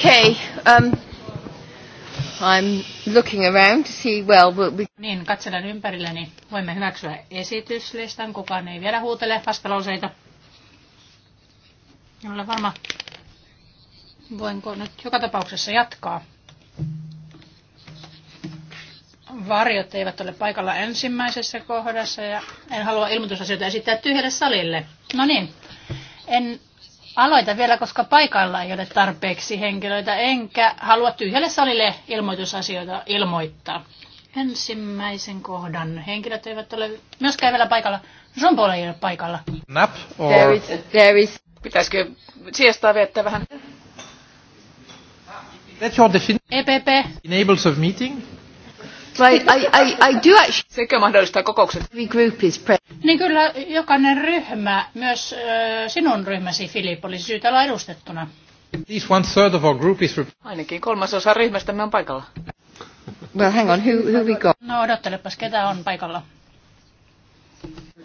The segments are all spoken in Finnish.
Okay, um, I'm looking around to see, well, we'll we... Niin, katselen ympärilleni. Voimme hyväksyä esityslistan. Kukaan ei vielä huutele vastalauseita. En ole varma, voinko nyt joka tapauksessa jatkaa. Varjot eivät ole paikalla ensimmäisessä kohdassa ja en halua ilmoitusasioita esittää tyhjälle salille. No niin, en aloita vielä, koska paikalla ei ole tarpeeksi henkilöitä, enkä halua tyhjälle salille ilmoitusasioita ilmoittaa. Ensimmäisen kohdan henkilöt eivät ole myöskään vielä paikalla. Jean ei ole paikalla. Nap or... There is, there is. Pitäisikö siestaa viettää vähän? That's your definition. EPP. Enables of meeting. Right, I, I, I do actually... Sekä mahdollistaa kokoukset. Group is niin kyllä jokainen ryhmä, myös sinun ryhmäsi Filip, olisi syytä olla edustettuna. At one third of our group is... Ainakin kolmasosa ryhmästämme on paikalla. Well, hang on, who, who we got? No odottelepas, ketä on paikalla.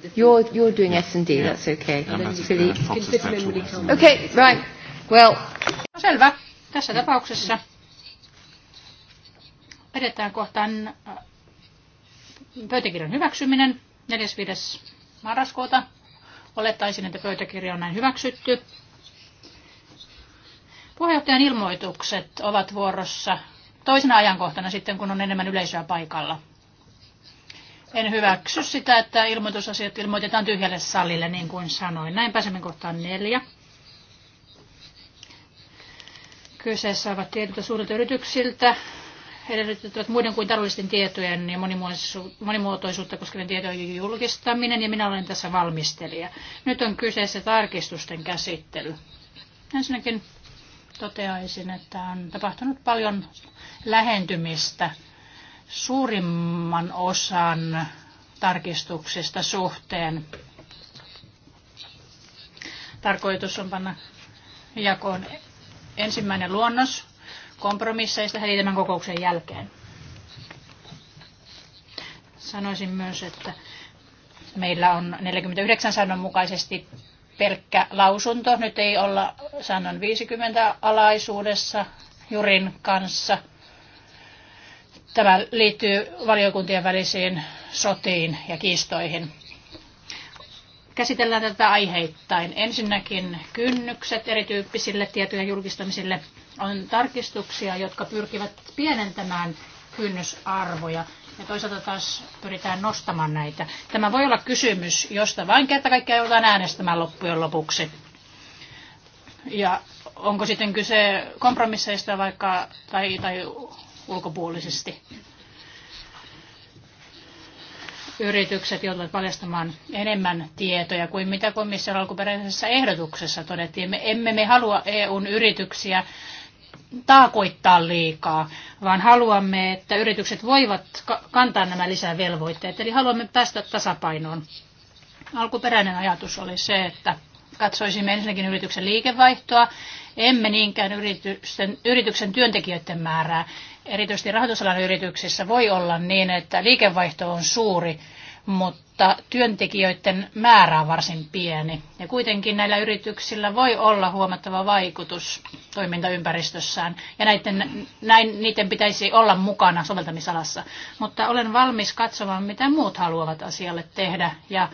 You're, you're doing S&D, yeah. that's okay. Philippe. Okay, right. Well... No selvä, tässä tapauksessa edetään kohtaan äh, pöytäkirjan hyväksyminen 4.5. marraskuuta. Olettaisin, että pöytäkirja on näin hyväksytty. Puheenjohtajan ilmoitukset ovat vuorossa toisena ajankohtana sitten, kun on enemmän yleisöä paikalla. En hyväksy sitä, että ilmoitusasiat ilmoitetaan tyhjälle salille, niin kuin sanoin. Näin pääsemme kohtaan neljä. Kyseessä ovat tiedot suurilta yrityksiltä edellyttävät muiden kuin taloudellisten tietojen ja monimuotoisuutta koskevien tietojen julkistaminen, ja minä olen tässä valmistelija. Nyt on kyseessä tarkistusten käsittely. Ensinnäkin toteaisin, että on tapahtunut paljon lähentymistä suurimman osan tarkistuksista suhteen. Tarkoitus on panna jakoon ensimmäinen luonnos kompromisseista heti tämän kokouksen jälkeen. Sanoisin myös, että meillä on 49 sanon mukaisesti pelkkä lausunto. Nyt ei olla sanon 50 alaisuudessa Jurin kanssa. Tämä liittyy valiokuntien välisiin sotiin ja kiistoihin. Käsitellään tätä aiheittain. Ensinnäkin kynnykset erityyppisille tietojen julkistamisille – on tarkistuksia, jotka pyrkivät pienentämään kynnysarvoja. Ja toisaalta taas pyritään nostamaan näitä. Tämä voi olla kysymys, josta vain kerta kaikkiaan joudutaan äänestämään loppujen lopuksi. Ja onko sitten kyse kompromisseista vaikka tai, tai ulkopuolisesti? Yritykset joutuvat paljastamaan enemmän tietoja kuin mitä komission alkuperäisessä ehdotuksessa todettiin. Me emme me halua EUn yrityksiä taakoittaa liikaa, vaan haluamme, että yritykset voivat kantaa nämä lisävelvoitteet. Eli haluamme päästä tasapainoon. Alkuperäinen ajatus oli se, että katsoisimme ensinnäkin yrityksen liikevaihtoa, emme niinkään yritysten, yrityksen työntekijöiden määrää. Erityisesti rahoitusalan yrityksissä voi olla niin, että liikevaihto on suuri, mutta työntekijöiden määrä on varsin pieni. Ja kuitenkin näillä yrityksillä voi olla huomattava vaikutus toimintaympäristössään, ja näiden, näin niiden pitäisi olla mukana soveltamisalassa. Mutta olen valmis katsomaan, mitä muut haluavat asialle tehdä, ja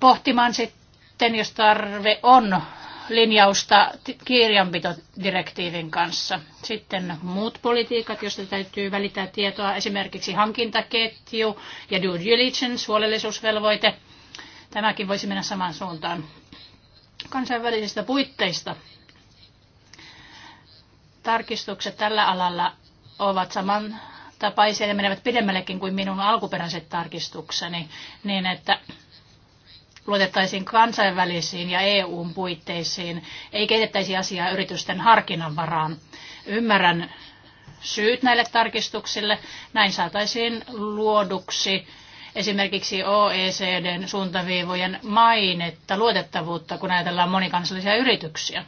pohtimaan sitten, jos tarve on, linjausta kirjanpitodirektiivin kanssa. Sitten muut politiikat, joista täytyy välittää tietoa, esimerkiksi hankintaketju ja due diligence, huolellisuusvelvoite. Tämäkin voisi mennä samaan suuntaan. Kansainvälisistä puitteista tarkistukset tällä alalla ovat saman tapaisia ja menevät pidemmällekin kuin minun alkuperäiset tarkistukseni, niin että luotettaisiin kansainvälisiin ja EUn puitteisiin, ei keitettäisi asiaa yritysten harkinnan varaan. Ymmärrän syyt näille tarkistuksille. Näin saataisiin luoduksi esimerkiksi OECDn suuntaviivojen mainetta, luotettavuutta, kun ajatellaan monikansallisia yrityksiä.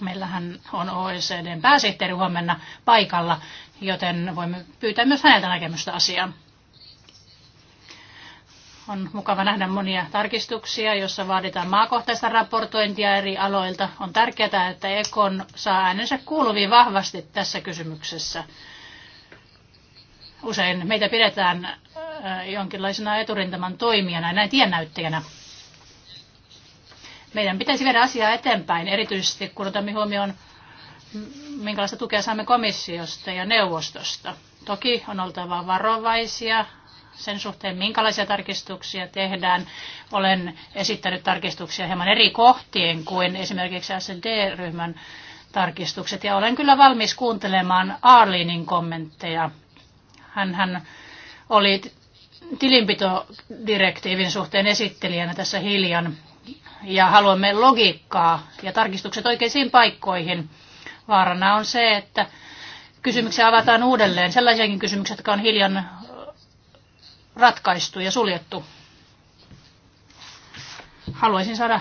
Meillähän on OECDn pääsihteeri huomenna paikalla, joten voimme pyytää myös häneltä näkemystä asiaan. On mukava nähdä monia tarkistuksia, joissa vaaditaan maakohtaista raportointia eri aloilta. On tärkeää, että Ekon saa äänensä kuuluviin vahvasti tässä kysymyksessä. Usein meitä pidetään jonkinlaisena eturintaman toimijana, näin tiennäyttäjänä. Meidän pitäisi viedä asiaa eteenpäin, erityisesti kun otamme huomioon, minkälaista tukea saamme komissiosta ja neuvostosta. Toki on oltava varovaisia sen suhteen, minkälaisia tarkistuksia tehdään. Olen esittänyt tarkistuksia hieman eri kohtien kuin esimerkiksi SD-ryhmän tarkistukset. Ja olen kyllä valmis kuuntelemaan Arlinin kommentteja. Hän, hän oli tilinpitodirektiivin suhteen esittelijänä tässä hiljan. Ja haluamme logiikkaa ja tarkistukset oikeisiin paikkoihin. Vaarana on se, että kysymyksiä avataan uudelleen. Sellaisiakin kysymyksiä, jotka on hiljan ratkaistu ja suljettu. Haluaisin saada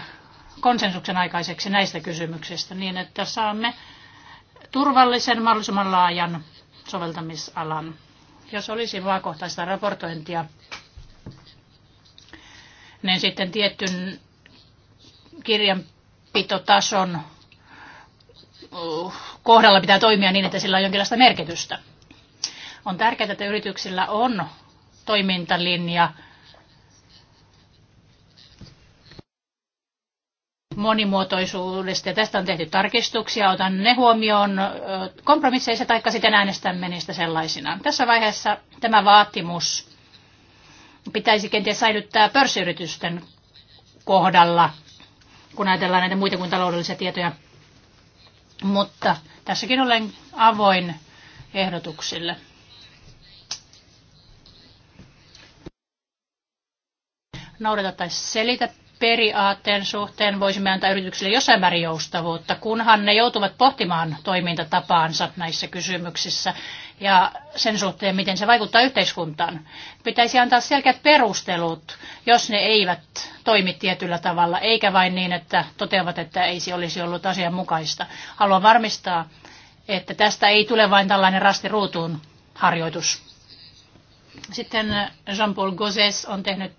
konsensuksen aikaiseksi näistä kysymyksistä niin, että saamme turvallisen, mahdollisimman laajan soveltamisalan. Jos olisi maakohtaista raportointia, niin sitten tietyn kirjanpitotason uh, kohdalla pitää toimia niin, että sillä on jonkinlaista merkitystä. On tärkeää, että yrityksillä on toimintalinja monimuotoisuudesta. Ja tästä on tehty tarkistuksia. Otan ne huomioon kompromisseissa tai sitten äänestämme niistä sellaisina. Tässä vaiheessa tämä vaatimus pitäisi kenties säilyttää pörssiyritysten kohdalla, kun ajatellaan näitä muita kuin taloudellisia tietoja. Mutta tässäkin olen avoin ehdotuksille. noudata tai selitä periaatteen suhteen voisimme antaa yrityksille jossain määrin joustavuutta, kunhan ne joutuvat pohtimaan toimintatapaansa näissä kysymyksissä ja sen suhteen, miten se vaikuttaa yhteiskuntaan. Pitäisi antaa selkeät perustelut, jos ne eivät toimi tietyllä tavalla, eikä vain niin, että toteavat, että ei se olisi ollut asianmukaista. Haluan varmistaa, että tästä ei tule vain tällainen rasti ruutuun harjoitus. Sitten Jean-Paul Gauzes on tehnyt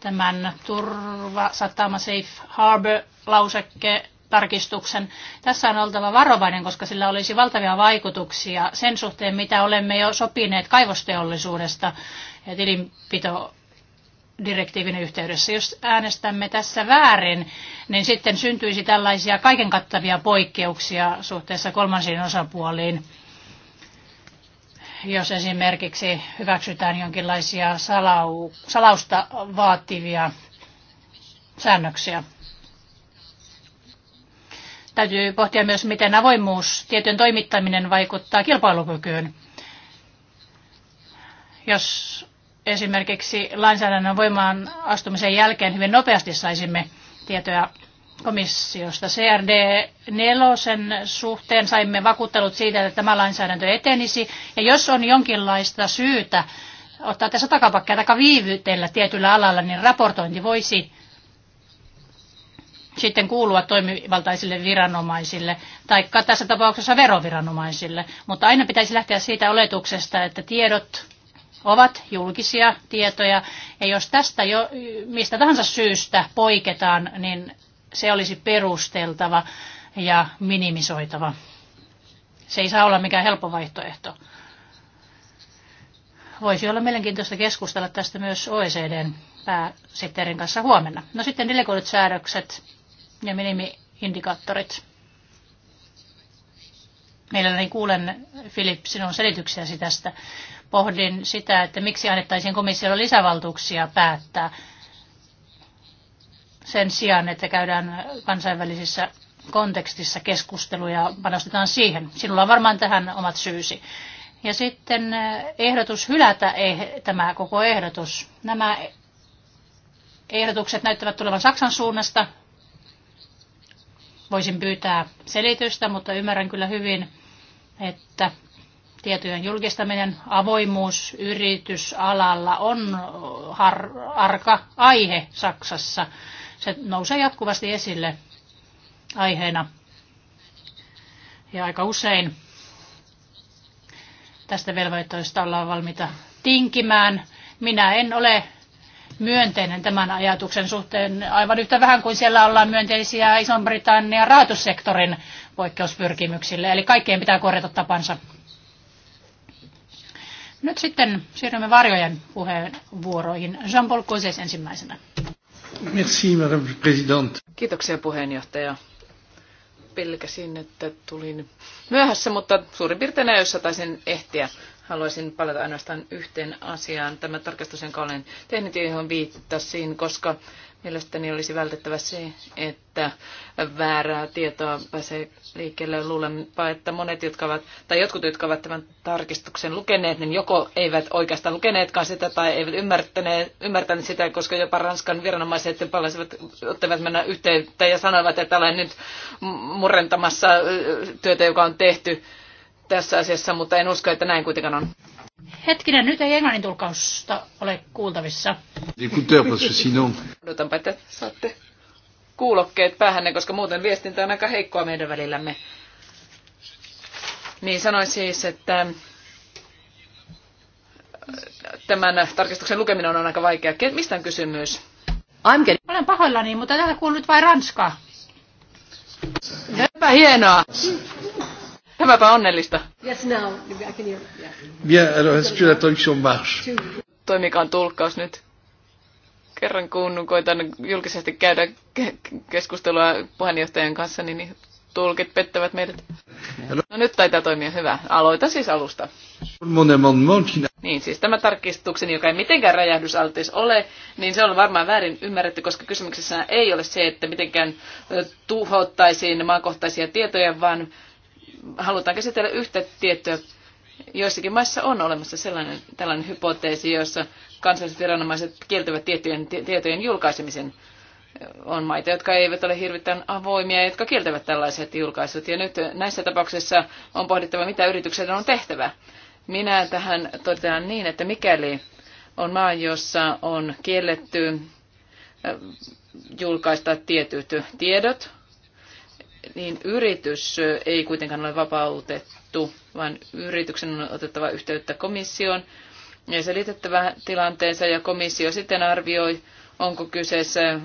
tämän turva satama safe harbor lausekkeen tarkistuksen. Tässä on oltava varovainen, koska sillä olisi valtavia vaikutuksia sen suhteen, mitä olemme jo sopineet kaivosteollisuudesta ja tilinpito direktiivin yhteydessä. Jos äänestämme tässä väärin, niin sitten syntyisi tällaisia kaiken kattavia poikkeuksia suhteessa kolmansiin osapuoliin jos esimerkiksi hyväksytään jonkinlaisia salau, salausta vaativia säännöksiä. Täytyy pohtia myös, miten avoimuus, tietyn toimittaminen vaikuttaa kilpailukykyyn. Jos esimerkiksi lainsäädännön voimaan astumisen jälkeen hyvin nopeasti saisimme tietoja komissiosta. CRD 4 suhteen saimme vakuuttelut siitä, että tämä lainsäädäntö etenisi. Ja jos on jonkinlaista syytä ottaa tässä takapakkia tai viivytellä tietyllä alalla, niin raportointi voisi sitten kuulua toimivaltaisille viranomaisille, tai tässä tapauksessa veroviranomaisille. Mutta aina pitäisi lähteä siitä oletuksesta, että tiedot ovat julkisia tietoja, ja jos tästä jo mistä tahansa syystä poiketaan, niin se olisi perusteltava ja minimisoitava. Se ei saa olla mikään helppo vaihtoehto. Voisi olla mielenkiintoista keskustella tästä myös OECDn pääsihteerin kanssa huomenna. No sitten delegoidut säädökset ja minimiindikaattorit. Mielelläni kuulen, Filip, sinun selityksiäsi tästä. Pohdin sitä, että miksi annettaisiin komissiolle lisävaltuuksia päättää sen sijaan, että käydään kansainvälisissä kontekstissa keskusteluja, ja panostetaan siihen. Sinulla on varmaan tähän omat syysi. Ja sitten eh, ehdotus hylätä eh, tämä koko ehdotus. Nämä ehdotukset näyttävät tulevan Saksan suunnasta. Voisin pyytää selitystä, mutta ymmärrän kyllä hyvin, että tietojen julkistaminen, avoimuus yritysalalla on har- arka aihe Saksassa. Se nousee jatkuvasti esille aiheena. Ja aika usein tästä velvoitteesta ollaan valmiita tinkimään. Minä en ole myönteinen tämän ajatuksen suhteen aivan yhtä vähän kuin siellä ollaan myönteisiä Ison-Britannian raatussektorin poikkeuspyrkimyksille. Eli kaikkien pitää korjata tapansa. Nyt sitten siirrymme varjojen puheenvuoroihin. Jean-Paul Koses ensimmäisenä. Merci, Madame Kiitoksia puheenjohtaja. Pelkäsin, että tulin myöhässä, mutta suurin piirtein ajoissa taisin ehtiä. Haluaisin palata ainoastaan yhteen asiaan. Tämä tarkastus, jonka olen tehnyt, johon viittasin, koska Mielestäni olisi vältettävä se, että väärää tietoa pääsee liikkeelle. Luulenpa, että monet, jotka ovat, tai jotkut, jotka ovat tämän tarkistuksen lukeneet, niin joko eivät oikeastaan lukeneetkaan sitä tai eivät ymmärtäneet, ymmärtäneet sitä, koska jopa Ranskan viranomaiset palasivat, ottavat mennä yhteyttä ja sanoivat, että olen nyt murrentamassa työtä, joka on tehty tässä asiassa, mutta en usko, että näin kuitenkaan on. Hetkinen, nyt ei englannin tulkausta ole kuultavissa. Odotanpa, että saatte kuulokkeet päähänne, koska muuten viestintä on aika heikkoa meidän välillämme. Niin sanoin siis, että äh, tämän tarkistuksen lukeminen on aika vaikea. Mistä on kysymys? I'm getting... Olen pahoillani, mutta täällä kuuluu nyt vain ranskaa. Hyvä hienoa. Tämäpä onnellista. Yes, now. I can hear. Yeah. Yeah, alors est-ce que la marche? Toimikaan tulkkaus nyt. Kerran kun koitan julkisesti käydä keskustelua puheenjohtajan kanssa, niin, niin tulkit pettävät meidät. No nyt taitaa toimia hyvä. Aloita siis alusta. Niin, siis tämä tarkistukseni, joka ei mitenkään räjähdysaltis ole, niin se on varmaan väärin ymmärretty, koska kysymyksessä ei ole se, että mitenkään tuhottaisiin maakohtaisia tietoja, vaan halutaan käsitellä yhtä tiettyä. Joissakin maissa on olemassa sellainen, tällainen hypoteesi, jossa kansalliset viranomaiset kieltävät tiettyjen tietojen julkaisemisen. On maita, jotka eivät ole hirvittävän avoimia, jotka kieltävät tällaiset julkaisut. Ja nyt näissä tapauksissa on pohdittava, mitä yritykset on tehtävä. Minä tähän totean niin, että mikäli on maa, jossa on kielletty äh, julkaista tietyt tiedot, niin yritys ei kuitenkaan ole vapautettu, vaan yrityksen on otettava yhteyttä komissioon ja selitettävä tilanteensa ja komissio sitten arvioi, onko kyseessä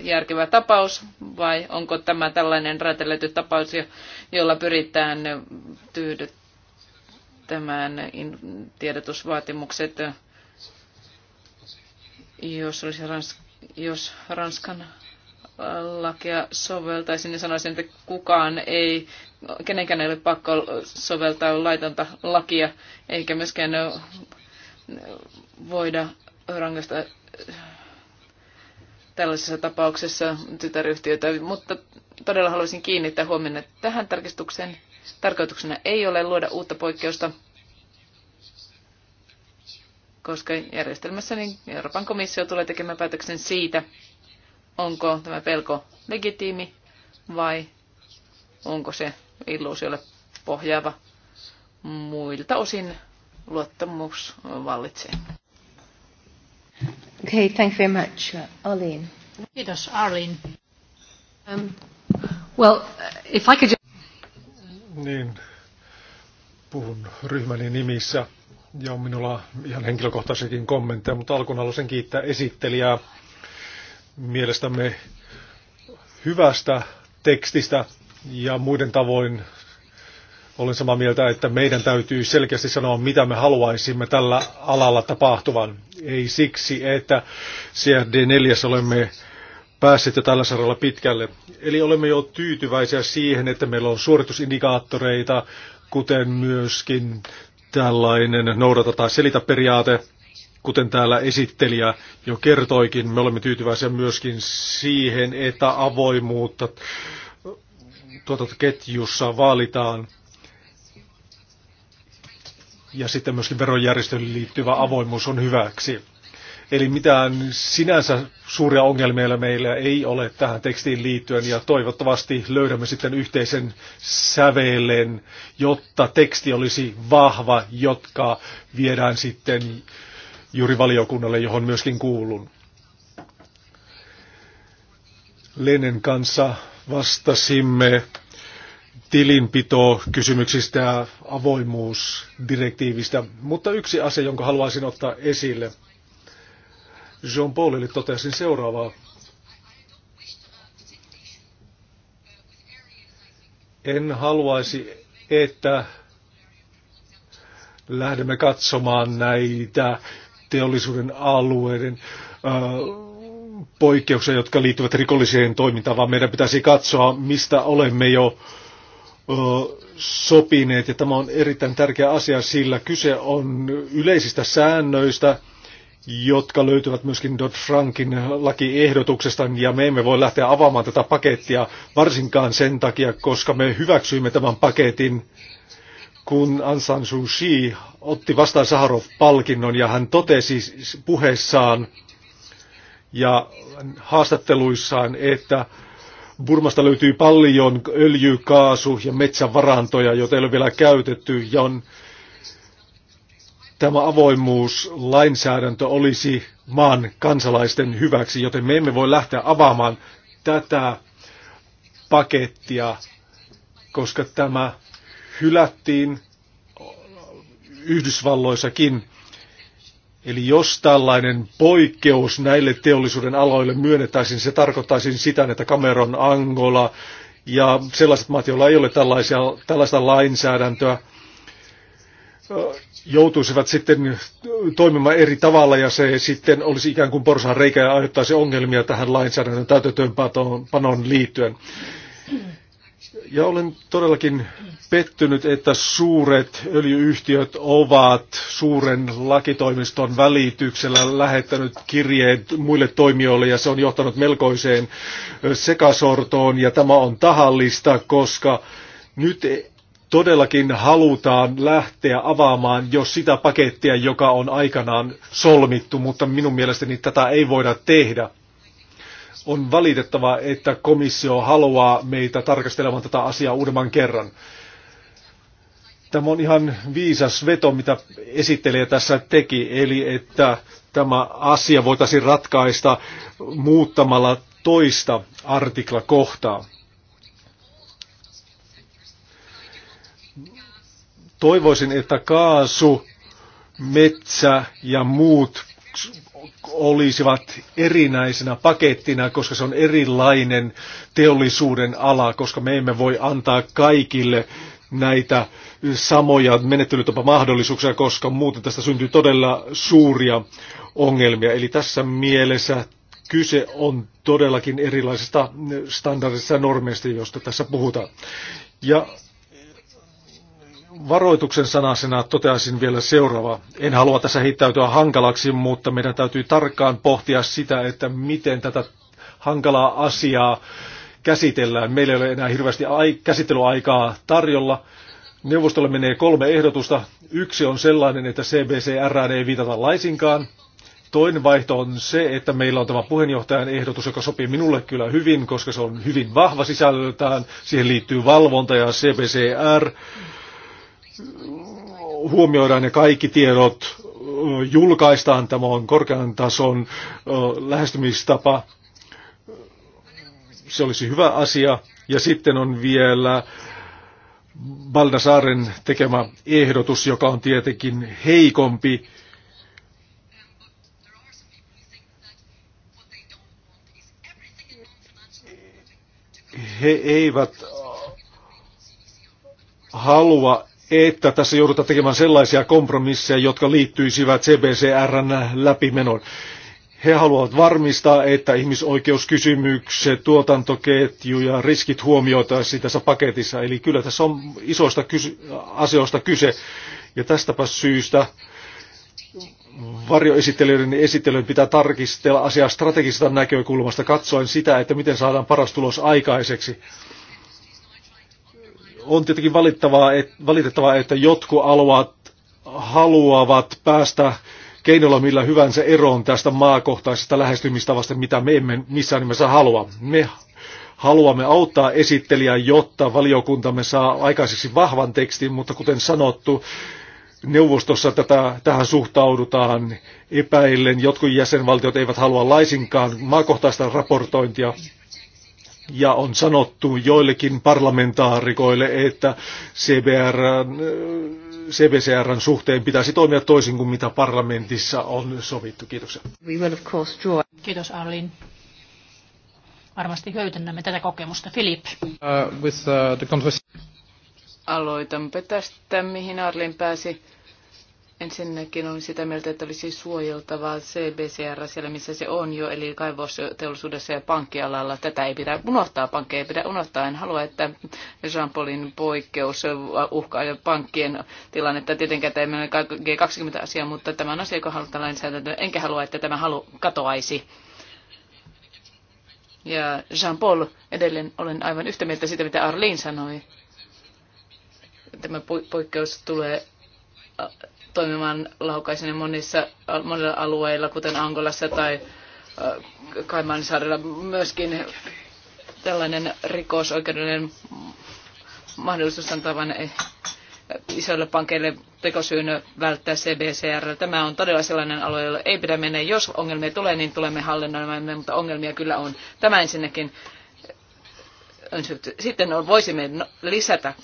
järkevä tapaus vai onko tämä tällainen räätälöity tapaus, jolla pyritään tyydyttämään tiedotusvaatimukset, jos, olisi Rans- jos Ranskan lakia soveltaisin niin sanoisin, että kukaan ei, kenenkään ei ole pakko soveltaa laitonta lakia, eikä myöskään voida rangaista tällaisessa tapauksessa tytäryhtiötä, mutta todella haluaisin kiinnittää että tähän tarkistukseen. Tarkoituksena ei ole luoda uutta poikkeusta, koska järjestelmässä niin Euroopan komissio tulee tekemään päätöksen siitä, onko tämä pelko legitiimi vai onko se illuusiolle pohjaava. Muilta osin luottamus vallitsee. Okay, thank you very much, uh, Arlene. Kiitos, Arlene. Um, well, uh, if I could just... Niin, puhun ryhmäni nimissä ja minulla on ihan henkilökohtaisiakin kommentteja, mutta alkuun haluaisin kiittää esittelijää mielestämme hyvästä tekstistä ja muiden tavoin olen samaa mieltä, että meidän täytyy selkeästi sanoa, mitä me haluaisimme tällä alalla tapahtuvan. Ei siksi, että CRD4 olemme päässeet jo tällä saralla pitkälle. Eli olemme jo tyytyväisiä siihen, että meillä on suoritusindikaattoreita, kuten myöskin tällainen noudata tai selitä periaate – Kuten täällä esittelijä jo kertoikin, me olemme tyytyväisiä myöskin siihen, että avoimuutta tuotantoketjussa vaalitaan ja sitten myöskin verojärjestöön liittyvä avoimuus on hyväksi. Eli mitään sinänsä suuria ongelmia meillä ei ole tähän tekstiin liittyen ja toivottavasti löydämme sitten yhteisen sävelen, jotta teksti olisi vahva, jotka viedään sitten juuri valiokunnalle, johon myöskin kuulun. Lenen kanssa vastasimme tilinpito kysymyksistä ja avoimuusdirektiivistä, mutta yksi asia, jonka haluaisin ottaa esille. Jean-Paulille totesin seuraavaa. En haluaisi, että lähdemme katsomaan näitä teollisuuden alueiden poikkeuksia, jotka liittyvät rikolliseen toimintaan, vaan meidän pitäisi katsoa, mistä olemme jo sopineet. Ja tämä on erittäin tärkeä asia, sillä kyse on yleisistä säännöistä, jotka löytyvät myöskin Dodd-Frankin lakiehdotuksesta, ja me emme voi lähteä avaamaan tätä pakettia varsinkaan sen takia, koska me hyväksyimme tämän paketin kun Aung San Suu Kyi otti vastaan Saharov-palkinnon ja hän totesi puheessaan ja haastatteluissaan, että Burmasta löytyy paljon öljy-, kaasu- ja metsävarantoja, joita ei ole vielä käytetty ja on tämä avoimuuslainsäädäntö olisi maan kansalaisten hyväksi, joten me emme voi lähteä avaamaan tätä pakettia, koska tämä hylättiin Yhdysvalloissakin. Eli jos tällainen poikkeus näille teollisuuden aloille myönnettäisiin, se tarkoittaisi sitä, että Cameron, Angola ja sellaiset maat, joilla ei ole tällaisia, tällaista lainsäädäntöä, joutuisivat sitten toimimaan eri tavalla ja se sitten olisi ikään kuin porsan reikä ja aiheuttaisi ongelmia tähän lainsäädännön täytäntöönpanoon liittyen. Ja olen todellakin pettynyt, että suuret öljyyhtiöt ovat suuren lakitoimiston välityksellä lähettänyt kirjeet muille toimijoille ja se on johtanut melkoiseen sekasortoon ja tämä on tahallista, koska nyt todellakin halutaan lähteä avaamaan jo sitä pakettia, joka on aikanaan solmittu, mutta minun mielestäni tätä ei voida tehdä. On valitettava, että komissio haluaa meitä tarkastelemaan tätä asiaa uudemman kerran. Tämä on ihan viisas veto, mitä esittelijä tässä teki, eli että tämä asia voitaisiin ratkaista muuttamalla toista artiklakohtaa. Toivoisin, että kaasu, metsä ja muut olisivat erinäisenä pakettina, koska se on erilainen teollisuuden ala, koska me emme voi antaa kaikille näitä samoja menettelytapamahdollisuuksia, koska muuten tästä syntyy todella suuria ongelmia. Eli tässä mielessä kyse on todellakin erilaisista standardista ja normeista, joista tässä puhutaan. Ja varoituksen sanasena toteaisin vielä seuraava. En halua tässä heittäytyä hankalaksi, mutta meidän täytyy tarkkaan pohtia sitä, että miten tätä hankalaa asiaa käsitellään. Meillä ei ole enää hirveästi käsittelyaikaa tarjolla. Neuvostolle menee kolme ehdotusta. Yksi on sellainen, että CBCR ei viitata laisinkaan. Toinen vaihto on se, että meillä on tämä puheenjohtajan ehdotus, joka sopii minulle kyllä hyvin, koska se on hyvin vahva sisällöltään. Siihen liittyy valvonta ja CBCR huomioidaan ne kaikki tiedot, julkaistaan tämä on korkean tason lähestymistapa. Se olisi hyvä asia. Ja sitten on vielä Baldasaaren tekemä ehdotus, joka on tietenkin heikompi. He eivät halua, että tässä joudutaan tekemään sellaisia kompromisseja, jotka liittyisivät CBCRn läpimenoon. He haluavat varmistaa, että ihmisoikeuskysymykset, tuotantoketju ja riskit huomioitaisiin tässä paketissa. Eli kyllä tässä on isoista kysy- asioista kyse. Ja tästäpä syystä varjoesittelijöiden esittelyyn pitää tarkistella asiaa strategisesta näkökulmasta katsoen sitä, että miten saadaan paras tulos aikaiseksi on tietenkin valittavaa, et, valitettavaa, että jotkut alueet haluavat päästä keinolla millä hyvänsä eroon tästä maakohtaisesta lähestymistavasta, mitä me emme missään nimessä halua. Me haluamme auttaa esittelijää, jotta valiokuntamme saa aikaiseksi vahvan tekstin, mutta kuten sanottu, neuvostossa tätä, tähän suhtaudutaan epäillen. Jotkut jäsenvaltiot eivät halua laisinkaan maakohtaista raportointia. Ja on sanottu joillekin parlamentaarikoille, että CBR, CBCRn suhteen pitäisi toimia toisin kuin mitä parlamentissa on sovittu. Kiitoksia. We will of course draw. Kiitos Arlin. Varmasti hyödynnämme tätä kokemusta. Filip. Uh, with, uh, the aloitanpa tästä, mihin Arlin pääsi. Ensinnäkin olen sitä mieltä, että olisi suojeltavaa CBCR siellä, missä se on jo, eli kaivosteollisuudessa ja pankkialalla. Tätä ei pidä unohtaa, pankkeja ei pidä unohtaa. En halua, että Jean-Paulin poikkeus uhkaa pankkien tilannetta. Tietenkään tämä ei G20-asia, mutta tämä on asia, joka halutaan lainsäädäntöön. Enkä halua, että tämä halu katoaisi. Ja Jean-Paul, edelleen olen aivan yhtä mieltä siitä, mitä Arlene sanoi. Tämä poikkeus tulee toimimaan laukaisena monissa, monilla alueilla, kuten Angolassa tai Kaimansaarella. Myöskin tällainen rikosoikeudellinen mahdollisuus antavan vain eh, isoille pankeille tekosyyn välttää CBCR. Tämä on todella sellainen alue, jolla ei pidä mennä. Jos ongelmia tulee, niin tulemme hallinnoimaan, mutta ongelmia kyllä on. Tämä ensinnäkin. Eh, Sitten voisimme no, lisätä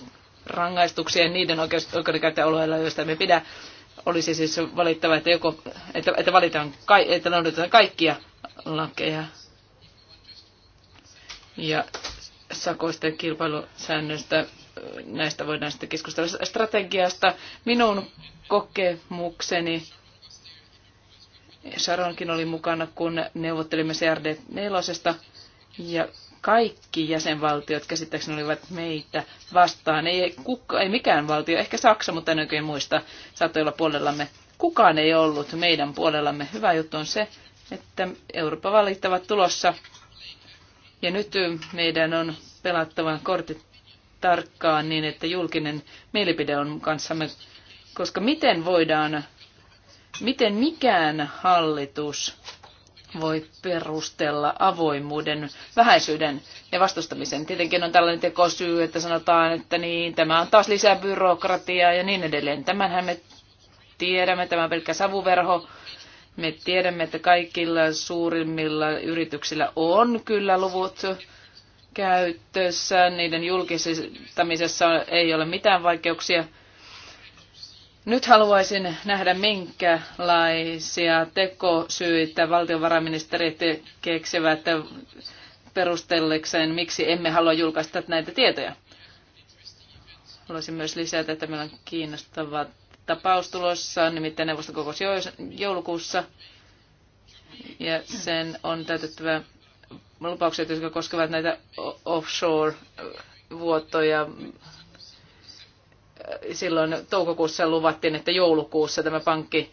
rangaistuksia niiden oikeudenkäyttäjäalueilla, joista me pidä. Olisi siis valittava, että, joko, että, että, valitaan, että noudatetaan kaikkia lakeja ja sakoista ja kilpailusäännöistä. Näistä voidaan sitten keskustella strategiasta. Minun kokemukseni Sharonkin oli mukana, kun neuvottelimme CRD 4 ja kaikki jäsenvaltiot käsittääkseni olivat meitä vastaan. Ei, kuka, ei mikään valtio, ehkä Saksa, mutta en oikein muista, saattoi olla puolellamme. Kukaan ei ollut meidän puolellamme. Hyvä juttu on se, että Eurooppa valittavat tulossa. Ja nyt meidän on pelattava kortit tarkkaan niin, että julkinen mielipide on kanssamme. Koska miten voidaan, miten mikään hallitus voi perustella avoimuuden vähäisyyden ja vastustamisen. Tietenkin on tällainen tekosyy, että sanotaan, että niin, tämä on taas lisää byrokratiaa ja niin edelleen. Tämänhän me tiedämme, tämä on pelkkä savuverho. Me tiedämme, että kaikilla suurimmilla yrityksillä on kyllä luvut käytössä. Niiden julkistamisessa ei ole mitään vaikeuksia. Nyt haluaisin nähdä, minkälaisia tekosyitä valtiovarainministerit keksivät perustellekseen, miksi emme halua julkaista näitä tietoja. Haluaisin myös lisätä, että meillä on kiinnostava tapaus tulossa, nimittäin kokous joulukuussa. Ja sen on täytettävä lupaukset, jotka koskevat näitä offshore-vuottoja silloin toukokuussa luvattiin, että joulukuussa tämä pankki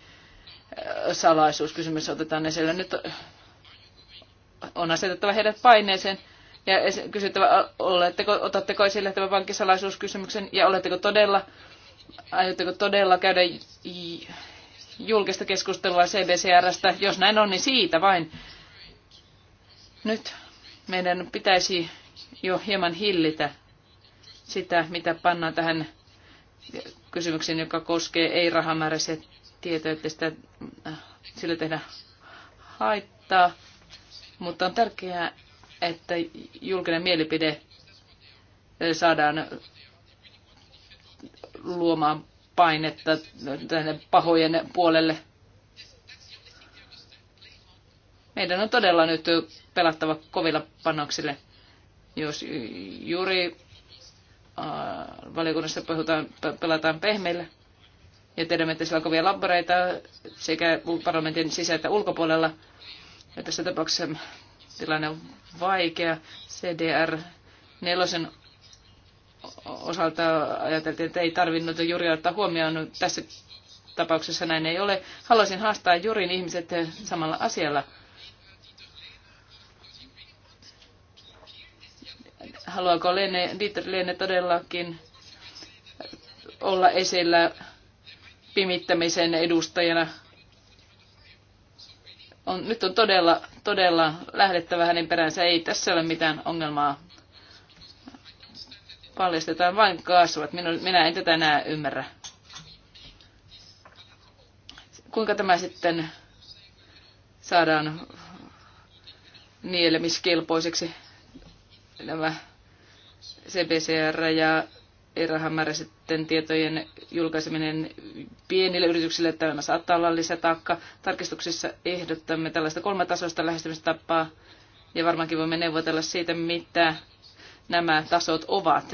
salaisuuskysymys otetaan esille. Nyt on asetettava heidät paineeseen ja kysyttävä, oletteko, otatteko esille tämän pankkisalaisuuskysymyksen ja oletteko todella, aiotteko todella käydä julkista keskustelua CBCRstä. Jos näin on, niin siitä vain. Nyt meidän pitäisi jo hieman hillitä sitä, mitä pannaan tähän kysymyksen, joka koskee ei-rahamääräisiä tietoja, että sitä, äh, sillä tehdä haittaa. Mutta on tärkeää, että julkinen mielipide äh, saadaan luomaan painetta tänne pahojen puolelle. Meidän on todella nyt pelattava kovilla panoksille. Jos juuri Äh, valiokunnassa puhutaan, pelataan pehmeillä. Ja tiedämme, että siellä on kovia labbareita sekä parlamentin sisä- että ulkopuolella. Ja tässä tapauksessa tilanne on vaikea. CDR 4 osalta ajateltiin, että ei tarvinnut juuri ottaa huomioon. Tässä tapauksessa näin ei ole. Haluaisin haastaa jurin ihmiset samalla asialla. haluaako Lene, Dieter Lene todellakin olla esillä pimittämisen edustajana. On, nyt on todella, todella lähdettävä hänen peränsä. Ei tässä ole mitään ongelmaa. Paljastetaan vain kaasuvat. minä en tätä enää ymmärrä. Kuinka tämä sitten saadaan nielemiskelpoiseksi nämä CBCR ja rahammäärä sitten tietojen julkaiseminen pienille yrityksille, tämä saattaa olla lisätaakka. Tarkistuksissa ehdottamme tällaista kolmatasoista lähestymistapaa ja varmaankin voimme neuvotella siitä, mitä nämä tasot ovat.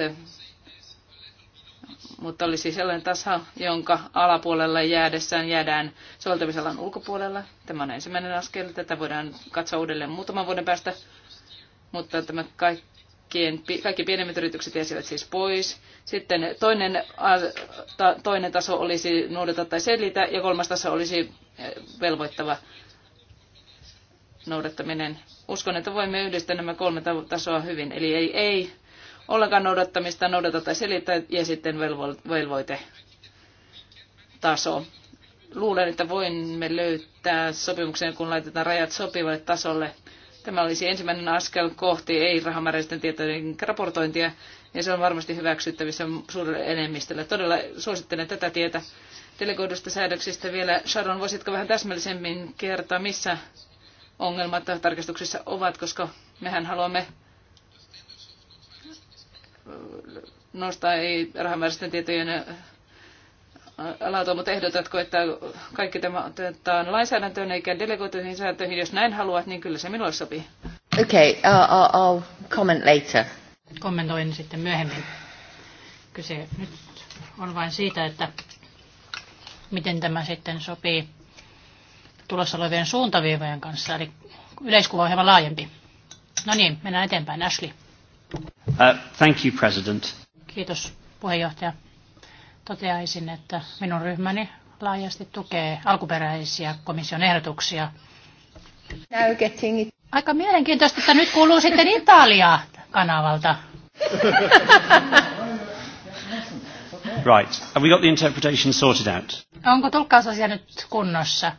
Mutta olisi sellainen tasa, jonka alapuolella jäädessään jäädään soveltamisalan ulkopuolella. Tämä on ensimmäinen askel. Tätä voidaan katsoa uudelleen muutaman vuoden päästä. Mutta tämä kaikki kaikkien, kaikki pienemmät yritykset jäisivät siis pois. Sitten toinen, toinen taso olisi noudata tai selitä ja kolmas taso olisi eh, velvoittava noudattaminen. Uskon, että voimme yhdistää nämä kolme tasoa hyvin. Eli ei, ei ollenkaan noudattamista, noudata tai selitä ja sitten velvo, velvoite taso. Luulen, että voimme löytää sopimuksen, kun laitetaan rajat sopivalle tasolle – Tämä olisi ensimmäinen askel kohti ei-rahamääräisten tietojen raportointia, ja se on varmasti hyväksyttävissä suurelle enemmistölle. Todella suosittelen tätä tietä delegoidusta säädöksistä vielä. Sharon, voisitko vähän täsmällisemmin kertoa, missä ongelmat tarkistuksissa ovat, koska mehän haluamme nostaa ei rahamääräisten tietojen Alato, mutta ehdotatko, että kaikki tämä otetaan lainsäädäntöön eikä delegoituihin sääntöihin? Jos näin haluat, niin kyllä se minulle sopii. Okay, I'll, I'll comment later. Kommentoin sitten myöhemmin. Kyse nyt on vain siitä, että miten tämä sitten sopii tulossa olevien suuntaviivojen kanssa, eli yleiskuva on hieman laajempi. No niin, mennään eteenpäin. Ashley. Uh, thank you, President. Kiitos, puheenjohtaja toteaisin, että minun ryhmäni laajasti tukee alkuperäisiä komission ehdotuksia. Aika mielenkiintoista, että nyt kuuluu sitten Italia kanavalta. Right. Have we got the interpretation sorted out? Onko tulkkausasia nyt kunnossa?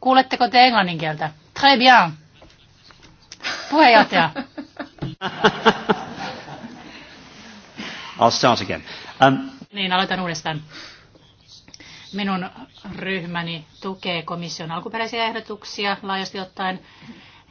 Kuuletteko te englannin kieltä? Très bien. Puheenjohtaja. I'll start again. Um, niin, aloitan uudestaan. Minun ryhmäni tukee komission alkuperäisiä ehdotuksia laajasti ottaen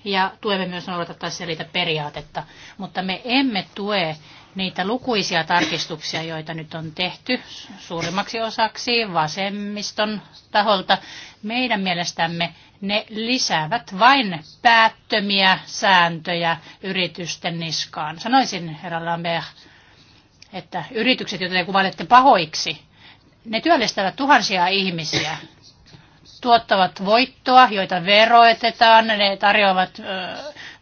ja tuemme myös noudattaa selitä periaatetta, mutta me emme tue niitä lukuisia tarkistuksia, joita nyt on tehty suurimmaksi osaksi vasemmiston taholta. Meidän mielestämme ne lisäävät vain päättömiä sääntöjä yritysten niskaan. Sanoisin, herra Lambert, että yritykset, joita te kuvailette pahoiksi, ne työllistävät tuhansia ihmisiä, tuottavat voittoa, joita veroetetaan, ne tarjoavat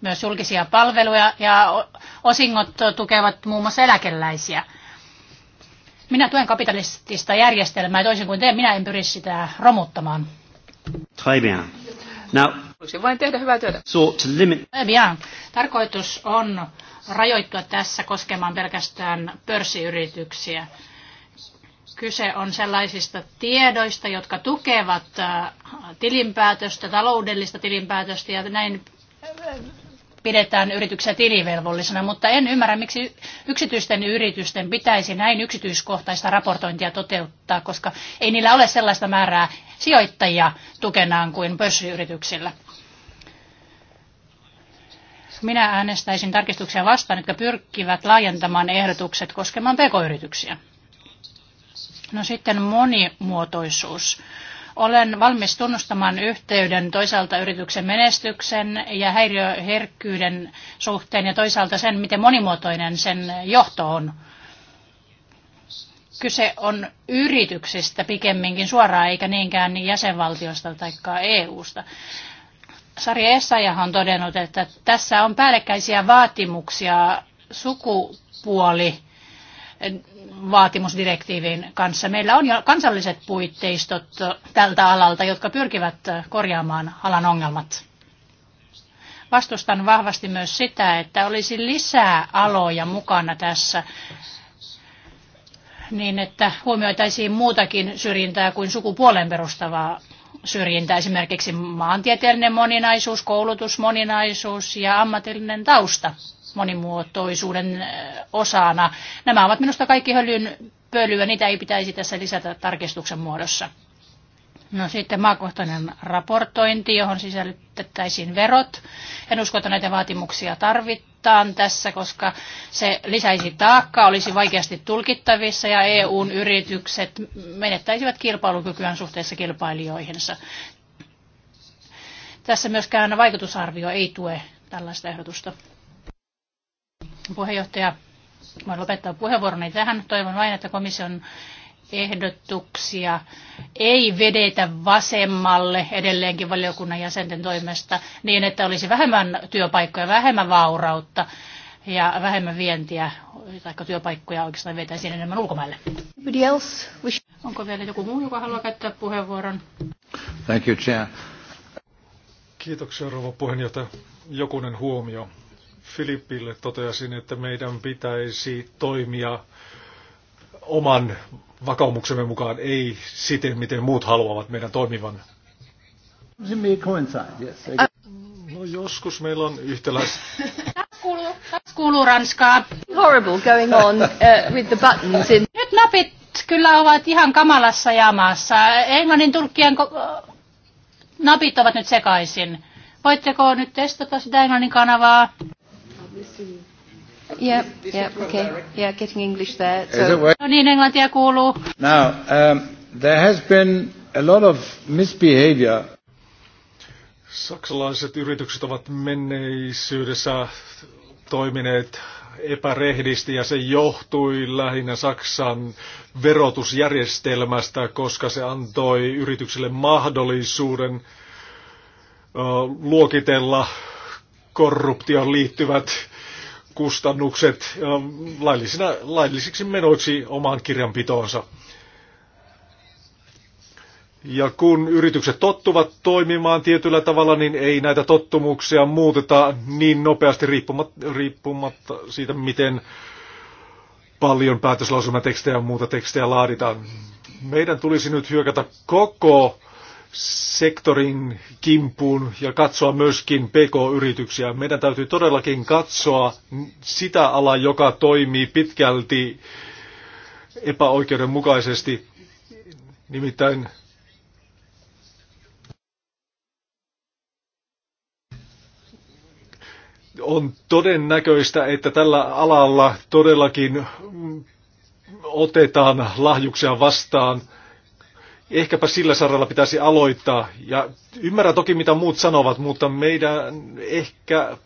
myös julkisia palveluja ja osingot tukevat muun muassa eläkeläisiä. Minä tuen kapitalistista järjestelmää, toisin kuin te, minä en pyri sitä romuttamaan. Très bien. Now, Voisin vain tehdä hyvää työtä. So to limit... Bien. Tarkoitus on rajoittua tässä koskemaan pelkästään pörssiyrityksiä. Kyse on sellaisista tiedoista, jotka tukevat äh, tilinpäätöstä, taloudellista tilinpäätöstä ja näin pidetään yrityksiä tilivelvollisena, mutta en ymmärrä, miksi yksityisten yritysten pitäisi näin yksityiskohtaista raportointia toteuttaa, koska ei niillä ole sellaista määrää sijoittajia tukenaan kuin pörssiyrityksillä. Minä äänestäisin tarkistuksia vastaan, jotka pyrkivät laajentamaan ehdotukset koskemaan pk-yrityksiä. No sitten monimuotoisuus. Olen valmis tunnustamaan yhteyden toisaalta yrityksen menestyksen ja häiriöherkkyyden suhteen ja toisaalta sen, miten monimuotoinen sen johto on. Kyse on yrityksistä pikemminkin suoraan eikä niinkään jäsenvaltiosta tai EU-sta. Sari Essayah on todennut, että tässä on päällekkäisiä vaatimuksia sukupuoli vaatimusdirektiivin kanssa. Meillä on jo kansalliset puitteistot tältä alalta, jotka pyrkivät korjaamaan alan ongelmat. Vastustan vahvasti myös sitä, että olisi lisää aloja mukana tässä, niin että huomioitaisiin muutakin syrjintää kuin sukupuolen perustavaa syrjintä, esimerkiksi maantieteellinen moninaisuus, koulutusmoninaisuus ja ammatillinen tausta monimuotoisuuden osana. Nämä ovat minusta kaikki hölyn pölyä, niitä ei pitäisi tässä lisätä tarkistuksen muodossa. No sitten maakohtainen raportointi, johon sisällytettäisiin verot. En usko, että näitä vaatimuksia tarvitaan tässä, koska se lisäisi taakkaa, olisi vaikeasti tulkittavissa ja EUn yritykset menettäisivät kilpailukykyään suhteessa kilpailijoihinsa. Tässä myöskään vaikutusarvio ei tue tällaista ehdotusta. Puheenjohtaja, voin lopettaa puheenvuoroni tähän. Toivon vain, että komission ehdotuksia ei vedetä vasemmalle edelleenkin valiokunnan jäsenten toimesta niin, että olisi vähemmän työpaikkoja, vähemmän vaurautta ja vähemmän vientiä, tai työpaikkoja oikeastaan vetäisiin enemmän ulkomaille. Onko vielä joku muu, joka haluaa käyttää puheenvuoron? Thank you, Chair. Kiitoksia, rouva puheenjohtaja. Jokunen huomio. Filippille toteaisin, että meidän pitäisi toimia oman vakaumuksemme mukaan, ei siten, miten muut haluavat meidän toimivan. No joskus meillä on yhtäläis... Taas kuuluu, ranskaa. Horrible going on uh, with the buttons in. Nyt napit kyllä ovat ihan kamalassa jamassa. Englannin tulkkien ko- napit ovat nyt sekaisin. Voitteko nyt testata sitä englannin kanavaa? yeah, yeah, okay. Yeah, getting English there. So. No niin, englantia kuuluu. Now, um, there has been a lot of misbehavior. Saksalaiset yritykset ovat menneisyydessä toimineet epärehdisti ja se johtui lähinnä Saksan verotusjärjestelmästä, koska se antoi yrityksille mahdollisuuden luokitella korruptioon liittyvät kustannukset laillisina, laillisiksi menoiksi omaan kirjanpitoonsa. Ja kun yritykset tottuvat toimimaan tietyllä tavalla, niin ei näitä tottumuksia muuteta niin nopeasti riippumatta, riippumatta siitä, miten paljon päätöslausumatekstejä ja muuta tekstejä laaditaan. Meidän tulisi nyt hyökätä koko sektorin kimppuun ja katsoa myöskin PK-yrityksiä. Meidän täytyy todellakin katsoa sitä alaa, joka toimii pitkälti epäoikeudenmukaisesti, nimittäin on todennäköistä, että tällä alalla todellakin otetaan lahjuksia vastaan – ehkäpä sillä saralla pitäisi aloittaa. Ja ymmärrän toki, mitä muut sanovat, mutta meidän ehkä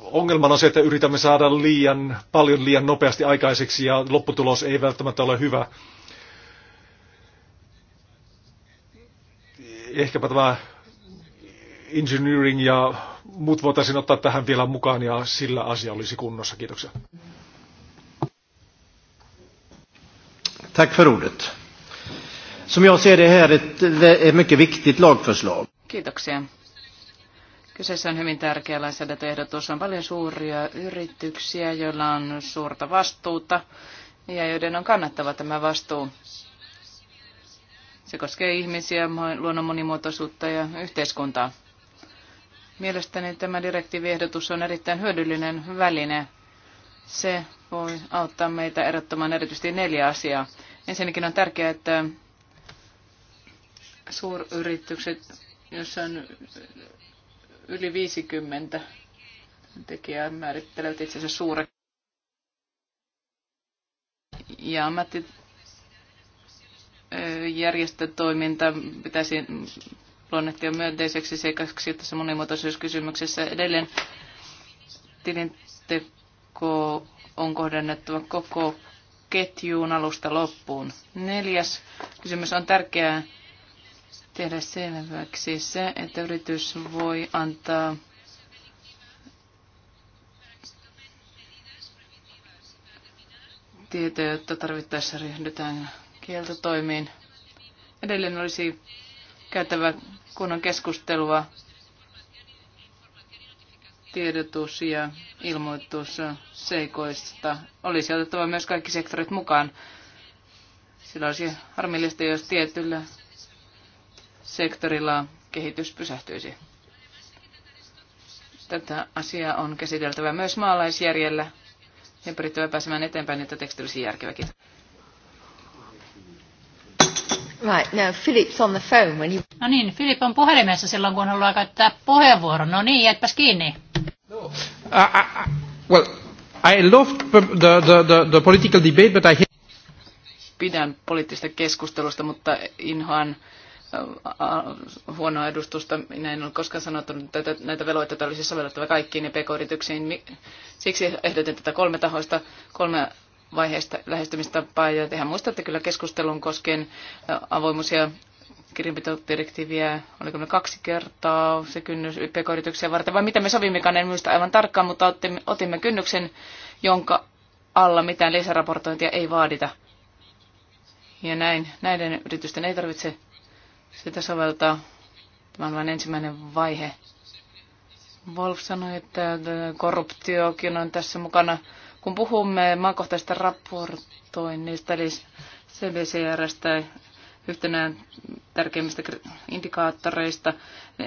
ongelmana on se, että yritämme saada liian paljon liian nopeasti aikaiseksi ja lopputulos ei välttämättä ole hyvä. Ehkäpä tämä engineering ja muut voitaisiin ottaa tähän vielä mukaan ja sillä asia olisi kunnossa. Kiitoksia. Tack för ordet. Som jag ser det här ett, ett mycket viktigt lagförslag. Kiitoksia. Kyseessä on hyvin tärkeä lainsäädäntöehdotus. On paljon suuria yrityksiä, joilla on suurta vastuuta ja joiden on kannattava tämä vastuu. Se koskee ihmisiä, luonnon monimuotoisuutta ja yhteiskuntaa. Mielestäni tämä direktiiviehdotus on erittäin hyödyllinen väline. Se voi auttaa meitä erottamaan erityisesti neljä asiaa. Ensinnäkin on tärkeää, että suuryritykset, jossa on yli 50 tekijää, määrittelevät asiassa suureksi. Ja ammattijärjestötoiminta pitäisi luonnehtia myönteiseksi seikaksi tässä monimuotoisuuskysymyksessä edelleen tilinteko on kohdennettava koko ketjuun alusta loppuun. Neljäs kysymys on tärkeää tehdä selväksi se, että yritys voi antaa tietoja, jotta tarvittaessa ryhdytään kieltotoimiin. Edelleen olisi käytävä kunnon keskustelua, tiedotus ja ilmoitus seikoista. Olisi otettava myös kaikki sektorit mukaan. Sillä olisi harmillista, jos tietyllä sektorilla kehitys pysähtyisi. Tätä asiaa on käsiteltävä myös maalaisjärjellä ja pyrittävä pääsemään eteenpäin, että teksti olisi järkeväkin. Right, now Philip's on the phone when you... No niin, Philip on puhelimessa silloin, kun haluaa käyttää puheenvuoro. No niin, jätpäs kiinni. No. Uh, uh, well, I loved the, the, the, the political debate, but I... Pidän poliittista keskustelusta, mutta inhoan huonoa edustusta. Minä en ole koskaan sanottanut, että näitä veloitteita olisi sovellettava kaikkiin ja pk-yrityksiin. Siksi ehdotin tätä kolme tahoista, kolme vaiheista lähestymistapaa. Ja tehän muistatte kyllä keskustelun koskien avoimuus- ja kirjanpitodirektiiviä, oliko me kaksi kertaa se kynnys pk-yrityksiä varten, vai mitä me sovimmekaan, en muista aivan tarkkaan, mutta otimme, otimme kynnyksen, jonka alla mitään lisäraportointia ei vaadita. Ja näin, näiden yritysten ei tarvitse sitä soveltaa. Tämä on vain ensimmäinen vaihe. Wolf sanoi, että korruptiokin on tässä mukana. Kun puhumme maakohtaisesta raportoinnista, eli CBCRstä, yhtenä tärkeimmistä indikaattoreista,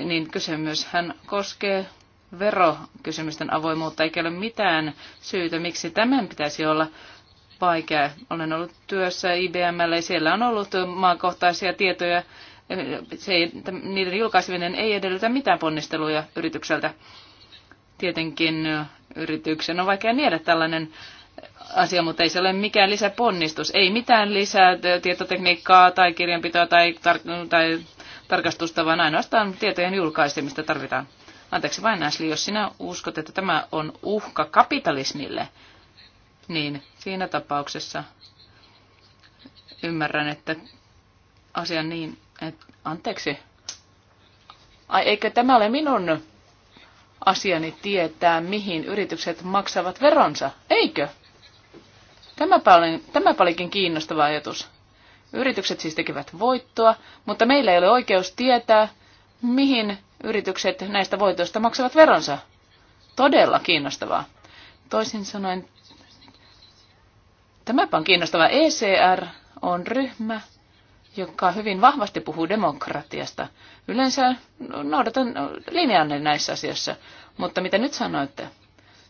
niin kysymys hän koskee verokysymysten avoimuutta, eikä ole mitään syytä, miksi tämän pitäisi olla vaikea. Olen ollut työssä IBMllä ja siellä on ollut maakohtaisia tietoja se ei, niiden julkaiseminen ei edellytä mitään ponnisteluja yritykseltä. Tietenkin yrityksen on vaikea niedä tällainen asia, mutta ei se ole mikään lisäponnistus. Ei mitään lisää tietotekniikkaa tai kirjanpitoa tai, tar- tai tarkastusta, vaan ainoastaan tietojen julkaisemista tarvitaan. Anteeksi vain Ashley, jos sinä uskot, että tämä on uhka kapitalismille, niin siinä tapauksessa ymmärrän, että asia niin et, anteeksi. Ai, eikö tämä ole minun asiani tietää, mihin yritykset maksavat veronsa? Eikö? Tämä oli, tämäpä olikin kiinnostava ajatus. Yritykset siis tekevät voittoa, mutta meillä ei ole oikeus tietää, mihin yritykset näistä voitoista maksavat veronsa. Todella kiinnostavaa. Toisin sanoen, tämäpä on kiinnostava. ECR on ryhmä, joka hyvin vahvasti puhuu demokratiasta. Yleensä noudatan linjanne näissä asioissa, mutta mitä nyt sanoitte?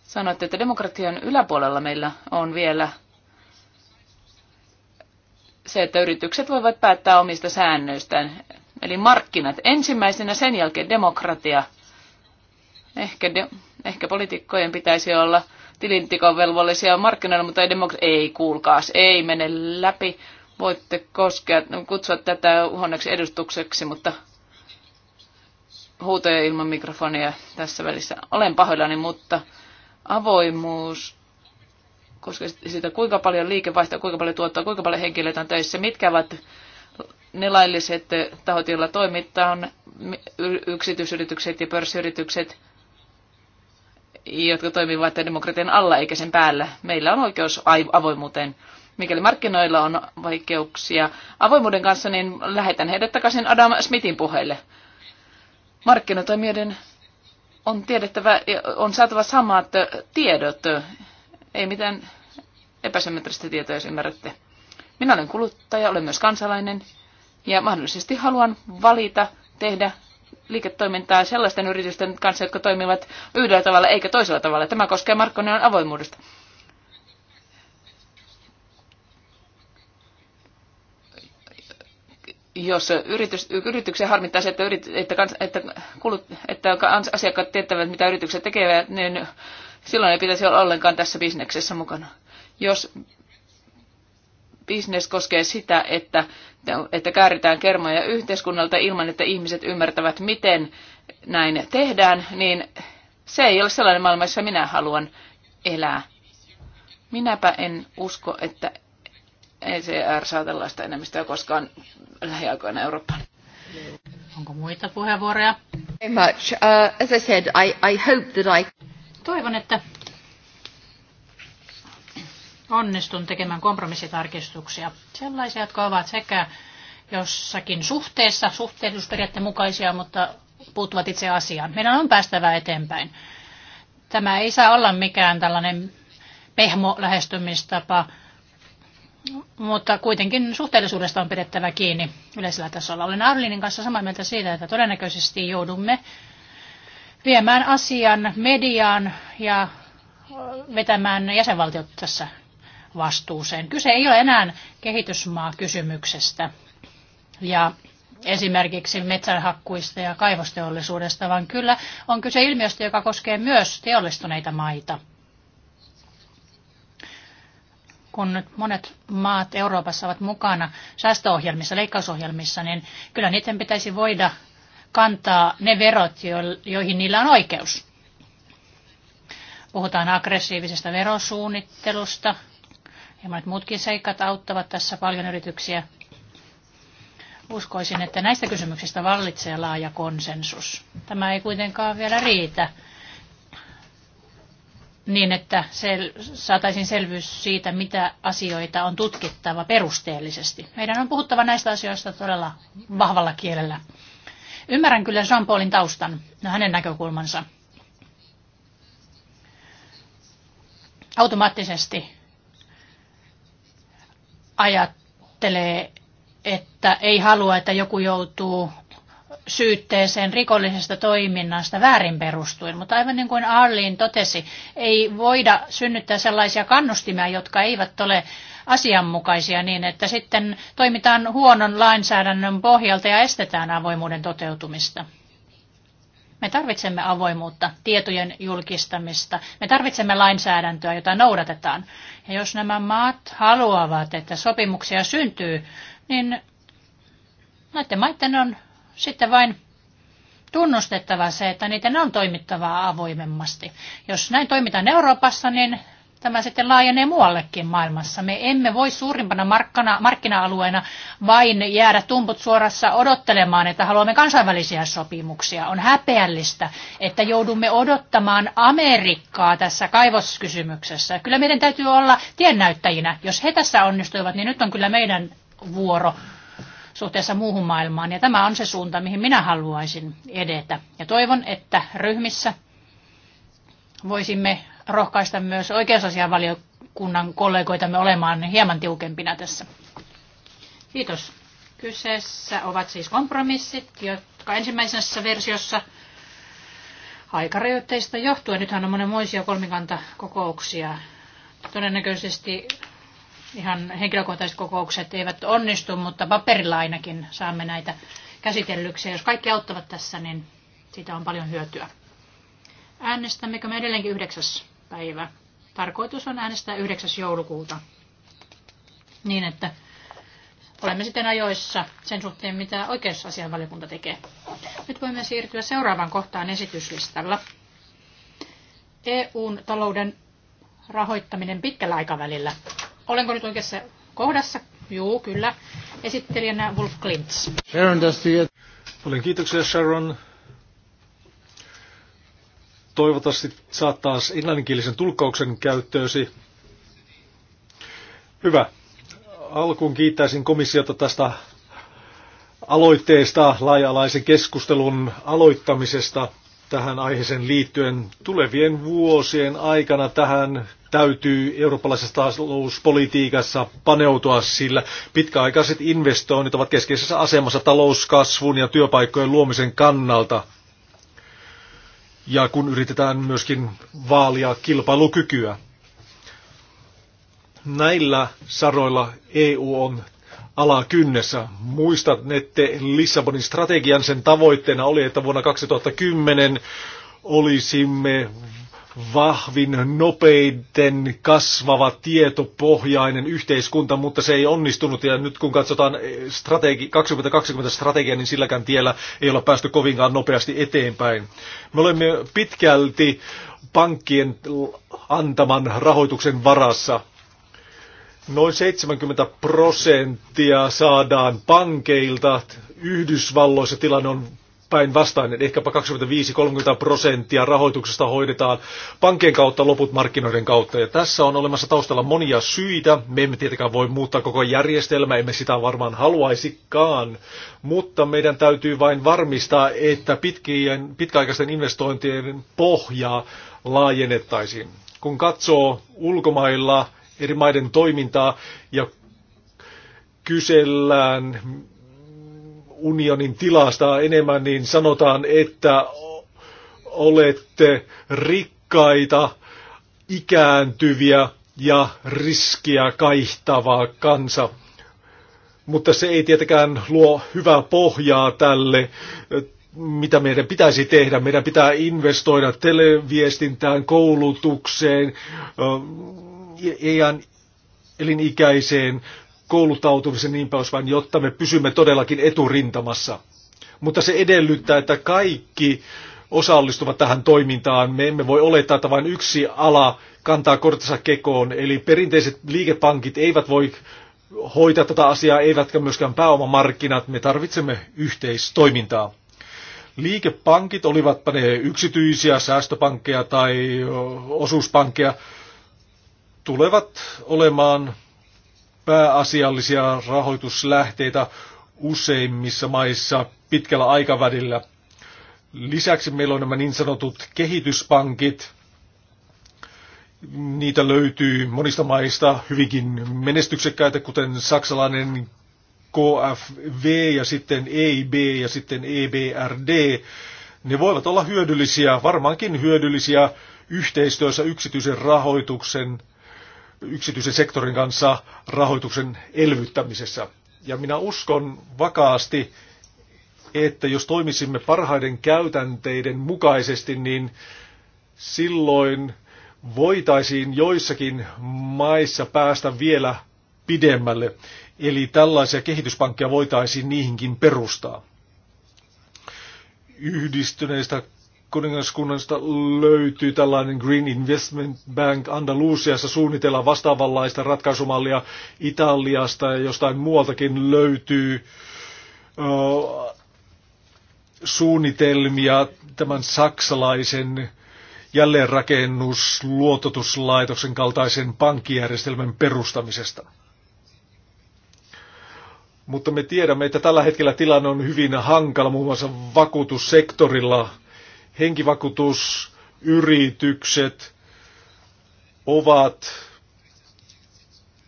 Sanoitte, että demokratian yläpuolella meillä on vielä se, että yritykset voivat päättää omista säännöistään. Eli markkinat. Ensimmäisenä sen jälkeen demokratia. Ehkä, de, ehkä poliitikkojen pitäisi olla velvollisia markkinoilla, mutta ei Ei, kuulkaas, ei mene läpi voitte koskea, kutsua tätä uhonneksi edustukseksi, mutta huutoja ilman mikrofonia tässä välissä. Olen pahoillani, mutta avoimuus, koska sitä kuinka paljon liikevaihtoa, kuinka paljon tuottaa, kuinka paljon henkilöitä on töissä, mitkä ovat ne lailliset tahot, joilla on yksityisyritykset ja pörssiyritykset, jotka toimivat demokratian alla eikä sen päällä. Meillä on oikeus avoimuuteen mikäli markkinoilla on vaikeuksia avoimuuden kanssa, niin lähetän heidät takaisin Adam Smithin puheille. Markkinatoimijoiden on tiedettävä, on saatava samat tiedot. Ei mitään epäsymmetristä tietoa, jos ymmärrätte. Minä olen kuluttaja, olen myös kansalainen ja mahdollisesti haluan valita tehdä liiketoimintaa sellaisten yritysten kanssa, jotka toimivat yhdellä tavalla eikä toisella tavalla. Tämä koskee markkinoiden avoimuudesta jos yritys, yrityksen harmittaa se, että, yrit, että, kans, että, kulut, että asiakkaat tietävät, mitä yritykset tekevät, niin silloin ei pitäisi olla ollenkaan tässä bisneksessä mukana. Jos bisnes koskee sitä, että, että kääritään kermoja yhteiskunnalta ilman, että ihmiset ymmärtävät, miten näin tehdään, niin se ei ole sellainen maailma, jossa minä haluan elää. Minäpä en usko, että ECR saa tällaista enemmistöä koskaan lähiaikoina Eurooppaan. Onko muita puheenvuoroja? much. Uh, as I said, I, I hope that I... Toivon, että onnistun tekemään kompromissitarkistuksia. Sellaisia, jotka ovat sekä jossakin suhteessa, suhteellisuusperiaatteen mukaisia, mutta puuttuvat itse asiaan. Meidän on päästävä eteenpäin. Tämä ei saa olla mikään tällainen pehmo lähestymistapa, mutta kuitenkin suhteellisuudesta on pidettävä kiinni yleisellä tasolla. Olen Arlinin kanssa samaa mieltä siitä, että todennäköisesti joudumme viemään asian mediaan ja vetämään jäsenvaltiot tässä vastuuseen. Kyse ei ole enää kehitysmaakysymyksestä ja esimerkiksi metsänhakkuista ja kaivosteollisuudesta, vaan kyllä on kyse ilmiöstä, joka koskee myös teollistuneita maita kun nyt monet maat Euroopassa ovat mukana säästöohjelmissa, leikkausohjelmissa, niin kyllä niiden pitäisi voida kantaa ne verot, joihin niillä on oikeus. Puhutaan aggressiivisesta verosuunnittelusta ja monet muutkin seikat auttavat tässä paljon yrityksiä. Uskoisin, että näistä kysymyksistä vallitsee laaja konsensus. Tämä ei kuitenkaan vielä riitä niin, että sel- saataisiin selvyys siitä, mitä asioita on tutkittava perusteellisesti. Meidän on puhuttava näistä asioista todella vahvalla kielellä. Ymmärrän kyllä Jean-Paulin taustan ja hänen näkökulmansa. Automaattisesti ajattelee, että ei halua, että joku joutuu syytteeseen rikollisesta toiminnasta väärin perustuen, mutta aivan niin kuin Arlin totesi, ei voida synnyttää sellaisia kannustimia, jotka eivät ole asianmukaisia niin, että sitten toimitaan huonon lainsäädännön pohjalta ja estetään avoimuuden toteutumista. Me tarvitsemme avoimuutta, tietojen julkistamista. Me tarvitsemme lainsäädäntöä, jota noudatetaan. Ja jos nämä maat haluavat, että sopimuksia syntyy, niin näiden maiden on sitten vain tunnustettava se, että niiden on toimittava avoimemmasti. Jos näin toimitaan Euroopassa, niin tämä sitten laajenee muuallekin maailmassa. Me emme voi suurimpana markkana, markkina-alueena vain jäädä tumput suorassa odottelemaan, että haluamme kansainvälisiä sopimuksia. On häpeällistä, että joudumme odottamaan Amerikkaa tässä kaivoskysymyksessä. Kyllä meidän täytyy olla tiennäyttäjinä. Jos he tässä onnistuivat, niin nyt on kyllä meidän vuoro suhteessa muuhun maailmaan. Ja tämä on se suunta, mihin minä haluaisin edetä. Ja toivon, että ryhmissä voisimme rohkaista myös oikeusasianvaliokunnan kollegoitamme olemaan hieman tiukempina tässä. Kiitos. Kyseessä ovat siis kompromissit, jotka ensimmäisessä versiossa aikarajoitteista johtuen. Nythän on monenmoisia kolmikanta kokouksia. Todennäköisesti Ihan henkilökohtaiset kokoukset eivät onnistu, mutta paperilla ainakin saamme näitä käsitellyksiä. Jos kaikki auttavat tässä, niin siitä on paljon hyötyä. Äänestämmekö me edelleenkin 9. päivä? Tarkoitus on äänestää 9. joulukuuta. Niin, että olemme sitten ajoissa sen suhteen, mitä oikeusasianvaliokunta tekee. Nyt voimme siirtyä seuraavaan kohtaan esityslistalla. EUn talouden rahoittaminen pitkällä aikavälillä. Olenko nyt oikeassa kohdassa? Joo, kyllä. Esittelijänä Wolf Klintz. Sharon, Paljon kiitoksia Sharon. Toivottavasti saat taas englanninkielisen tulkkauksen käyttöösi. Hyvä. Alkuun kiittäisin komissiota tästä aloitteesta, laaja-alaisen keskustelun aloittamisesta tähän aiheeseen liittyen. Tulevien vuosien aikana tähän täytyy eurooppalaisessa talouspolitiikassa paneutua, sillä pitkäaikaiset investoinnit ovat keskeisessä asemassa talouskasvun ja työpaikkojen luomisen kannalta. Ja kun yritetään myöskin vaalia kilpailukykyä. Näillä saroilla EU on alakynnessä. Muistatte Lissabonin strategian sen tavoitteena oli, että vuonna 2010 olisimme vahvin, nopeiden kasvava tietopohjainen yhteiskunta, mutta se ei onnistunut. Ja nyt kun katsotaan eh, strategi, 2020 strategiaa, niin silläkään tiellä ei ole päästy kovinkaan nopeasti eteenpäin. Me olemme pitkälti pankkien antaman rahoituksen varassa. Noin 70 prosenttia saadaan pankeilta. Yhdysvalloissa tilanne on päinvastainen. Ehkäpä 25-30 prosenttia rahoituksesta hoidetaan pankkien kautta, loput markkinoiden kautta. Ja tässä on olemassa taustalla monia syitä. Me emme tietenkään voi muuttaa koko järjestelmää, emme sitä varmaan haluaisikaan. Mutta meidän täytyy vain varmistaa, että pitkien, pitkäaikaisten investointien pohjaa laajennettaisiin. Kun katsoo ulkomailla eri maiden toimintaa ja kysellään, unionin tilasta enemmän, niin sanotaan, että olette rikkaita, ikääntyviä ja riskiä kaihtava kansa. Mutta se ei tietenkään luo hyvää pohjaa tälle, mitä meidän pitäisi tehdä. Meidän pitää investoida televiestintään, koulutukseen, iän elinikäiseen kouluttautumisen niin vaan jotta me pysymme todellakin eturintamassa. Mutta se edellyttää, että kaikki osallistuvat tähän toimintaan. Me emme voi olettaa, että vain yksi ala kantaa kortensa kekoon, eli perinteiset liikepankit eivät voi hoitaa tätä asiaa, eivätkä myöskään pääomamarkkinat. Me tarvitsemme yhteistoimintaa. Liikepankit, olivat ne yksityisiä säästöpankkeja tai osuuspankkeja, tulevat olemaan pääasiallisia rahoituslähteitä useimmissa maissa pitkällä aikavälillä. Lisäksi meillä on nämä niin sanotut kehityspankit. Niitä löytyy monista maista hyvinkin menestyksekkäitä, kuten saksalainen KFV ja sitten EIB ja sitten EBRD. Ne voivat olla hyödyllisiä, varmaankin hyödyllisiä yhteistyössä yksityisen rahoituksen yksityisen sektorin kanssa rahoituksen elvyttämisessä. Ja minä uskon vakaasti, että jos toimisimme parhaiden käytänteiden mukaisesti, niin silloin voitaisiin joissakin maissa päästä vielä pidemmälle. Eli tällaisia kehityspankkeja voitaisiin niihinkin perustaa. yhdistyneistä kuningaskunnasta löytyy tällainen Green Investment Bank Andalusiassa, suunnitella vastaavanlaista ratkaisumallia Italiasta ja jostain muualtakin löytyy ö, suunnitelmia tämän saksalaisen jälleenrakennusluototuslaitoksen kaltaisen pankkijärjestelmän perustamisesta. Mutta me tiedämme, että tällä hetkellä tilanne on hyvin hankala muun muassa vakuutussektorilla henkivakuutusyritykset ovat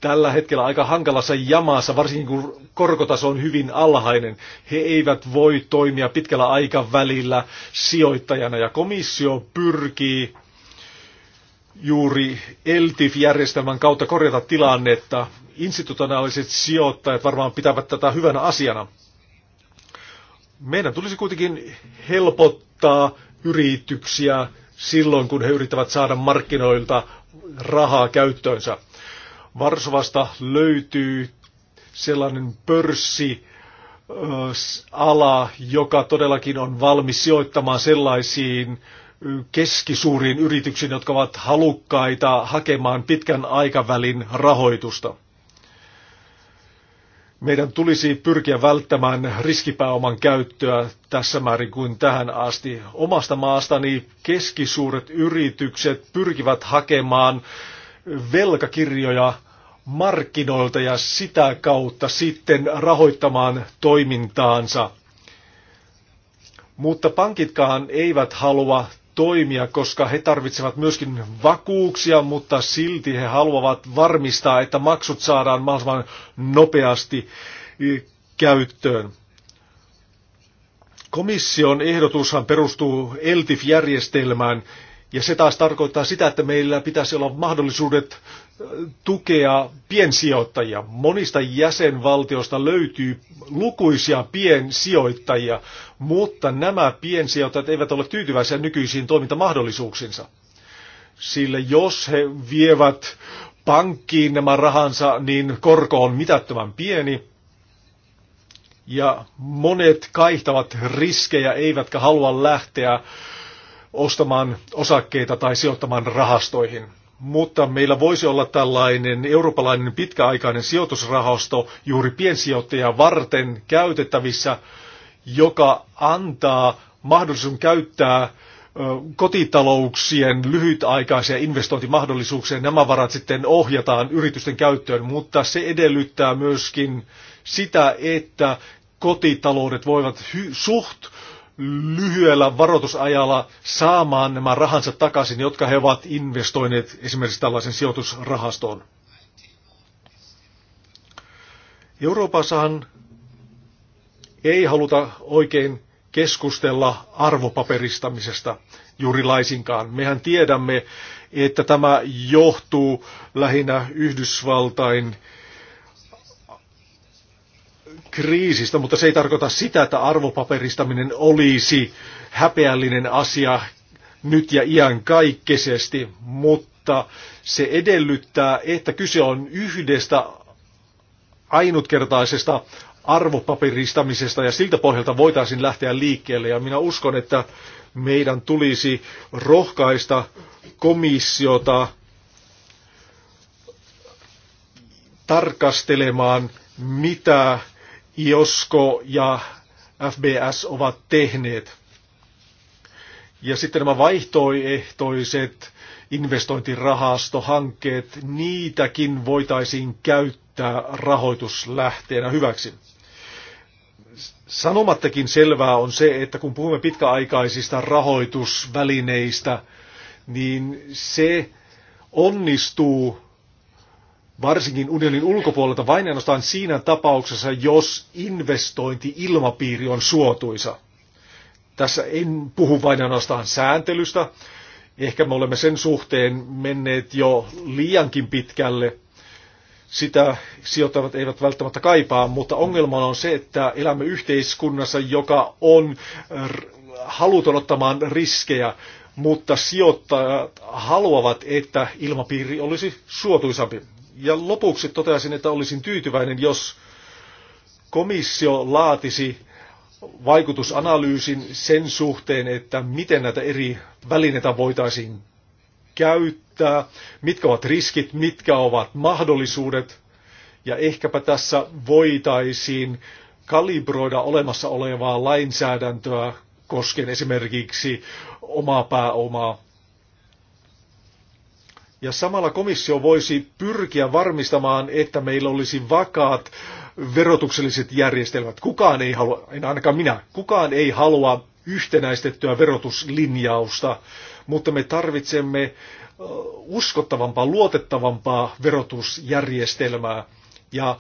tällä hetkellä aika hankalassa jamassa, varsinkin kun korkotaso on hyvin alhainen. He eivät voi toimia pitkällä aikavälillä sijoittajana ja komissio pyrkii juuri ELTIF-järjestelmän kautta korjata tilannetta. Institutionaaliset sijoittajat varmaan pitävät tätä hyvänä asiana. Meidän tulisi kuitenkin helpottaa yrityksiä silloin, kun he yrittävät saada markkinoilta rahaa käyttöönsä. Varsovasta löytyy sellainen pörssi, ala, joka todellakin on valmis sijoittamaan sellaisiin keskisuuriin yrityksiin, jotka ovat halukkaita hakemaan pitkän aikavälin rahoitusta. Meidän tulisi pyrkiä välttämään riskipääoman käyttöä tässä määrin kuin tähän asti. Omasta maastani keskisuuret yritykset pyrkivät hakemaan velkakirjoja markkinoilta ja sitä kautta sitten rahoittamaan toimintaansa. Mutta pankitkaan eivät halua toimia, koska he tarvitsevat myöskin vakuuksia, mutta silti he haluavat varmistaa, että maksut saadaan mahdollisimman nopeasti e, käyttöön. Komission ehdotushan perustuu ELTIF-järjestelmään, ja se taas tarkoittaa sitä, että meillä pitäisi olla mahdollisuudet tukea piensijoittajia. Monista jäsenvaltioista löytyy lukuisia piensijoittajia, mutta nämä piensijoittajat eivät ole tyytyväisiä nykyisiin toimintamahdollisuuksinsa, Sillä jos he vievät pankkiin nämä rahansa, niin korko on mitättömän pieni. Ja monet kaihtavat riskejä, eivätkä halua lähteä ostamaan osakkeita tai sijoittamaan rahastoihin mutta meillä voisi olla tällainen eurooppalainen pitkäaikainen sijoitusrahasto juuri piensijoittajia varten käytettävissä, joka antaa mahdollisuuden käyttää kotitalouksien lyhytaikaisia investointimahdollisuuksia. Nämä varat sitten ohjataan yritysten käyttöön, mutta se edellyttää myöskin sitä, että kotitaloudet voivat hy- suht lyhyellä varoitusajalla saamaan nämä rahansa takaisin, jotka he ovat investoineet esimerkiksi tällaisen sijoitusrahastoon. Euroopassahan ei haluta oikein keskustella arvopaperistamisesta juuri laisinkaan. Mehän tiedämme, että tämä johtuu lähinnä Yhdysvaltain äh, kriisistä, mutta se ei tarkoita sitä, että arvopaperistaminen olisi häpeällinen asia nyt ja iän kaikkisesti, mutta se edellyttää, että kyse on yhdestä ainutkertaisesta arvopaperistamisesta ja siltä pohjalta voitaisiin lähteä liikkeelle. Ja minä uskon, että meidän tulisi rohkaista komissiota tarkastelemaan, mitä IOSKO ja FBS ovat tehneet. Ja sitten nämä vaihtoehtoiset investointirahastohankkeet, niitäkin voitaisiin käyttää rahoituslähteenä hyväksi. Sanomattakin selvää on se, että kun puhumme pitkäaikaisista rahoitusvälineistä, niin se onnistuu varsinkin unionin ulkopuolelta vain ainoastaan siinä tapauksessa, jos investointi-ilmapiiri on suotuisa. Tässä en puhu vain ainoastaan sääntelystä. Ehkä me olemme sen suhteen menneet jo liiankin pitkälle. Sitä sijoittavat eivät välttämättä kaipaa, mutta ongelma on se, että elämme yhteiskunnassa, joka on haluton ottamaan riskejä mutta sijoittajat haluavat, että ilmapiiri olisi suotuisampi. Ja lopuksi toteaisin, että olisin tyytyväinen, jos komissio laatisi vaikutusanalyysin sen suhteen, että miten näitä eri välineitä voitaisiin käyttää, mitkä ovat riskit, mitkä ovat mahdollisuudet. Ja ehkäpä tässä voitaisiin kalibroida olemassa olevaa lainsäädäntöä koskien esimerkiksi omaa pääomaa ja samalla komissio voisi pyrkiä varmistamaan, että meillä olisi vakaat verotukselliset järjestelmät. Kukaan ei halua, en ainakaan minä, kukaan ei halua yhtenäistettyä verotuslinjausta, mutta me tarvitsemme uskottavampaa, luotettavampaa verotusjärjestelmää. Ja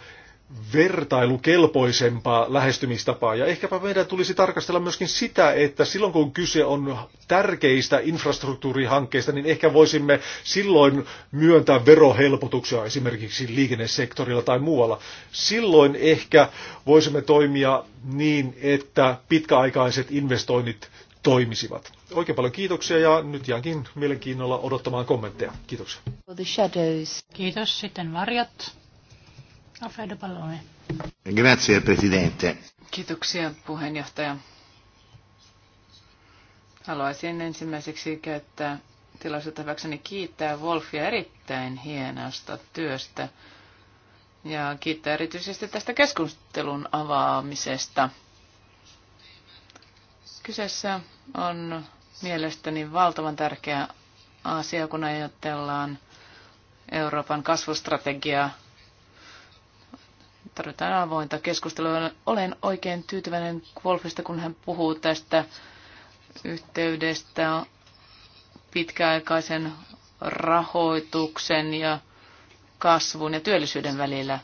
vertailukelpoisempaa lähestymistapaa. Ja ehkäpä meidän tulisi tarkastella myöskin sitä, että silloin kun kyse on tärkeistä infrastruktuurihankkeista, niin ehkä voisimme silloin myöntää verohelpotuksia esimerkiksi liikennesektorilla tai muualla. Silloin ehkä voisimme toimia niin, että pitkäaikaiset investoinnit toimisivat. Oikein paljon kiitoksia ja nyt jäänkin mielenkiinnolla odottamaan kommentteja. Kiitoksia. Kiitos. Sitten varjat. Alfredo Pallone. Grazie, Presidente. Kiitoksia, puheenjohtaja. Haluaisin ensimmäiseksi käyttää tilaisuutta hyväkseni kiittää Wolfia erittäin hienosta työstä ja kiittää erityisesti tästä keskustelun avaamisesta. Kyseessä on mielestäni valtavan tärkeä asia, kun ajatellaan Euroopan kasvustrategiaa tarvitaan avointa keskustelua. Olen oikein tyytyväinen Wolfista, kun hän puhuu tästä yhteydestä pitkäaikaisen rahoituksen ja kasvun ja työllisyyden välillä.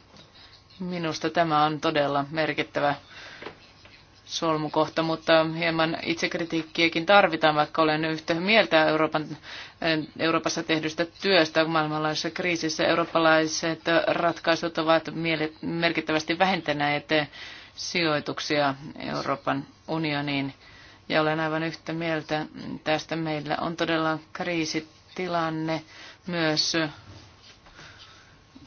Minusta tämä on todella merkittävä solmukohta, mutta hieman itsekritiikkiäkin tarvitaan, vaikka olen yhtä mieltä Euroopan, eh, Euroopassa tehdystä työstä maailmanlaajuisessa kriisissä. Eurooppalaiset ratkaisut ovat merkittävästi vähentäneet sijoituksia Euroopan unioniin. Ja olen aivan yhtä mieltä tästä. Meillä on todella kriisitilanne myös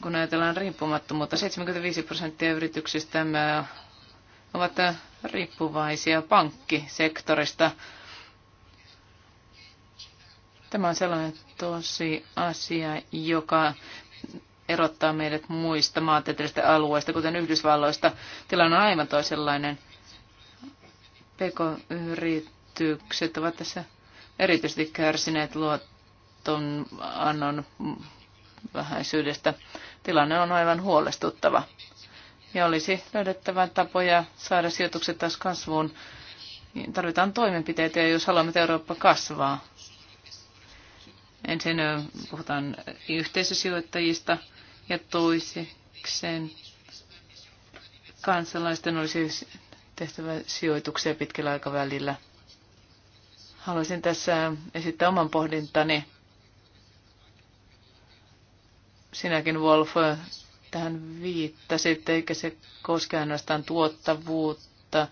kun ajatellaan riippumattomuutta, 75 prosenttia yrityksistä ovat riippuvaisia pankkisektorista. Tämä on sellainen tosi asia, joka erottaa meidät muista maantieteellisistä alueista, kuten Yhdysvalloista. Tilanne on aivan toisenlainen. Pekoyritykset ovat tässä erityisesti kärsineet annon vähäisyydestä. Tilanne on aivan huolestuttava ja olisi löydettävä tapoja saada sijoitukset taas kasvuun. Tarvitaan toimenpiteitä, jos haluamme, että Eurooppa kasvaa. Ensin puhutaan yhteisösijoittajista ja toisekseen kansalaisten olisi tehtävä sijoituksia pitkällä aikavälillä. Haluaisin tässä esittää oman pohdintani. Sinäkin, Wolf, tähän viittasit, eikä se koske ainoastaan tuottavuutta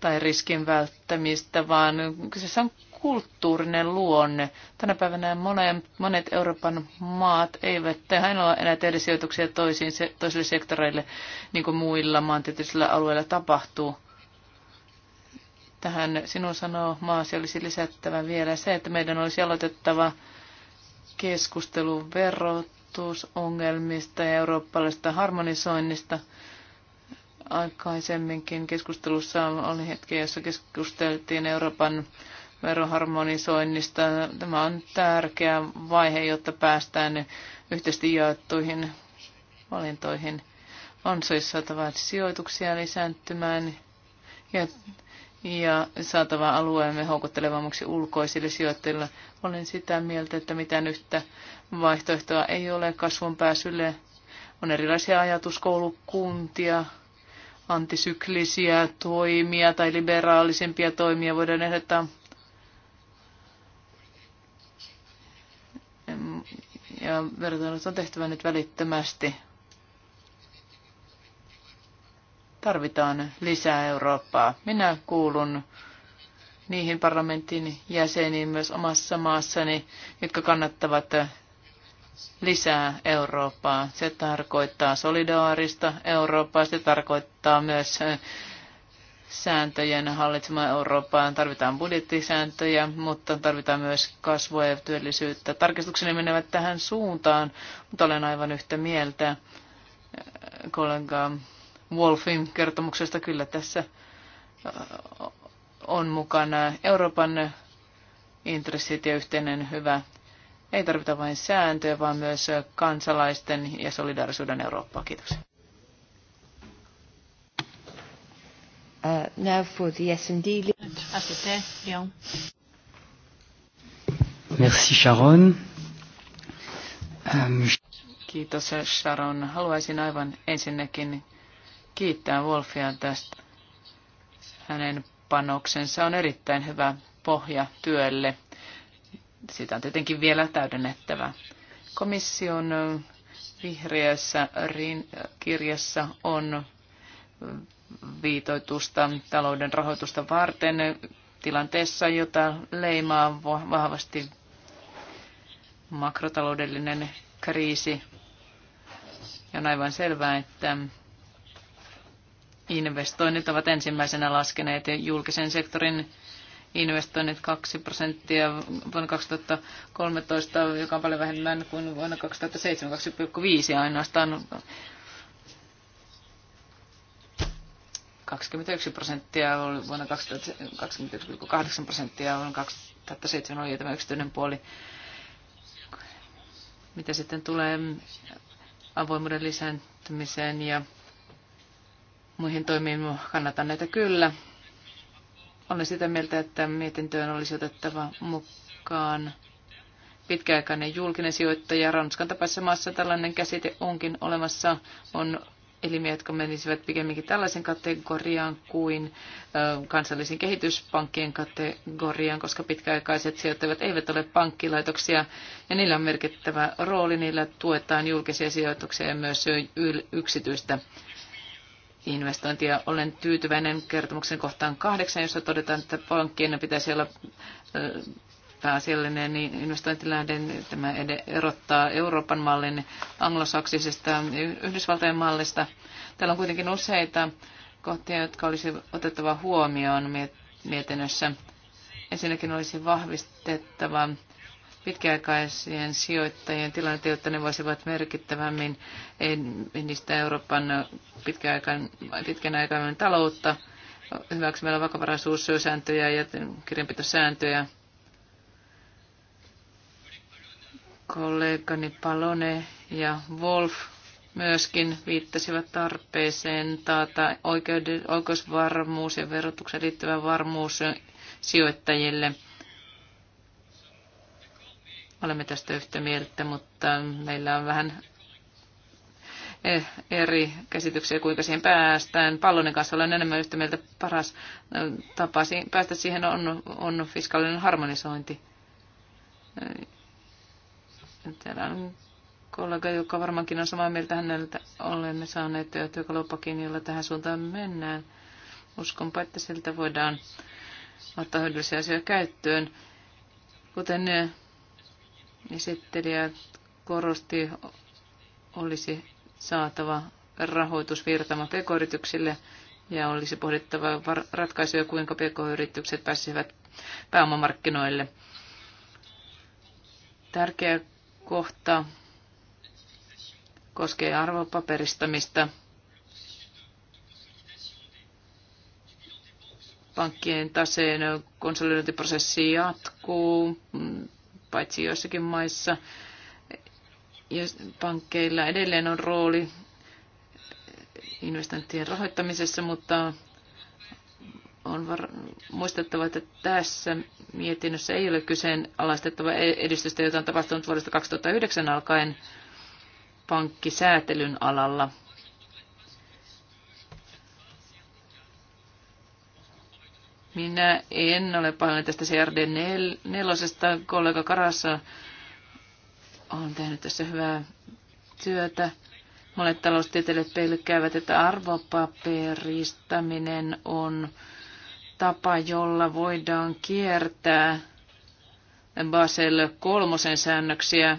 tai riskin välttämistä, vaan kyseessä on kulttuurinen luonne. Tänä päivänä monet, monet Euroopan maat eivät ainoa enää tehdä sijoituksia toisiin, toisille sektoreille, niin kuin muilla maantieteellisillä alueilla tapahtuu. Tähän sinun sanoo maasi olisi lisättävä vielä se, että meidän olisi aloitettava keskustelu verot kohtuusongelmista ja eurooppalaisesta harmonisoinnista. Aikaisemminkin keskustelussa oli hetki, jossa keskusteltiin Euroopan veroharmonisoinnista. Tämä on tärkeä vaihe, jotta päästään yhteisesti jaettuihin valintoihin. On siis saatava sijoituksia lisääntymään ja, ja saatava alueemme houkuttelevammaksi ulkoisille sijoittajille. Olen sitä mieltä, että mitään yhtä Vaihtoehtoa ei ole kasvun pääsylle. On erilaisia ajatuskoulukuntia, antisyklisiä toimia tai liberaalisempia toimia voidaan ehdottaa. Ja vertailut on tehtävä nyt välittömästi. Tarvitaan lisää Eurooppaa. Minä kuulun niihin parlamentin jäseniin myös omassa maassani, jotka kannattavat lisää Eurooppaa. Se tarkoittaa solidaarista Eurooppaa, se tarkoittaa myös eh, sääntöjen hallitsemaa Eurooppaa. Tarvitaan budjettisääntöjä, mutta tarvitaan myös kasvua ja työllisyyttä. Tarkistukseni menevät tähän suuntaan, mutta olen aivan yhtä mieltä eh, kollega Wolfin kertomuksesta. Kyllä tässä eh, on mukana Euroopan intressit ja yhteinen hyvä ei tarvita vain sääntöjä, vaan myös kansalaisten ja solidaarisuuden Eurooppaa. Kiitoksia. Uh, Merci Sharon. Um, Kiitos Sharon. Haluaisin aivan ensinnäkin kiittää Wolfia tästä. Hänen panoksensa on erittäin hyvä pohja työlle sitä on tietenkin vielä täydennettävä. Komission vihreässä kirjassa on viitoitusta talouden rahoitusta varten tilanteessa, jota leimaa vahvasti makrotaloudellinen kriisi. Ja on aivan selvää, että investoinnit ovat ensimmäisenä laskeneet julkisen sektorin investoinnit 2 prosenttia vuonna 2013, joka on paljon vähemmän kuin vuonna 2007, 2,5 ainoastaan 21 prosenttia oli vuonna 2021,8 prosenttia vuonna 2007 oli tämä yksityinen puoli. Mitä sitten tulee avoimuuden lisääntymiseen ja muihin toimiin, kannatan näitä kyllä. Olen sitä mieltä, että mietintöön olisi otettava mukaan pitkäaikainen julkinen sijoittaja. Ranskan tapaisessa maassa tällainen käsite onkin olemassa. On elimiä, jotka menisivät pikemminkin tällaisen kategoriaan kuin kansallisen kehityspankkien kategoriaan, koska pitkäaikaiset sijoittajat eivät ole pankkilaitoksia ja niillä on merkittävä rooli. Niillä tuetaan julkisia sijoituksia ja myös yksityistä investointia. Olen tyytyväinen kertomuksen kohtaan kahdeksan, jossa todetaan, että pankkien pitäisi olla pääasiallinen niin investointilähde. Tämä erottaa Euroopan mallin anglosaksisesta Yhdysvaltojen mallista. Täällä on kuitenkin useita kohtia, jotka olisi otettava huomioon mietinnössä. Ensinnäkin olisi vahvistettava pitkäaikaisien sijoittajien tilanteen, jotta ne voisivat merkittävämmin edistää Euroopan pitkän aikavälin taloutta hyväksymällä vakavaraisuussääntöjä ja kirjanpitosääntöjä. Kollegani Palone ja Wolf myöskin viittasivat tarpeeseen taata oikeusvarmuus ja verotuksen liittyvä varmuus sijoittajille – olemme tästä yhtä mieltä, mutta meillä on vähän eh, eri käsityksiä, kuinka siihen päästään. Pallonen kanssa olen enemmän yhtä mieltä. Paras eh, tapa päästä siihen on, on fiskaalinen harmonisointi. Eh, täällä on kollega, joka varmaankin on samaa mieltä häneltä. Olemme saaneet työkalupakin, jolla tähän suuntaan mennään. Uskonpa, että siltä voidaan ottaa hyödyllisiä asioita käyttöön. Kuten esittelijä korosti, olisi saatava rahoitusvirtama pk-yrityksille ja olisi pohdittava ratkaisuja, kuinka pk-yritykset pääsisivät pääomamarkkinoille. Tärkeä kohta koskee arvopaperistamista. Pankkien taseen konsolidointiprosessi jatkuu paitsi joissakin maissa. Pankkeilla edelleen on rooli investointien rahoittamisessa, mutta on var- muistettava, että tässä mietinnössä ei ole alastettava edistystä, jota on tapahtunut vuodesta 2009 alkaen pankkisäätelyn alalla. Minä en ole pahoillani tästä CRD4. Kollega Karassa on tehnyt tässä hyvää työtä. Monet taloustieteilijät pelkäävät, että arvopaperistaminen on tapa, jolla voidaan kiertää Basel kolmosen säännöksiä.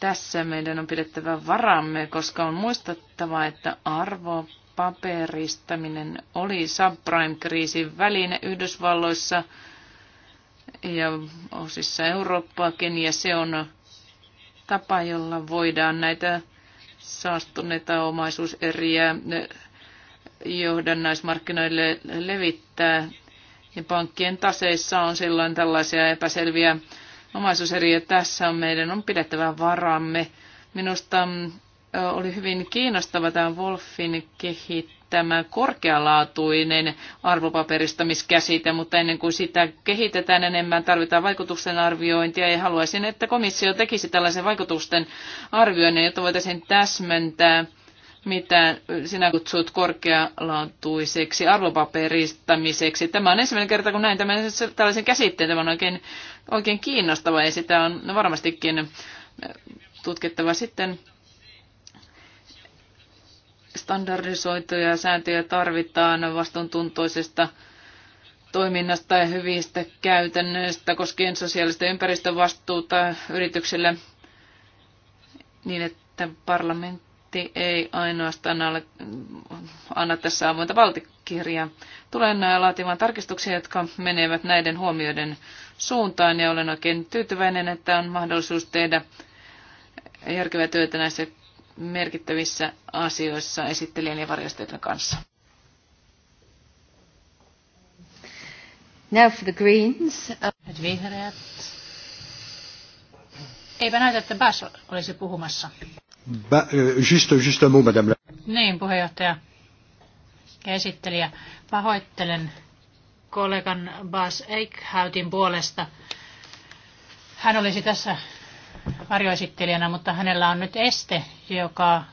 Tässä meidän on pidettävä varamme, koska on muistettava, että arvo paperistaminen oli subprime-kriisin väline Yhdysvalloissa ja osissa Eurooppaakin, ja se on tapa, jolla voidaan näitä saastuneita omaisuuseriä johdannaismarkkinoille levittää. Ja pankkien taseissa on silloin tällaisia epäselviä omaisuuseriä. Tässä on meidän on pidettävä varamme. Minusta oli hyvin kiinnostava tämä Wolfin kehittämä korkealaatuinen arvopaperistamiskäsite, mutta ennen kuin sitä kehitetään enemmän, tarvitaan vaikutusten arviointia ja haluaisin, että komissio tekisi tällaisen vaikutusten arvioinnin, jotta voitaisiin täsmentää, mitä sinä kutsut korkealaatuiseksi arvopaperistamiseksi. Tämä on ensimmäinen kerta, kun näin tämän, tällaisen käsitteen. Tämä on oikein, oikein kiinnostava ja sitä on varmastikin tutkittava sitten Standardisoituja sääntöjä tarvitaan vastuuntuntoisesta toiminnasta ja hyvistä käytännöistä koskien sosiaalista ympäristövastuuta yrityksille niin, että parlamentti ei ainoastaan ole, anna tässä avointa valtikirjaa. Tulen laatimaan tarkistuksia, jotka menevät näiden huomioiden suuntaan ja olen oikein tyytyväinen, että on mahdollisuus tehdä järkevää työtä näissä merkittävissä asioissa esittelijän ja varjostajien kanssa. Now for the Greens. Vihreät. Eipä näytä, että Bas olisi puhumassa. Ba, juste, juste un mot, madame. Niin, puheenjohtaja ja esittelijä. Pahoittelen kollegan Bas Eichhautin puolesta. Hän olisi tässä varjoesittelijänä, mutta hänellä on nyt este, joka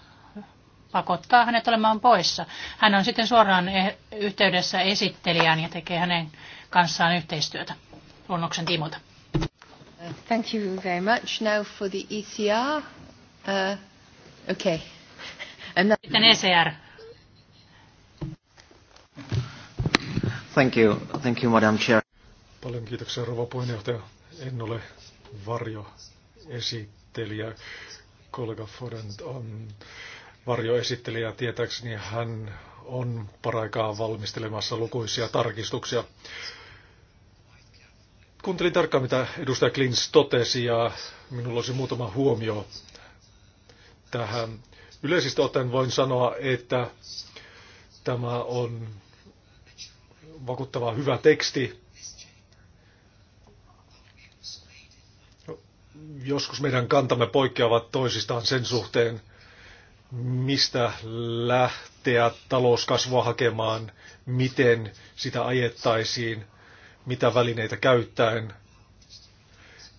pakottaa hänet olemaan poissa. Hän on sitten suoraan e- yhteydessä esittelijään ja tekee hänen kanssaan yhteistyötä luonnoksen tiimoilta. Thank you very much. Now for the ECR. Uh, okay. And that... Sitten ECR. Thank you. Thank you, Madam Chair. Paljon kiitoksia, rouva puheenjohtaja. En ole varjo esittelijä kollega Forent on varjoesittelijä. Tietääkseni hän on paraikaa valmistelemassa lukuisia tarkistuksia. Kuuntelin tarkkaan, mitä edustaja Klins totesi ja minulla olisi muutama huomio tähän. Yleisesti ottaen voin sanoa, että tämä on vakuuttava hyvä teksti, joskus meidän kantamme poikkeavat toisistaan sen suhteen, mistä lähteä talouskasvua hakemaan, miten sitä ajettaisiin, mitä välineitä käyttäen,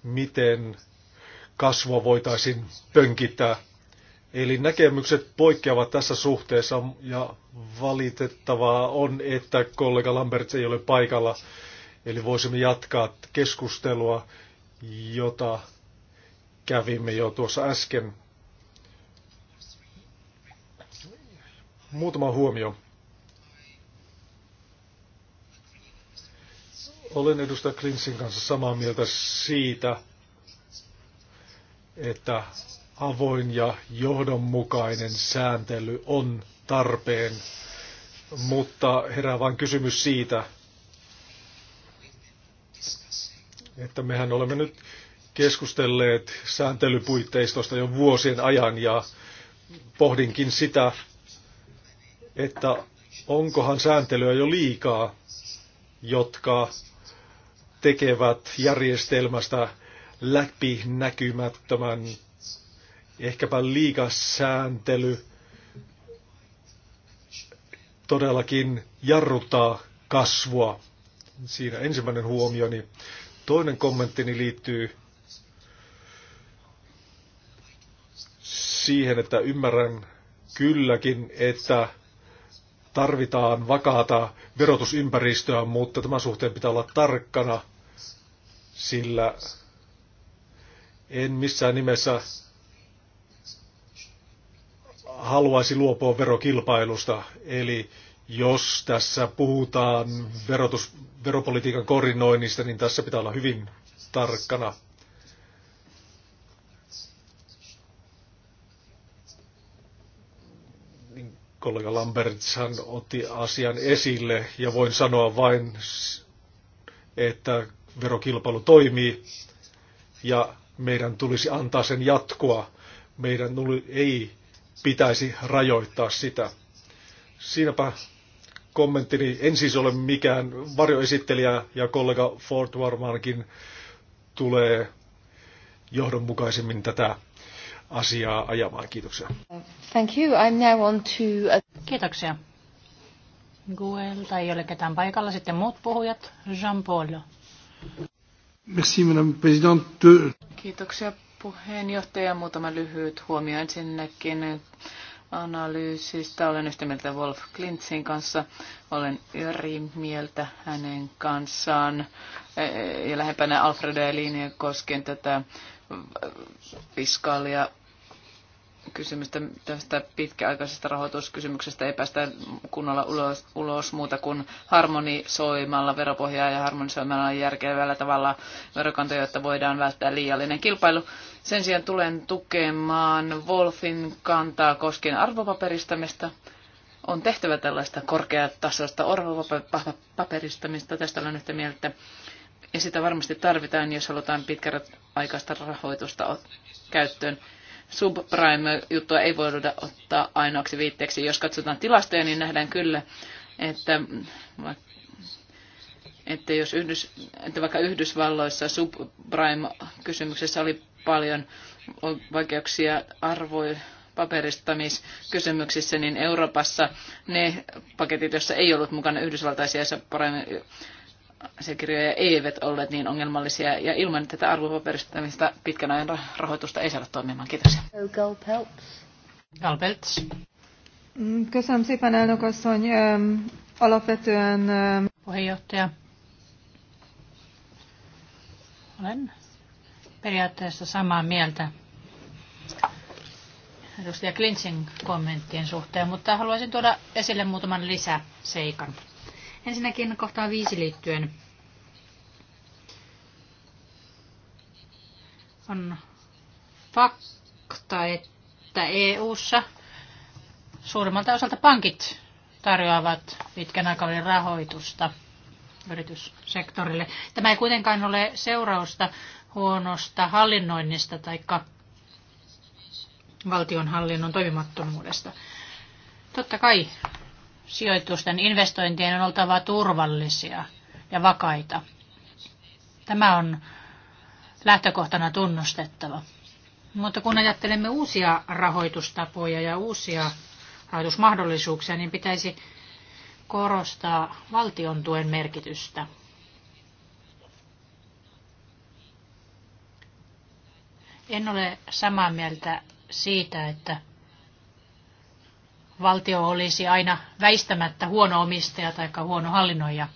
miten kasvua voitaisiin pönkittää. Eli näkemykset poikkeavat tässä suhteessa ja valitettavaa on, että kollega Lambert ei ole paikalla. Eli voisimme jatkaa keskustelua, jota kävimme jo tuossa äsken. Muutama huomio. Olen edustaja Klinsin kanssa samaa mieltä siitä, että avoin ja johdonmukainen sääntely on tarpeen, mutta herää vain kysymys siitä, että mehän olemme nyt keskustelleet sääntelypuitteistosta jo vuosien ajan ja pohdinkin sitä, että onkohan sääntelyä jo liikaa, jotka tekevät järjestelmästä läpinäkymättömän, ehkäpä liikasääntely todellakin jarruttaa kasvua. Siinä ensimmäinen huomioni. Toinen kommenttini liittyy siihen, että ymmärrän kylläkin, että tarvitaan vakaata verotusympäristöä, mutta tämän suhteen pitää olla tarkkana, sillä en missään nimessä haluaisi luopua verokilpailusta. Eli jos tässä puhutaan verotus, veropolitiikan koordinoinnista, niin tässä pitää olla hyvin tarkkana. kollega Lambertshan otti asian esille ja voin sanoa vain, että verokilpailu toimii ja meidän tulisi antaa sen jatkoa. Meidän ei pitäisi rajoittaa sitä. Siinäpä kommenttini. En siis ole mikään varjoesittelijä ja kollega Ford varmaankin tulee johdonmukaisemmin tätä asiaa ajamaan. Kiitoksia. Thank you. I'm now on to... Uh, Kiitoksia. tai ei ole ketään paikalla. Sitten muut puhujat. Jean-Paul. Merci, madame présidente. Kiitoksia puheenjohtaja. Muutama lyhyt huomio ensinnäkin analyysistä. Olen yhtä mieltä Wolf Klintsin kanssa. Olen eri mieltä hänen kanssaan e, e, ja lähempänä Alfredo Linja koskien tätä fiskaalia kysymystä tästä pitkäaikaisesta rahoituskysymyksestä ei päästä kunnolla ulos, ulos muuta kuin harmonisoimalla veropohjaa ja harmonisoimalla järkevällä tavalla verokantoja, jotta voidaan välttää liiallinen kilpailu. Sen sijaan tulen tukemaan Wolfin kantaa koskien arvopaperistamista. On tehtävä tällaista korkeatasoista arvopaperistamista, tästä olen yhtä mieltä. Ja sitä varmasti tarvitaan, jos halutaan pitkäaikaista rahoitusta käyttöön subprime-juttua ei voida ottaa ainoaksi viitteeksi. Jos katsotaan tilastoja, niin nähdään kyllä, että että, jos Yhdys, että vaikka Yhdysvalloissa subprime-kysymyksessä oli paljon vaikeuksia arvoi paperistamiskysymyksissä, niin Euroopassa ne paketit, joissa ei ollut mukana yhdysvaltaisia paremmin asiakirjoja eivät olleet niin ongelmallisia ja ilman tätä arvopaperistamista pitkän ajan rahoitusta ei saada toimimaan. Kiitos. Galpelts. Mm, köszönöm szépen, elnök asszony. Puheenjohtaja. Olen periaatteessa samaa mieltä edustaja Klinsin kommenttien suhteen, mutta haluaisin tuoda esille muutaman lisäseikan. Ensinnäkin kohtaan viisi liittyen on fakta, että EU-ssa suurimmalta osalta pankit tarjoavat pitkän aikavälin rahoitusta yrityssektorille. Tämä ei kuitenkaan ole seurausta huonosta hallinnoinnista tai valtionhallinnon toimimattomuudesta. Totta kai sijoitusten investointien on oltava turvallisia ja vakaita. Tämä on lähtökohtana tunnustettava. Mutta kun ajattelemme uusia rahoitustapoja ja uusia rahoitusmahdollisuuksia, niin pitäisi korostaa valtion tuen merkitystä. En ole samaa mieltä siitä, että valtio olisi aina väistämättä huono omistaja tai huono hallinnoija.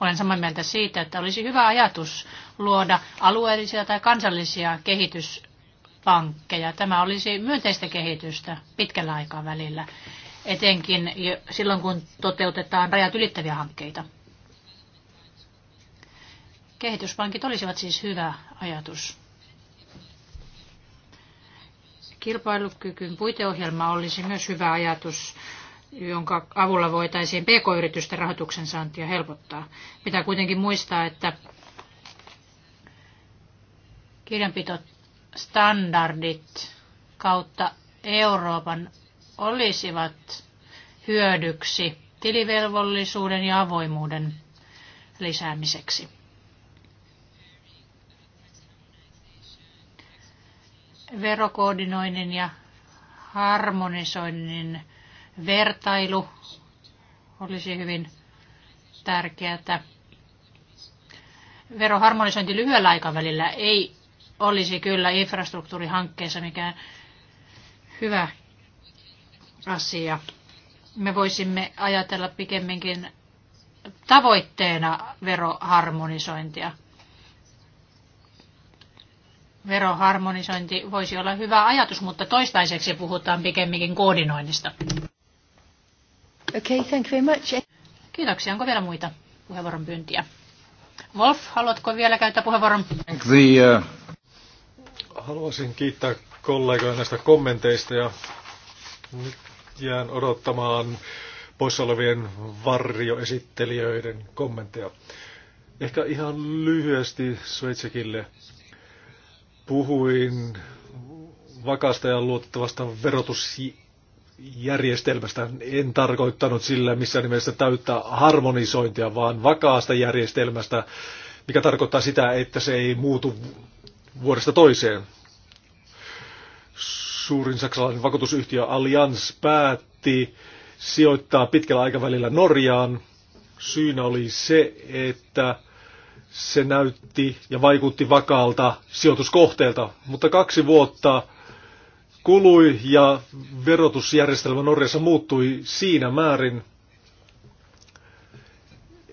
Olen samaa mieltä siitä, että olisi hyvä ajatus luoda alueellisia tai kansallisia kehityspankkeja. Tämä olisi myönteistä kehitystä pitkällä aikavälillä, etenkin silloin kun toteutetaan rajat ylittäviä hankkeita. Kehityspankit olisivat siis hyvä ajatus. Kilpailukykyn puiteohjelma olisi myös hyvä ajatus, jonka avulla voitaisiin pk-yritysten rahoituksen saantia helpottaa. Pitää kuitenkin muistaa, että kirjanpitostandardit kautta Euroopan olisivat hyödyksi tilivelvollisuuden ja avoimuuden lisäämiseksi. verokoordinoinnin ja harmonisoinnin vertailu olisi hyvin tärkeää. Veroharmonisointi lyhyellä aikavälillä ei olisi kyllä infrastruktuurihankkeessa mikään hyvä asia. Me voisimme ajatella pikemminkin tavoitteena veroharmonisointia – veroharmonisointi voisi olla hyvä ajatus, mutta toistaiseksi puhutaan pikemminkin koordinoinnista. Okay, thank you very much. Kiitoksia. Onko vielä muita puheenvuoron pyyntiä? Wolf, haluatko vielä käyttää puheenvuoron? The, uh... Haluaisin kiittää kollegoja näistä kommenteista ja nyt jään odottamaan poissa olevien varjoesittelijöiden kommentteja. Ehkä ihan lyhyesti Sveitsikille puhuin vakaasta ja luotettavasta verotusjärjestelmästä. En tarkoittanut sillä missään nimessä täyttää harmonisointia, vaan vakaasta järjestelmästä, mikä tarkoittaa sitä, että se ei muutu vuodesta toiseen. Suurin saksalainen vakuutusyhtiö Allianz päätti sijoittaa pitkällä aikavälillä Norjaan. Syynä oli se, että se näytti ja vaikutti vakaalta sijoituskohteelta, mutta kaksi vuotta kului ja verotusjärjestelmä Norjassa muuttui siinä määrin,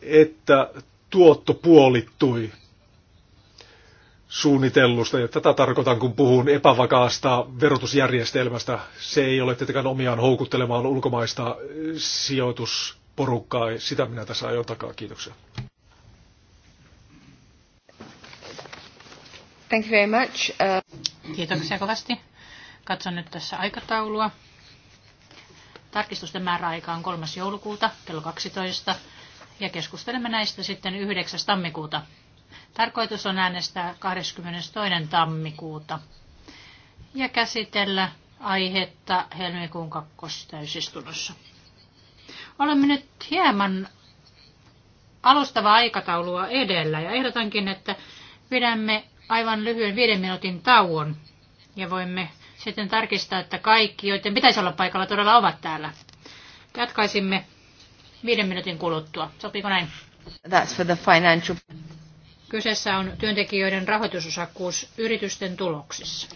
että tuotto puolittui suunnitellusta. Ja tätä tarkoitan, kun puhun epävakaasta verotusjärjestelmästä. Se ei ole tietenkään omiaan houkuttelemaan ulkomaista sijoitusporukkaa. Sitä minä tässä ajoin takaa. Kiitoksia. Thank you very much. Uh... Kiitoksia kovasti. Katson nyt tässä aikataulua. Tarkistusten määräaika on 3. joulukuuta kello 12 ja keskustelemme näistä sitten 9. tammikuuta. Tarkoitus on äänestää 22. tammikuuta ja käsitellä aihetta helmikuun kakkostäysistunnossa. Olemme nyt hieman alustavaa aikataulua edellä ja ehdotankin, että pidämme aivan lyhyen viiden minuutin tauon ja voimme sitten tarkistaa, että kaikki, joiden pitäisi olla paikalla, todella ovat täällä. Jatkaisimme viiden minuutin kuluttua. Sopiiko näin? That's for the financial... Kyseessä on työntekijöiden rahoitusosakkuus yritysten tuloksissa.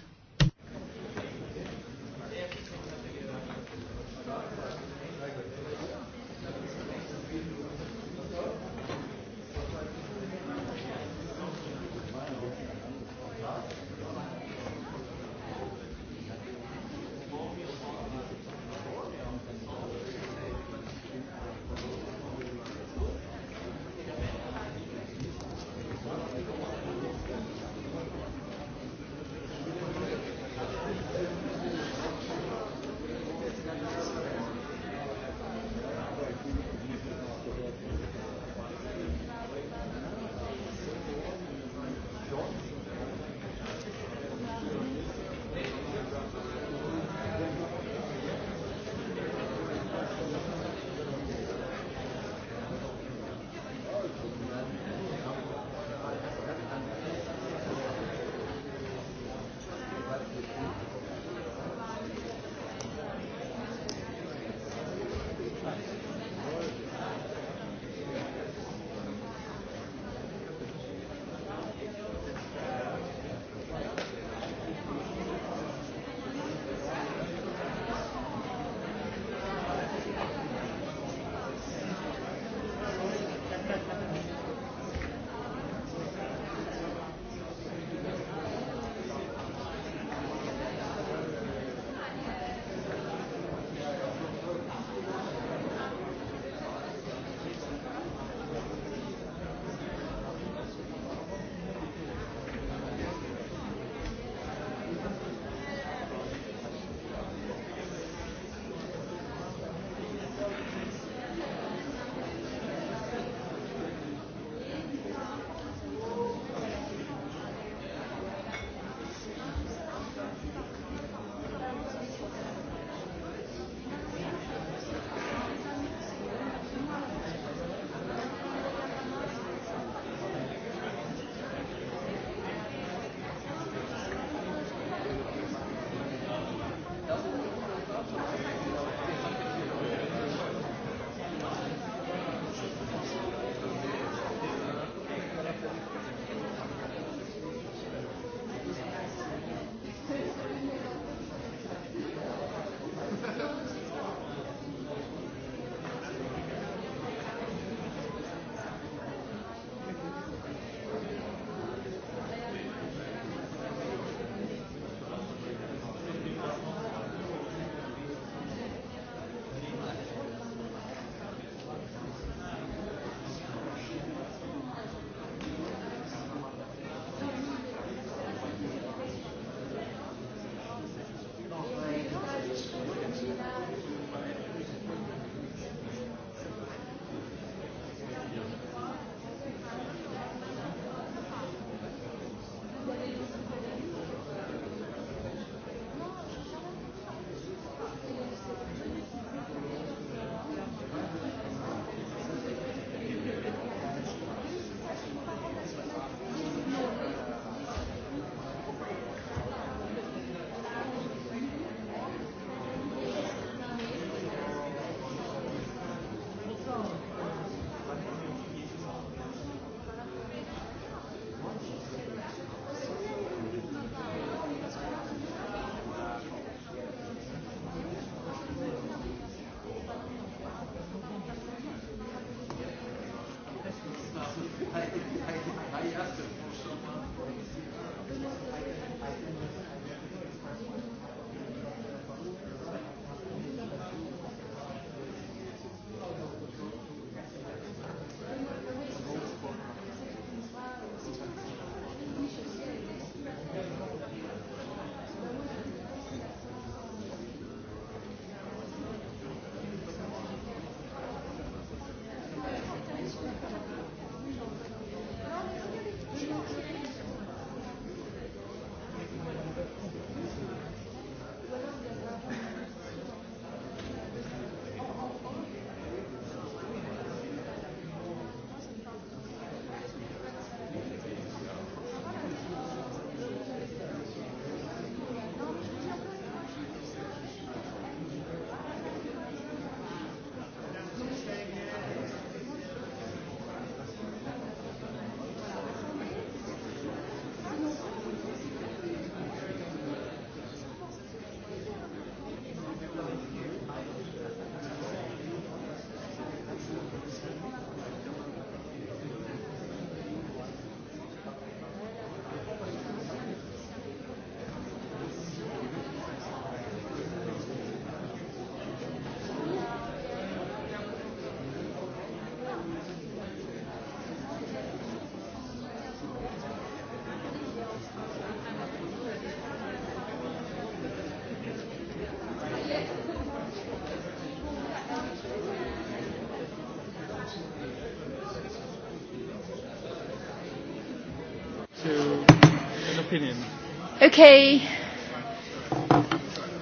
Okay.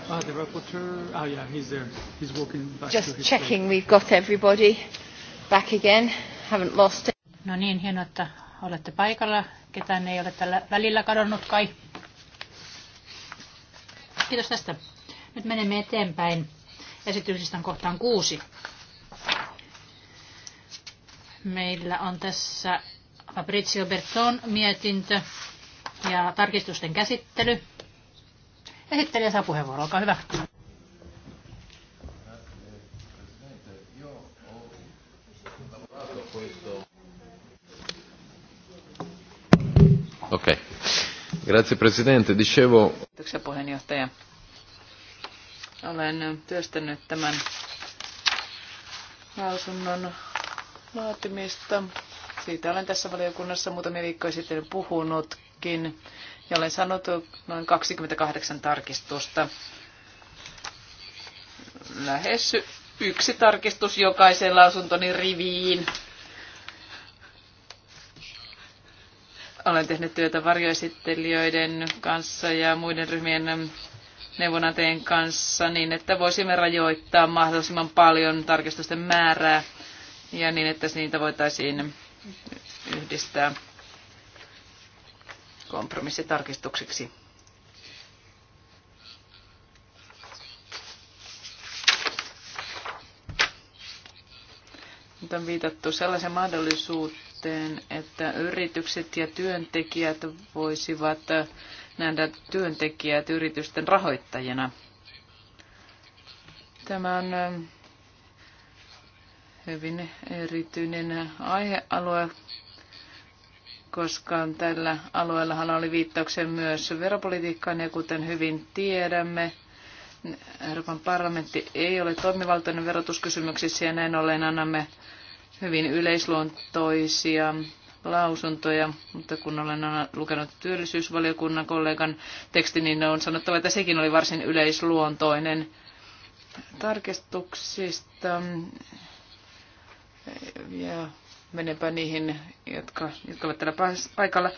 Ah, the rapporteur. Oh yeah, he's there. He's walking back Just to his checking place. we've got everybody back again. Haven't lost it. No niin, hienoa, että olette paikalla. Ketään ei ole tällä välillä kadonnut kai. Kiitos tästä. Nyt menemme eteenpäin esityslistan kohtaan kuusi. Meillä on tässä Fabrizio Berton mietintö ja tarkistusten käsittely. Esittelijä saa puheenvuoro, olkaa hyvä. Okei. Okay. Grazie Presidente. Dicevo... Kiitoksia puheenjohtaja. Olen työstänyt tämän lausunnon laatimista. Siitä olen tässä valiokunnassa muutamia viikkoja sitten puhunut myöskin, ja olen saanut noin 28 tarkistusta. Lähes yksi tarkistus jokaisen lausuntoni riviin. Olen tehnyt työtä varjoesittelijöiden kanssa ja muiden ryhmien neuvonantajien kanssa niin, että voisimme rajoittaa mahdollisimman paljon tarkistusten määrää ja niin, että niitä voitaisiin yhdistää kompromissitarkistuksiksi. Nyt on viitattu sellaisen mahdollisuuteen, että yritykset ja työntekijät voisivat nähdä työntekijät yritysten rahoittajina. Tämä on hyvin erityinen aihealue koska tällä alueellahan oli viittauksia myös veropolitiikkaan ja kuten hyvin tiedämme, Euroopan parlamentti ei ole toimivaltainen verotuskysymyksissä ja näin ollen annamme hyvin yleisluontoisia lausuntoja, mutta kun olen lukenut työllisyysvaliokunnan kollegan tekstin, niin on sanottava, että sekin oli varsin yleisluontoinen tarkistuksista. Ja menenpä niihin, jotka, jotka ovat täällä paikalla.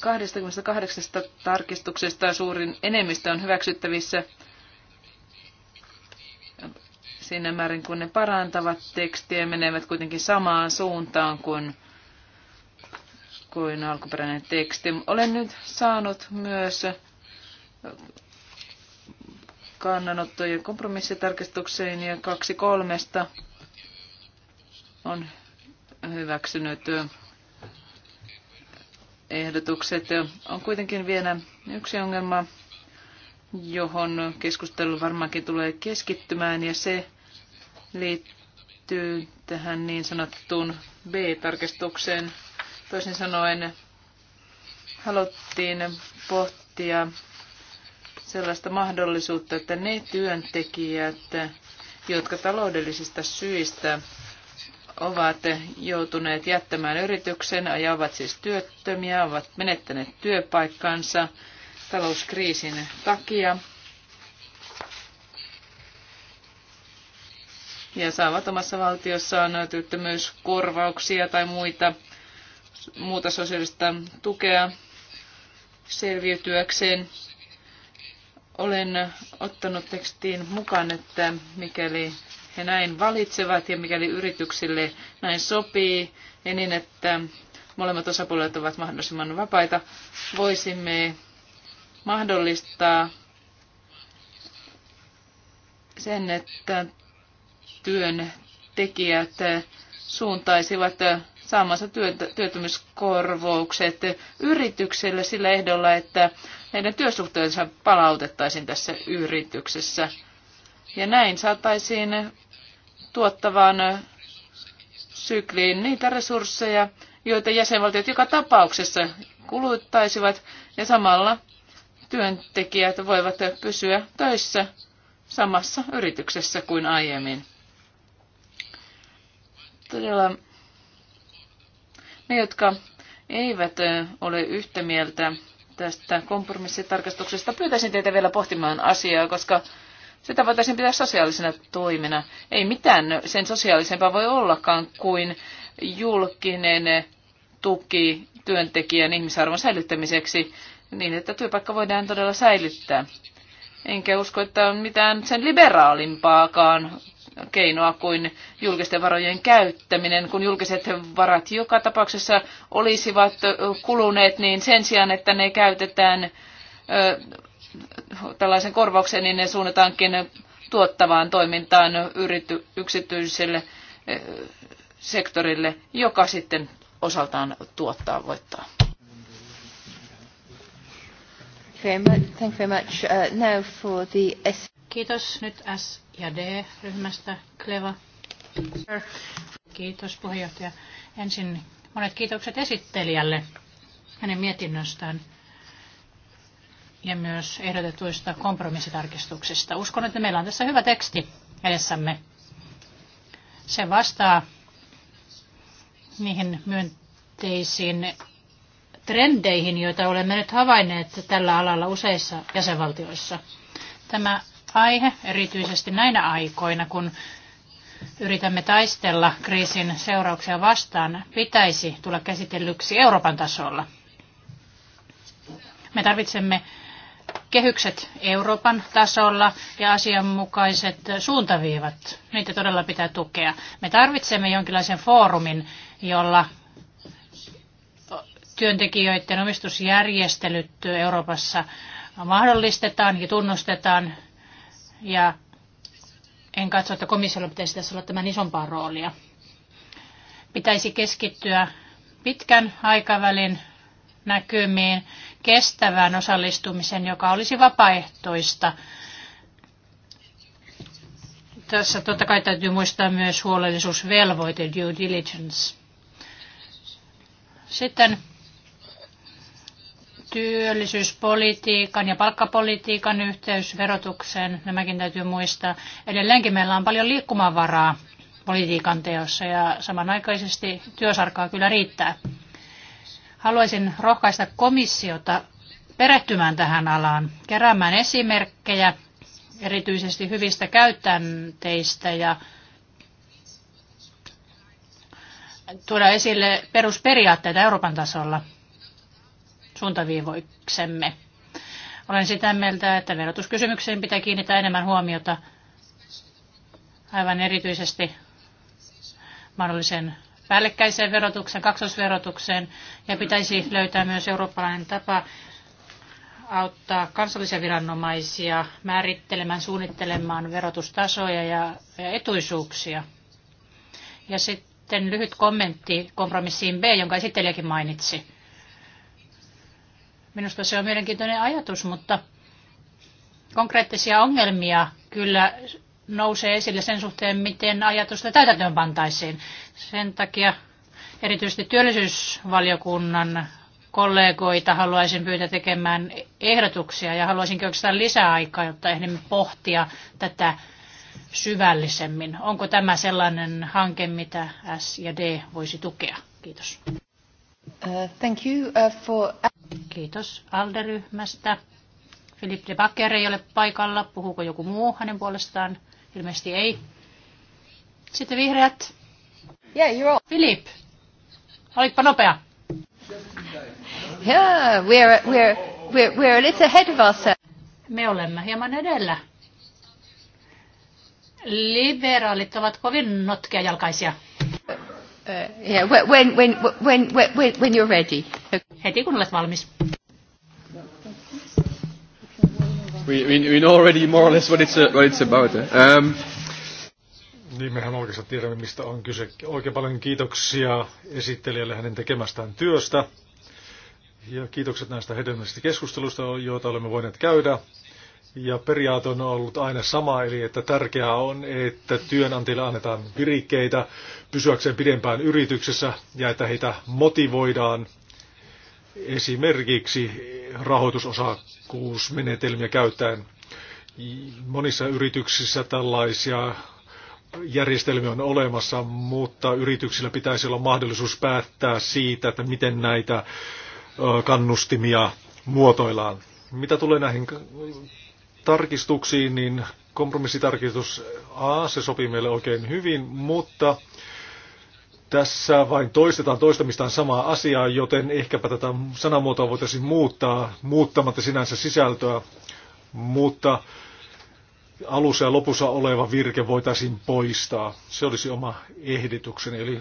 28 tarkistuksesta suurin enemmistö on hyväksyttävissä siinä määrin, kun ne parantavat tekstiä, menevät kuitenkin samaan suuntaan kuin, kuin alkuperäinen teksti. Olen nyt saanut myös kannanottojen kompromissitarkistukseen ja kaksi kolmesta on hyväksynyt ehdotukset. On kuitenkin vielä yksi ongelma, johon keskustelu varmaankin tulee keskittymään, ja se liittyy tähän niin sanottuun B-tarkistukseen. Toisin sanoen haluttiin pohtia sellaista mahdollisuutta, että ne työntekijät, jotka taloudellisista syistä ovat joutuneet jättämään yrityksen ja ovat siis työttömiä, ovat menettäneet työpaikkansa talouskriisin takia ja saavat omassa valtiossaan työttömyyskorvauksia tai muita, muuta sosiaalista tukea selviytyäkseen. Olen ottanut tekstiin mukaan, että mikäli he näin valitsevat ja mikäli yrityksille näin sopii, ja niin että molemmat osapuolet ovat mahdollisimman vapaita, voisimme mahdollistaa sen, että työntekijät suuntaisivat saamansa työttömyyskorvaukset yritykselle sillä ehdolla, että heidän työsuhteensa palautettaisiin tässä yrityksessä. Ja näin saataisiin tuottavaan sykliin niitä resursseja, joita jäsenvaltiot joka tapauksessa kuluttaisivat ja samalla työntekijät voivat pysyä töissä samassa yrityksessä kuin aiemmin. Todella ne, jotka eivät ole yhtä mieltä tästä kompromissitarkastuksesta, pyytäisin teitä vielä pohtimaan asiaa, koska sitä voitaisiin pitää sosiaalisena toimina. Ei mitään sen sosiaalisempaa voi ollakaan kuin julkinen tuki työntekijän ihmisarvon säilyttämiseksi niin, että työpaikka voidaan todella säilyttää. Enkä usko, että on mitään sen liberaalimpaakaan keinoa kuin julkisten varojen käyttäminen, kun julkiset varat joka tapauksessa olisivat kuluneet, niin sen sijaan, että ne käytetään tällaisen korvauksen, niin ne suunnataankin tuottavaan toimintaan yrity, yksityiselle eh, sektorille, joka sitten osaltaan tuottaa voittaa. Uh, Kiitos nyt S ja D-ryhmästä. Kleva. Kiitos puheenjohtaja. Ensin monet kiitokset esittelijälle hänen mietinnöstään ja myös ehdotetuista kompromissitarkistuksista. Uskon, että meillä on tässä hyvä teksti edessämme. Se vastaa niihin myönteisiin trendeihin, joita olemme nyt havainneet tällä alalla useissa jäsenvaltioissa. Tämä aihe, erityisesti näinä aikoina, kun yritämme taistella kriisin seurauksia vastaan, pitäisi tulla käsitellyksi Euroopan tasolla. Me tarvitsemme kehykset Euroopan tasolla ja asianmukaiset suuntaviivat. Niitä todella pitää tukea. Me tarvitsemme jonkinlaisen foorumin, jolla työntekijöiden omistusjärjestelyt Euroopassa mahdollistetaan ja tunnustetaan. Ja en katso, että komissiolla pitäisi tässä olla tämän isompaa roolia. Pitäisi keskittyä pitkän aikavälin näkymiin kestävään osallistumisen, joka olisi vapaaehtoista. Tässä totta kai täytyy muistaa myös huolellisuusvelvoite, due diligence. Sitten työllisyyspolitiikan ja palkkapolitiikan yhteys verotukseen, nämäkin täytyy muistaa. Edelleenkin meillä on paljon liikkumavaraa politiikan teossa ja samanaikaisesti työsarkaa kyllä riittää. Haluaisin rohkaista komissiota perehtymään tähän alaan, keräämään esimerkkejä erityisesti hyvistä käytänteistä ja tuoda esille perusperiaatteita Euroopan tasolla suuntaviivoiksemme. Olen sitä mieltä, että verotuskysymykseen pitää kiinnittää enemmän huomiota aivan erityisesti mahdollisen päällekkäiseen verotukseen, kaksosverotukseen ja pitäisi löytää myös eurooppalainen tapa auttaa kansallisia viranomaisia määrittelemään, suunnittelemaan verotustasoja ja etuisuuksia. Ja sitten lyhyt kommentti kompromissiin B, jonka esittelijäkin mainitsi. Minusta se on mielenkiintoinen ajatus, mutta konkreettisia ongelmia kyllä nousee esille sen suhteen, miten ajatusta täytäntöön pantaisiin. Sen takia erityisesti työllisyysvaliokunnan kollegoita haluaisin pyytää tekemään ehdotuksia ja haluaisin oikeastaan lisää aikaa, jotta ehdimme pohtia tätä syvällisemmin. Onko tämä sellainen hanke, mitä S ja D voisi tukea? Kiitos. Uh, thank you uh, for... Kiitos Alderyhmästä. Philippe de Backer ei ole paikalla. Puhuuko joku muu hänen puolestaan? Ilmeisesti ei. Sitten vihreät. Yeah, you're all... Filip, olitpa nopea. Yeah, we're, we're, we're, we're a little ahead of ourselves. Me olemme hieman edellä. Liberaalit ovat kovin jalkaisia. Uh, yeah, when, when, when, when, when, when you're ready. Heti kun olet valmis. We, we, we know already more or less what it's, uh, what it's about. Eh? Um, niin mehän oikeastaan tiedämme, mistä on kyse. Oikein paljon kiitoksia esittelijälle hänen tekemästään työstä. Ja kiitokset näistä hedelmällisistä keskustelusta, joita olemme voineet käydä. Ja periaate on ollut aina sama, eli että tärkeää on, että työnantajille annetaan virikkeitä pysyäkseen pidempään yrityksessä ja että heitä motivoidaan esimerkiksi rahoitusosakkuusmenetelmiä käytetään. Monissa yrityksissä tällaisia järjestelmiä on olemassa, mutta yrityksillä pitäisi olla mahdollisuus päättää siitä, että miten näitä kannustimia muotoillaan. Mitä tulee näihin tarkistuksiin, niin kompromissitarkistus A, se sopii meille oikein hyvin, mutta tässä vain toistetaan toistamistaan samaa asiaa, joten ehkäpä tätä sanamuotoa voitaisiin muuttaa muuttamatta sinänsä sisältöä, mutta alussa ja lopussa oleva virke voitaisiin poistaa. Se olisi oma ehdotukseni, eli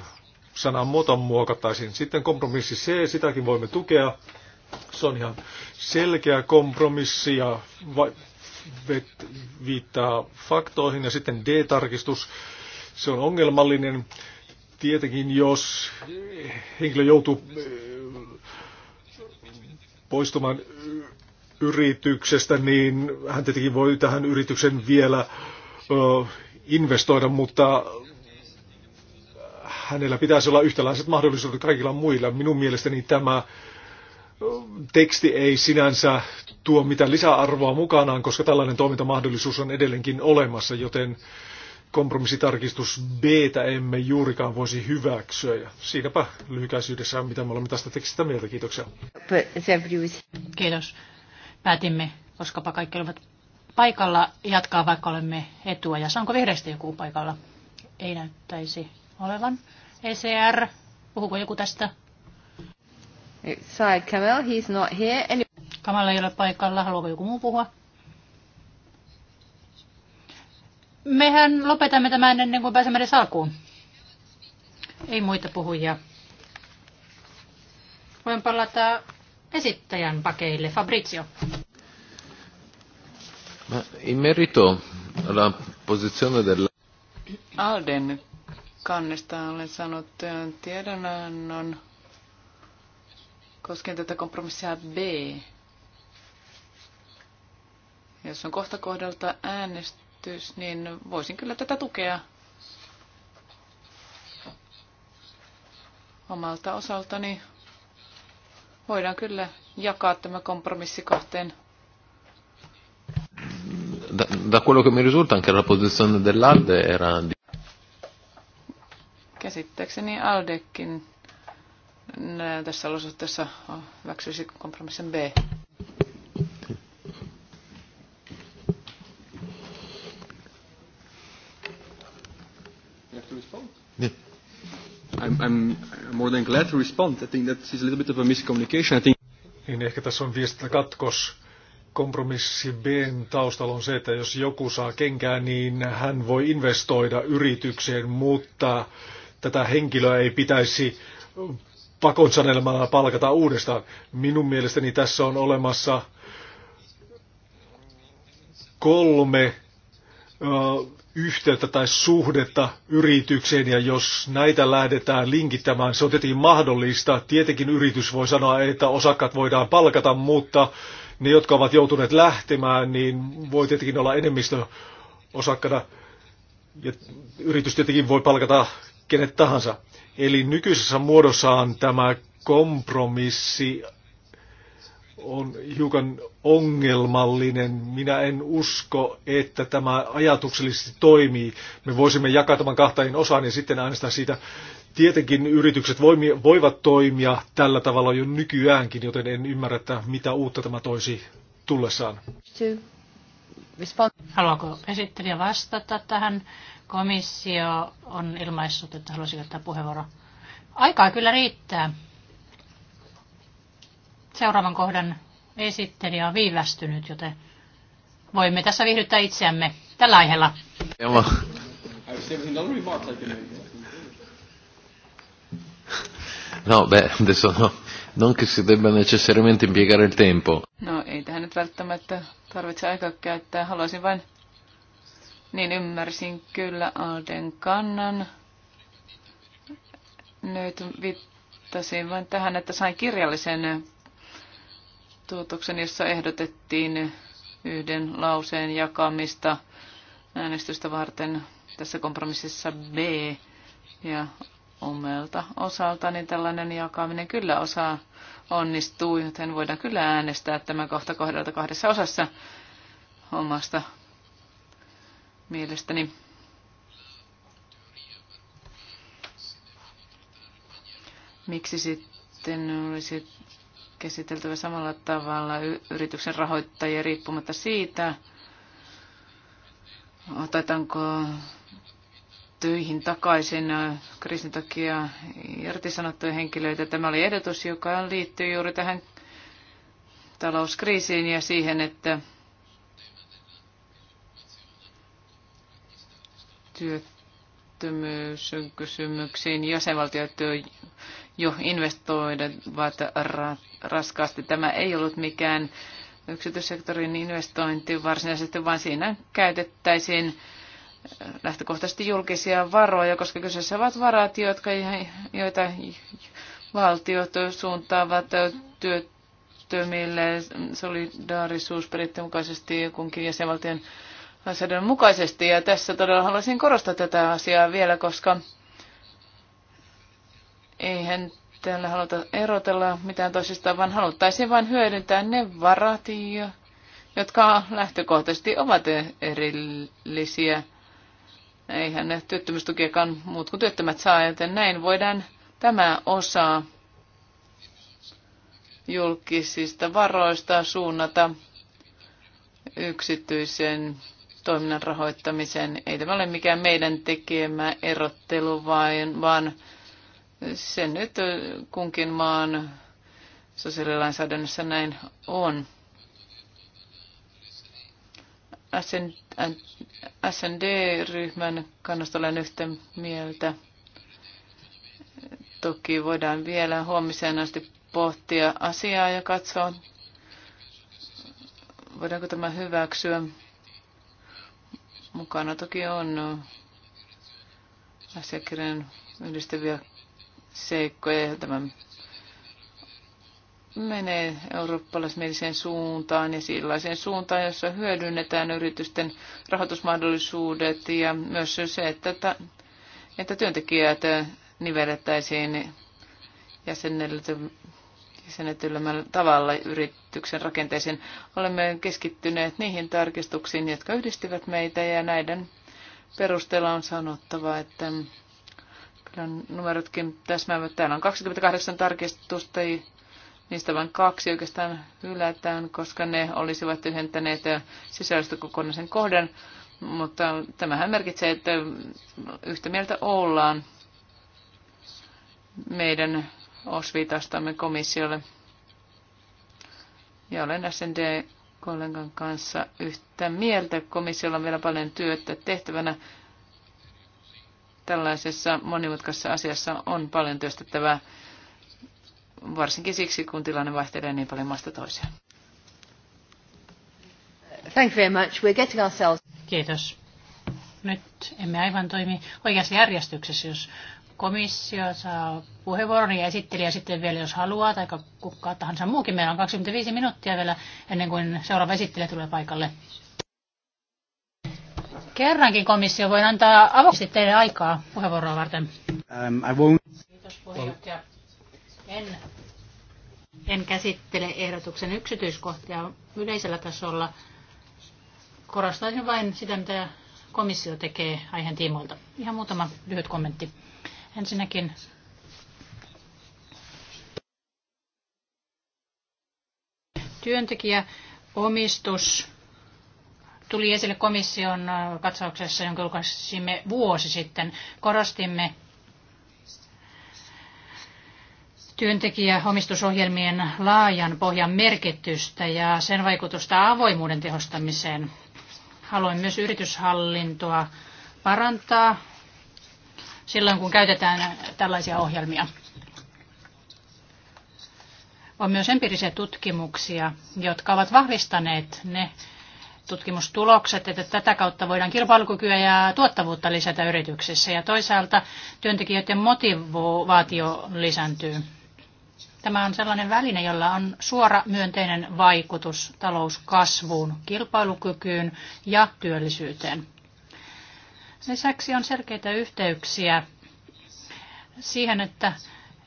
sanamuoto muokattaisiin. Sitten kompromissi C, sitäkin voimme tukea. Se on ihan selkeä kompromissi ja va- viittaa faktoihin. Ja sitten D-tarkistus, se on ongelmallinen. Tietenkin jos henkilö joutuu äh, poistumaan yrityksestä, niin hän tietenkin voi tähän yrityksen vielä investoida, mutta hänellä pitäisi olla yhtäläiset mahdollisuudet kaikilla muilla. Minun mielestäni tämä teksti ei sinänsä tuo mitään lisäarvoa mukanaan, koska tällainen toimintamahdollisuus on edelleenkin olemassa, joten kompromissitarkistus b emme juurikaan voisi hyväksyä. Ja siinäpä lyhykäisyydessä, mitä me olemme tästä tekstistä mieltä. Kiitoksia. Kiitos. Päätimme, koskapa kaikki olivat paikalla, jatkaa vaikka olemme etua. Ja saanko vihreistä joku paikalla? Ei näyttäisi olevan. ECR, puhuko joku tästä? Sorry, Kamal, he's not here. Any... Kamal ei ole paikalla. Haluaako joku muu puhua? Mehän lopetamme tämän ennen kuin pääsemme edes alkuun. Ei muita puhujia. Voin palata esittäjän pakeille. Fabrizio. Ma in merito alla posizione della... Alden kannesta olen saanut äh, tiedonannon koskien tätä kompromissia B. Jos on kohta kohdalta äänestä, esitys, niin voisin kyllä tätä tukea omalta osaltani. Voidaan kyllä jakaa tämä kompromissi kahteen. Da, da quello che mi risulta anche la posizione dell'Alde era di... Käsittääkseni Aldekin tässä olosuhteessa hyväksyisi kompromissin B. I'm, more than glad to respond. I think that is a little bit of a miscommunication. I think... Niin ehkä tässä on katkos. Kompromissi B taustalla on se, että jos joku saa kenkään, niin hän voi investoida yritykseen, mutta tätä henkilöä ei pitäisi pakon sanelemalla palkata uudestaan. Minun mielestäni tässä on olemassa kolme yhteyttä tai suhdetta yritykseen, ja jos näitä lähdetään linkittämään, se on tietenkin mahdollista. Tietenkin yritys voi sanoa, että osakkaat voidaan palkata, mutta ne, jotka ovat joutuneet lähtemään, niin voi tietenkin olla enemmistö osakkana, ja yritys tietenkin voi palkata kenet tahansa. Eli nykyisessä muodossaan tämä kompromissi on hiukan ongelmallinen. Minä en usko, että tämä ajatuksellisesti toimii. Me voisimme jakaa tämän kahtain osaan ja sitten äänestää siitä. Tietenkin yritykset voivat toimia tällä tavalla jo nykyäänkin, joten en ymmärrä, että mitä uutta tämä toisi tullessaan. Haluanko esittelijä vastata tähän? Komissio on ilmaissut, että haluaisi ottaa puheenvuoro. Aikaa kyllä riittää. Seuraavan kohdan esittelijä on viivästynyt, joten voimme tässä viihdyttää itseämme tällä aiheella. No, beh, adesso no. Non che si debba necessariamente impiegare il tempo. No, ei tähän nyt välttämättä tarvitse aikaa käyttää. Haluaisin vain... Niin ymmärsin kyllä Alden kannan. Nyt viittasin vain tähän, että sain kirjallisen tuotoksen, jossa ehdotettiin yhden lauseen jakamista äänestystä varten tässä kompromississa B ja omelta osalta, niin tällainen jakaminen kyllä osaa onnistuu, joten voidaan kyllä äänestää tämä kohta kohdalta kahdessa osassa omasta mielestäni. Miksi sitten olisi käsiteltävä samalla tavalla yrityksen rahoittajia riippumatta siitä, otetaanko töihin takaisin kriisin takia irtisanottuja henkilöitä. Tämä oli ehdotus, joka liittyy juuri tähän talouskriisiin ja siihen, että työttömyyskysymyksiin jäsenvaltiot jo investoivat raskaasti. Tämä ei ollut mikään yksityissektorin investointi varsinaisesti, vaan siinä käytettäisiin lähtökohtaisesti julkisia varoja, koska kyseessä ovat varat, jotka, joita valtiot suuntaavat työttömille solidaarisuusperiaatteen mukaisesti kunkin jäsenvaltion lainsäädännön mukaisesti. Ja tässä todella haluaisin korostaa tätä asiaa vielä, koska Eihän täällä haluta erotella mitään toisistaan, vaan haluttaisiin vain hyödyntää ne varat, jotka lähtökohtaisesti ovat erillisiä. Eihän ne työttömyystukiakaan muut kuin työttömät saa, joten näin voidaan tämä osa julkisista varoista suunnata yksityisen toiminnan rahoittamiseen. Ei tämä ole mikään meidän tekemä erottelu, vaan, vaan se nyt kunkin maan sosiaalilainsäädännössä näin on. SND-ryhmän kannasta olen yhtä mieltä. Toki voidaan vielä huomiseen asti pohtia asiaa ja katsoa, voidaanko tämä hyväksyä. Mukana toki on asiakirjan yhdistäviä seikkoja, joihin tämä menee eurooppalaismieliseen suuntaan ja sellaiseen suuntaan, jossa hyödynnetään yritysten rahoitusmahdollisuudet ja myös se, että, että työntekijät nivellettäisiin jäsennetyllämällä tavalla yrityksen rakenteeseen. Olemme keskittyneet niihin tarkistuksiin, jotka yhdistivät meitä ja näiden perusteella on sanottava, että numerotkin täsmäävät. Täällä on 28 tarkistusta, niistä vain kaksi oikeastaan hylätään, koska ne olisivat tyhjentäneet sisällöstä kokonaisen kohdan. Mutta tämähän merkitsee, että yhtä mieltä ollaan meidän osviitastamme komissiolle. Ja olen SND-kollegan kanssa yhtä mieltä. Komissiolla on vielä paljon työtä tehtävänä Tällaisessa monimutkaisessa asiassa on paljon työstettävää, varsinkin siksi, kun tilanne vaihtelee niin paljon maasta toiseen. Thank you very much. We're getting ourselves... Kiitos. Nyt emme aivan toimi oikeassa järjestyksessä, jos komissio saa puheenvuoron niin ja ja sitten vielä, jos haluaa, tai kuka tahansa muukin. Meillä on 25 minuuttia vielä ennen kuin seuraava esittelijä tulee paikalle kerrankin komissio voi antaa avoksi teille aikaa puheenvuoroa varten. Um, I won't... Kiitos puheenjohtaja. En, en käsittele ehdotuksen yksityiskohtia yleisellä tasolla. Korostaisin vain sitä, mitä komissio tekee aiheen tiimoilta. Ihan muutama lyhyt kommentti. Ensinnäkin työntekijäomistus tuli esille komission äh, katsauksessa, jonka julkaisimme vuosi sitten. Korostimme työntekijäomistusohjelmien laajan pohjan merkitystä ja sen vaikutusta avoimuuden tehostamiseen. Haluan myös yrityshallintoa parantaa silloin, kun käytetään tällaisia ohjelmia. On myös empiirisiä tutkimuksia, jotka ovat vahvistaneet ne tutkimustulokset, että tätä kautta voidaan kilpailukykyä ja tuottavuutta lisätä yrityksissä ja toisaalta työntekijöiden motivaatio lisääntyy. Tämä on sellainen väline, jolla on suora myönteinen vaikutus talouskasvuun, kilpailukykyyn ja työllisyyteen. Lisäksi on selkeitä yhteyksiä siihen, että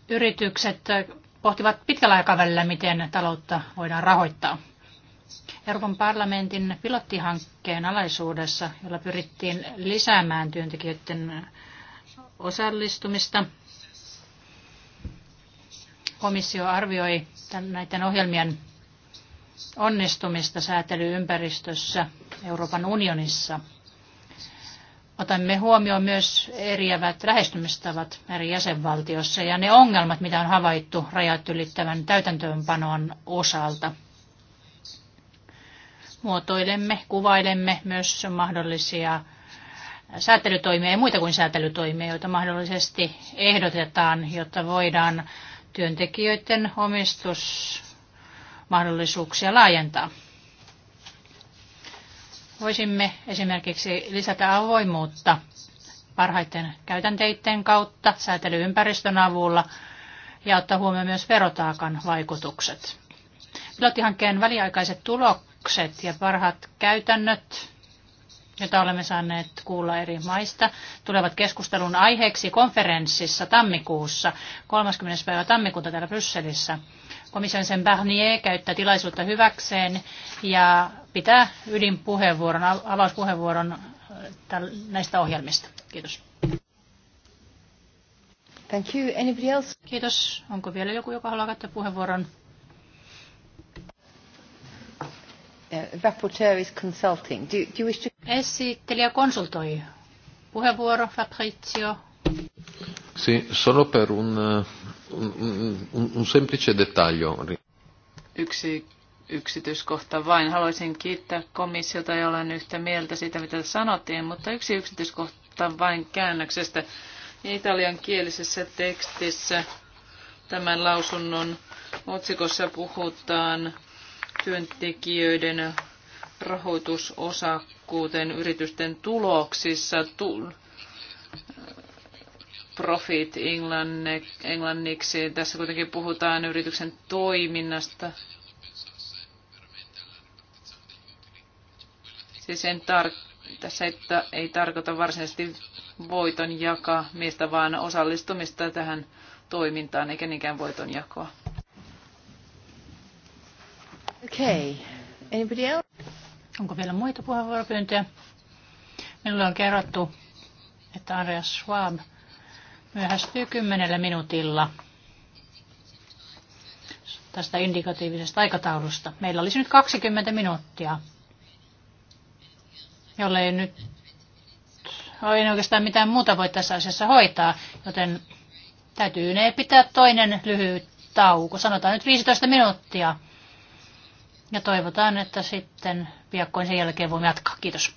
yritykset pohtivat pitkällä aikavälillä, miten taloutta voidaan rahoittaa. Euroopan parlamentin pilottihankkeen alaisuudessa, jolla pyrittiin lisäämään työntekijöiden osallistumista. Komissio arvioi näiden ohjelmien onnistumista säätelyympäristössä Euroopan unionissa. Otamme huomioon myös eriävät lähestymistavat eri jäsenvaltiossa ja ne ongelmat, mitä on havaittu rajat ylittävän täytäntöönpanon osalta muotoilemme, kuvailemme myös mahdollisia säätelytoimia ja muita kuin säätelytoimia, joita mahdollisesti ehdotetaan, jotta voidaan työntekijöiden omistusmahdollisuuksia laajentaa. Voisimme esimerkiksi lisätä avoimuutta parhaiten käytänteiden kautta, säätelyympäristön avulla ja ottaa huomioon myös verotaakan vaikutukset. Pilottihankkeen väliaikaiset tulokset kokemukset ja parhaat käytännöt, joita olemme saaneet kuulla eri maista, tulevat keskustelun aiheeksi konferenssissa tammikuussa, 30. päivä tammikuuta täällä Brysselissä. Komission sen Barnier käyttää tilaisuutta hyväkseen ja pitää ydinpuheenvuoron, avauspuheenvuoron äh, näistä ohjelmista. Kiitos. Thank you. Anybody else? Kiitos. Onko vielä joku, joka haluaa käyttää puheenvuoron? Uh, rapporteur is consulting. Do, do you wish to... Esittelijä konsultoi. Puheenvuoro, Fabrizio. Sì, solo per uh, un, un, un, un semplice dettaglio. Yksi yksityiskohta vain. Haluaisin kiittää komissiota ja olen yhtä mieltä siitä, mitä sanottiin, mutta yksi yksityiskohta vain käännöksestä. Italian kielisessä tekstissä tämän lausunnon otsikossa puhutaan työntekijöiden rahoitusosakkuuteen yritysten tuloksissa. Tu- profit englanniksi. Tässä kuitenkin puhutaan yrityksen toiminnasta. Siis en tar- tässä ei, ta- ei tarkoita varsinaisesti voiton jakamista, vaan osallistumista tähän toimintaan, eikä niinkään voiton jakoa. Okay. Anybody else? Onko vielä muita puheenvuoropyyntöjä? Minulle on kerrottu, että Andreas Schwab myöhästyy kymmenellä minuutilla tästä indikatiivisesta aikataulusta. Meillä olisi nyt 20 minuuttia, jollei nyt ole oikeastaan mitään muuta voi tässä asiassa hoitaa, joten täytyy ne pitää toinen lyhyt tauko, sanotaan nyt 15 minuuttia. Ja toivotaan, että sitten piakkoin sen jälkeen voimme jatkaa. Kiitos.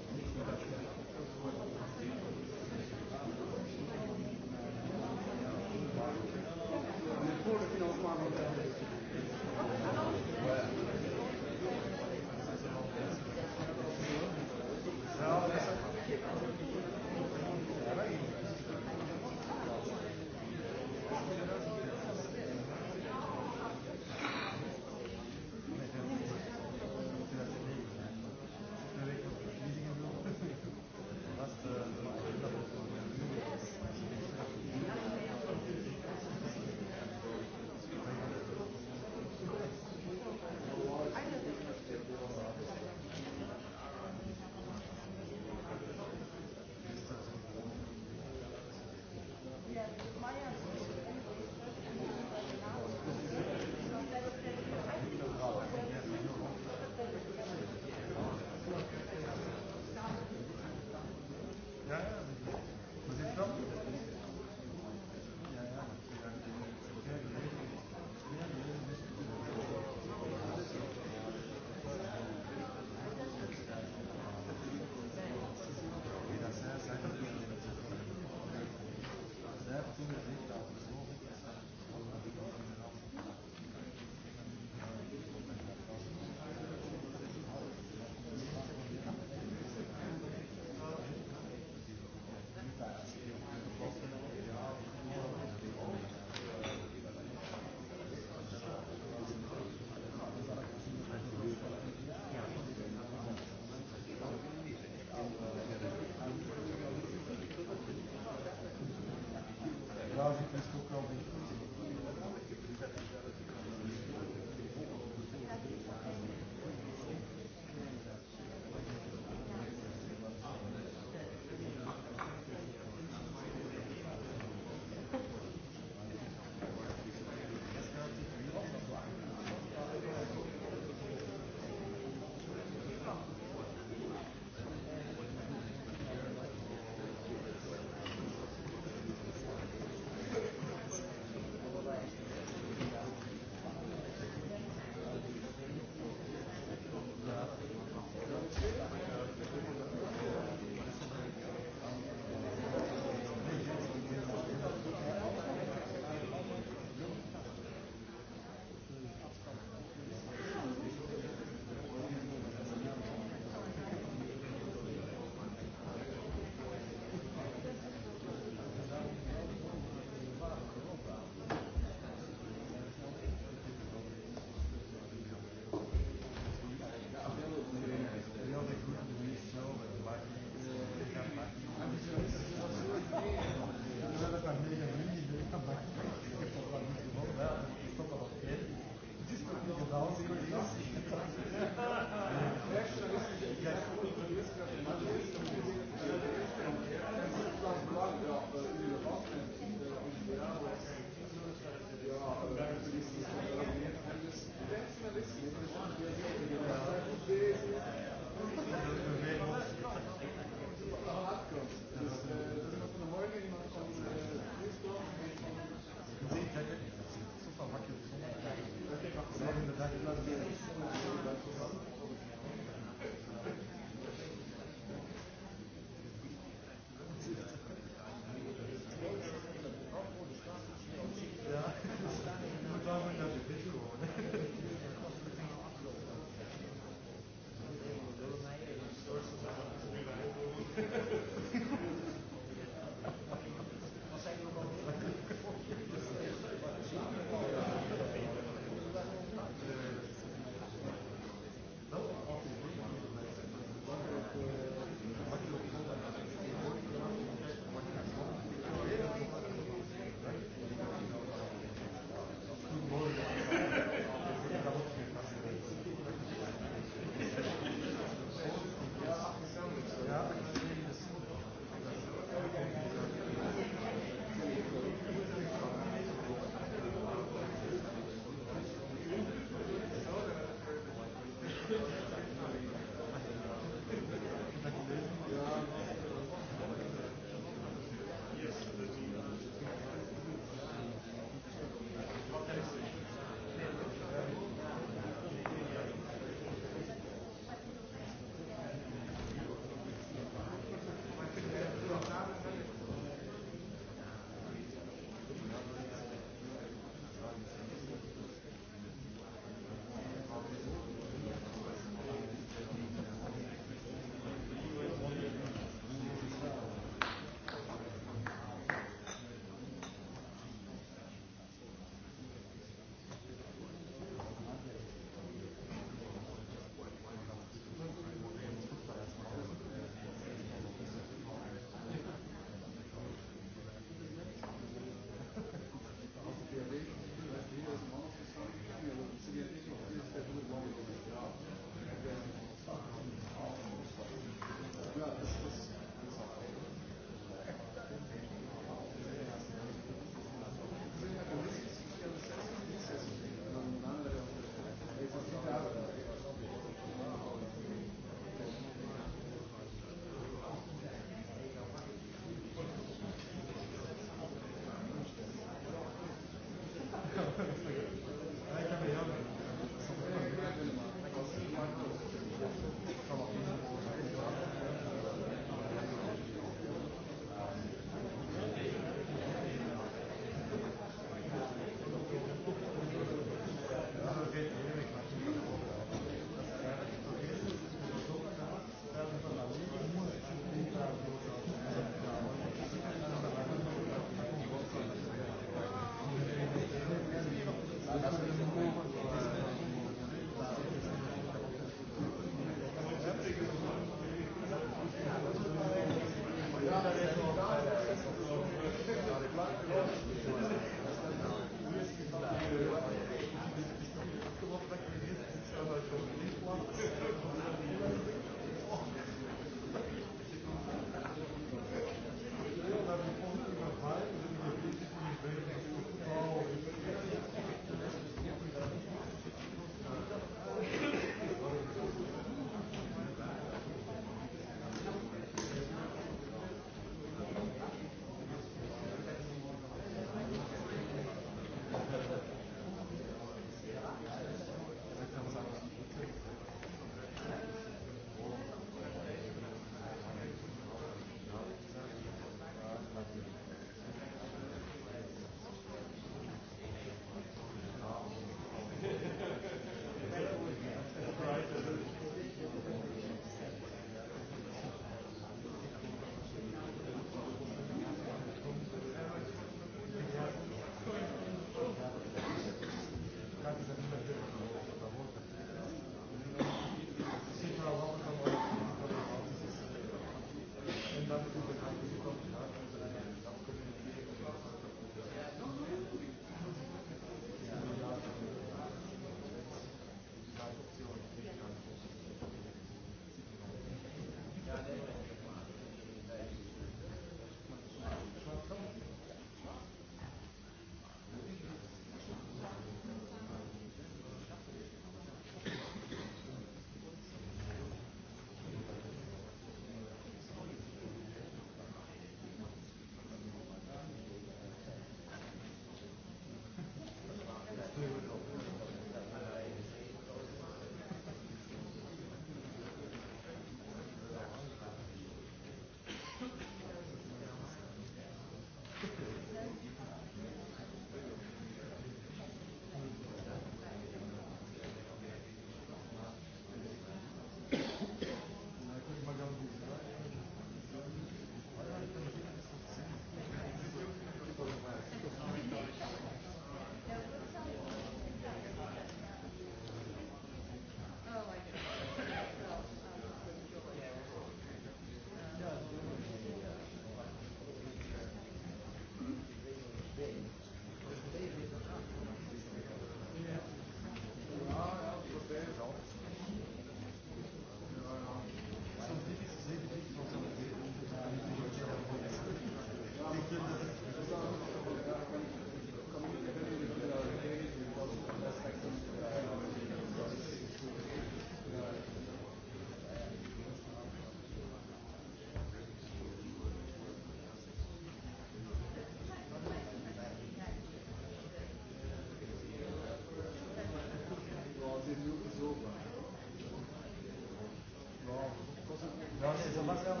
demasiado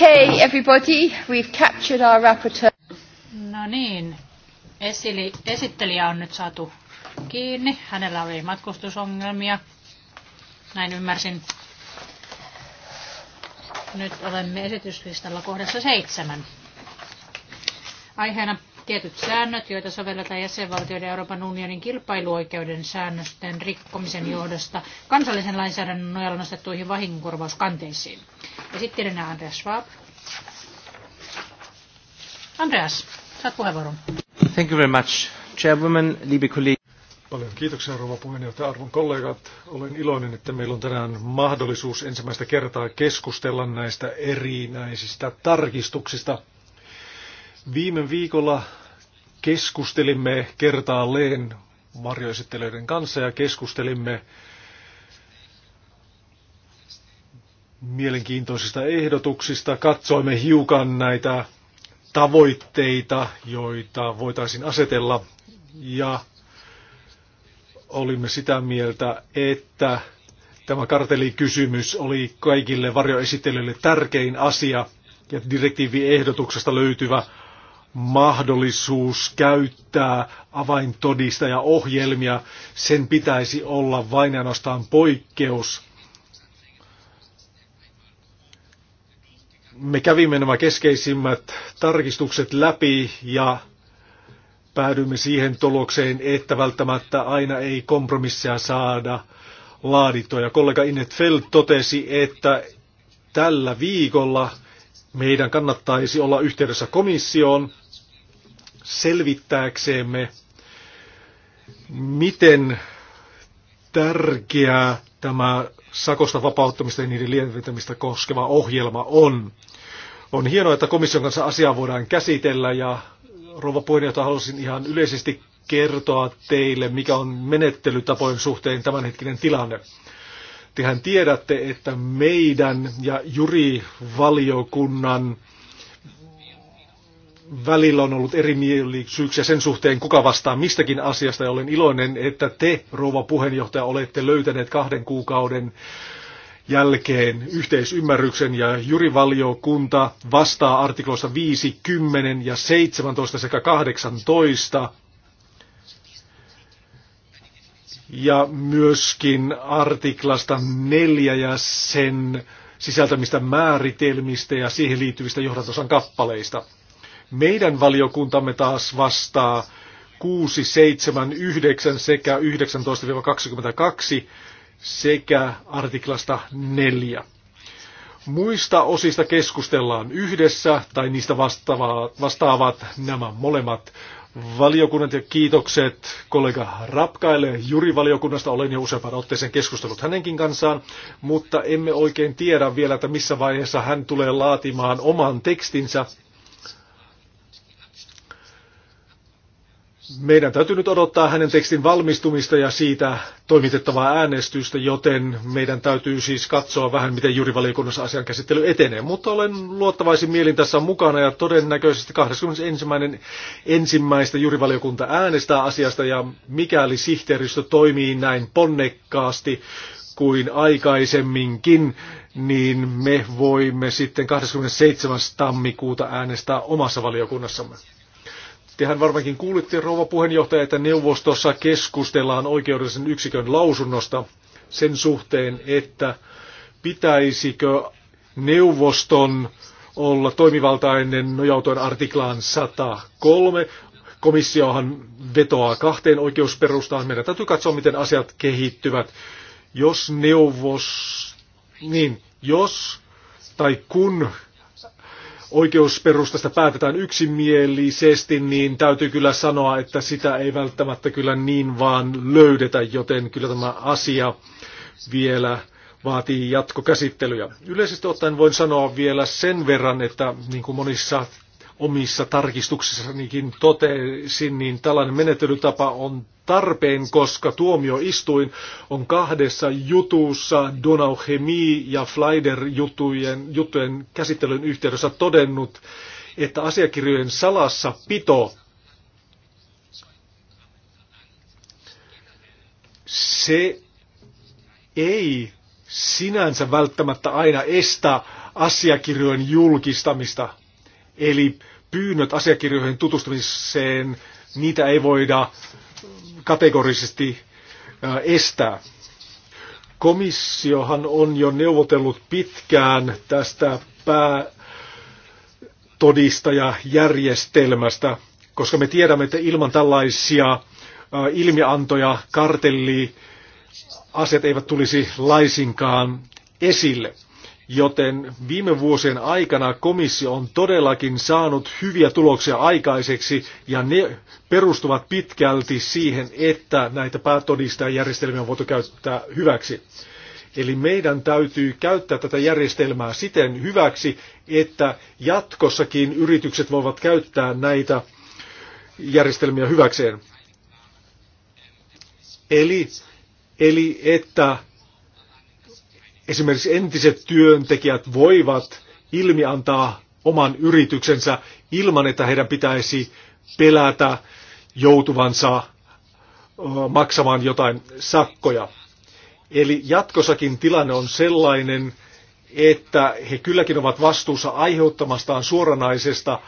Okay, everybody, we've captured our rapporteur. No niin, Esili, esittelijä on nyt saatu kiinni. Hänellä oli matkustusongelmia, näin ymmärsin. Nyt olemme esityslistalla kohdassa seitsemän. Aiheena tietyt säännöt, joita sovelletaan jäsenvaltioiden Euroopan unionin kilpailuoikeuden säännösten rikkomisen johdosta kansallisen lainsäädännön nojalla nostettuihin vahingonkorvauskanteisiin. Esittelijänä Andreas Schwab. Andreas, saat puheenvuoron. Thank you very much, Chairwoman, liebe Kollegen. Paljon kiitoksia, rouva puheenjohtaja. Arvon kollegat, olen iloinen, että meillä on tänään mahdollisuus ensimmäistä kertaa keskustella näistä erinäisistä tarkistuksista. Viime viikolla keskustelimme kertaalleen varjoesittelijöiden kanssa ja keskustelimme mielenkiintoisista ehdotuksista. Katsoimme hiukan näitä tavoitteita, joita voitaisiin asetella ja olimme sitä mieltä, että tämä kartelikysymys oli kaikille varjoesittelijöille tärkein asia ja direktiiviehdotuksesta löytyvä mahdollisuus käyttää avaintodistajaohjelmia, sen pitäisi olla vain ainoastaan poikkeus, me kävimme nämä keskeisimmät tarkistukset läpi ja päädyimme siihen tulokseen, että välttämättä aina ei kompromisseja saada laadittua. Ja kollega Inet Feld totesi, että tällä viikolla meidän kannattaisi olla yhteydessä komissioon selvittääksemme, miten tärkeää tämä sakosta vapauttamista ja niiden lieventämistä koskeva ohjelma on. On hienoa, että komission kanssa asiaa voidaan käsitellä ja rouva puheenjohtaja halusin ihan yleisesti kertoa teille, mikä on menettelytapojen suhteen tämänhetkinen tilanne. Tehän tiedätte, että meidän ja jurivaliokunnan valiokunnan välillä on ollut erimielisyyksiä sen suhteen, kuka vastaa mistäkin asiasta, ja olen iloinen, että te, rouva puheenjohtaja, olette löytäneet kahden kuukauden jälkeen yhteisymmärryksen ja Valiokunta vastaa artikloista 5, 10 ja 17 sekä 18 ja myöskin artiklasta 4 ja sen sisältämistä määritelmistä ja siihen liittyvistä johdatosan kappaleista. Meidän valiokuntamme taas vastaa 6, 7, 9 sekä 19-22 sekä artiklasta 4. Muista osista keskustellaan yhdessä tai niistä vastaavat nämä molemmat valiokunnat ja kiitokset kollega Rapkaille valiokunnasta Olen jo useampaan otteeseen keskustellut hänenkin kanssaan, mutta emme oikein tiedä vielä, että missä vaiheessa hän tulee laatimaan oman tekstinsä Meidän täytyy nyt odottaa hänen tekstin valmistumista ja siitä toimitettavaa äänestystä, joten meidän täytyy siis katsoa vähän, miten jurivaliokunnassa asian käsittely etenee. Mutta olen luottavaisin mielin tässä mukana ja todennäköisesti 21. ensimmäistä jurivaliokunta äänestää asiasta ja mikäli sihteeristö toimii näin ponnekkaasti kuin aikaisemminkin, niin me voimme sitten 27. tammikuuta äänestää omassa valiokunnassamme. Tehän varmaankin kuulitte, rouva puheenjohtaja, että neuvostossa keskustellaan oikeudellisen yksikön lausunnosta sen suhteen, että pitäisikö neuvoston olla toimivaltainen nojautuen artiklaan 103. Komissiohan vetoaa kahteen oikeusperustaan. Meidän täytyy katsoa, miten asiat kehittyvät. Jos neuvos, niin jos tai kun oikeusperustasta päätetään yksimielisesti, niin täytyy kyllä sanoa, että sitä ei välttämättä kyllä niin vaan löydetä, joten kyllä tämä asia vielä vaatii jatkokäsittelyjä. Yleisesti ottaen voin sanoa vielä sen verran, että niin kuin monissa omissa tarkistuksissanikin totesin, niin tällainen menettelytapa on tarpeen, koska tuomioistuin on kahdessa jutussa Donauhemi ja Flyder jutujen, juttujen käsittelyn yhteydessä todennut, että asiakirjojen salassa pito se ei sinänsä välttämättä aina estä asiakirjojen julkistamista. Eli pyynnöt asiakirjoihin tutustumiseen, niitä ei voida kategorisesti estää. Komissiohan on jo neuvotellut pitkään tästä päätodistajajärjestelmästä, koska me tiedämme, että ilman tällaisia ilmiantoja kartelli asiat eivät tulisi laisinkaan esille. Joten viime vuosien aikana komissio on todellakin saanut hyviä tuloksia aikaiseksi ja ne perustuvat pitkälti siihen, että näitä päätodistajajärjestelmiä on voitu käyttää hyväksi. Eli meidän täytyy käyttää tätä järjestelmää siten hyväksi, että jatkossakin yritykset voivat käyttää näitä järjestelmiä hyväkseen. Eli, eli että esimerkiksi entiset työntekijät voivat antaa oman yrityksensä ilman, että heidän pitäisi pelätä joutuvansa maksamaan jotain sakkoja. Eli jatkossakin tilanne on sellainen, että he kylläkin ovat vastuussa aiheuttamastaan suoranaisesta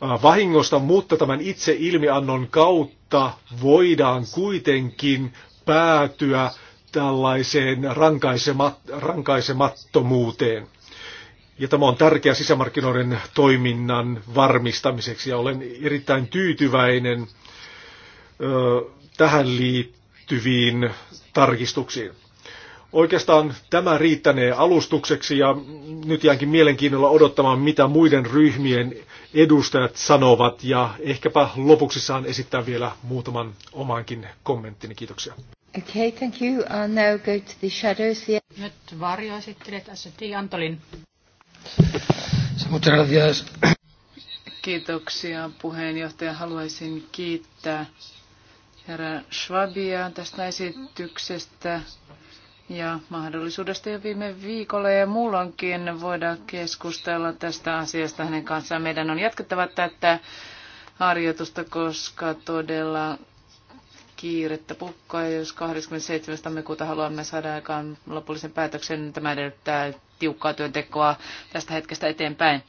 vahingosta, mutta tämän itse ilmiannon kautta voidaan kuitenkin päätyä tällaiseen rankaisemat, rankaisemattomuuteen. Ja tämä on tärkeä sisämarkkinoiden toiminnan varmistamiseksi ja olen erittäin tyytyväinen ö, tähän liittyviin tarkistuksiin. Oikeastaan tämä riittänee alustukseksi ja nyt jäänkin mielenkiinnolla odottamaan, mitä muiden ryhmien edustajat sanovat ja ehkäpä lopuksi saan esittää vielä muutaman omaankin kommenttini. Kiitoksia. Okay, thank you. I'll now go to the shadows. Nyt varjoesittelijät S&T Antolin. Muchas gracias. Kiitoksia puheenjohtaja. Haluaisin kiittää herra Schwabia tästä esityksestä ja mahdollisuudesta jo viime viikolla ja muulloinkin voida keskustella tästä asiasta hänen kanssaan. Meidän on jatkettava tätä harjoitusta, koska todella kiirettä pukkaa ja jos 27. tammikuuta haluamme saada aikaan lopullisen päätöksen, niin tämä edellyttää tiukkaa työntekoa tästä hetkestä eteenpäin.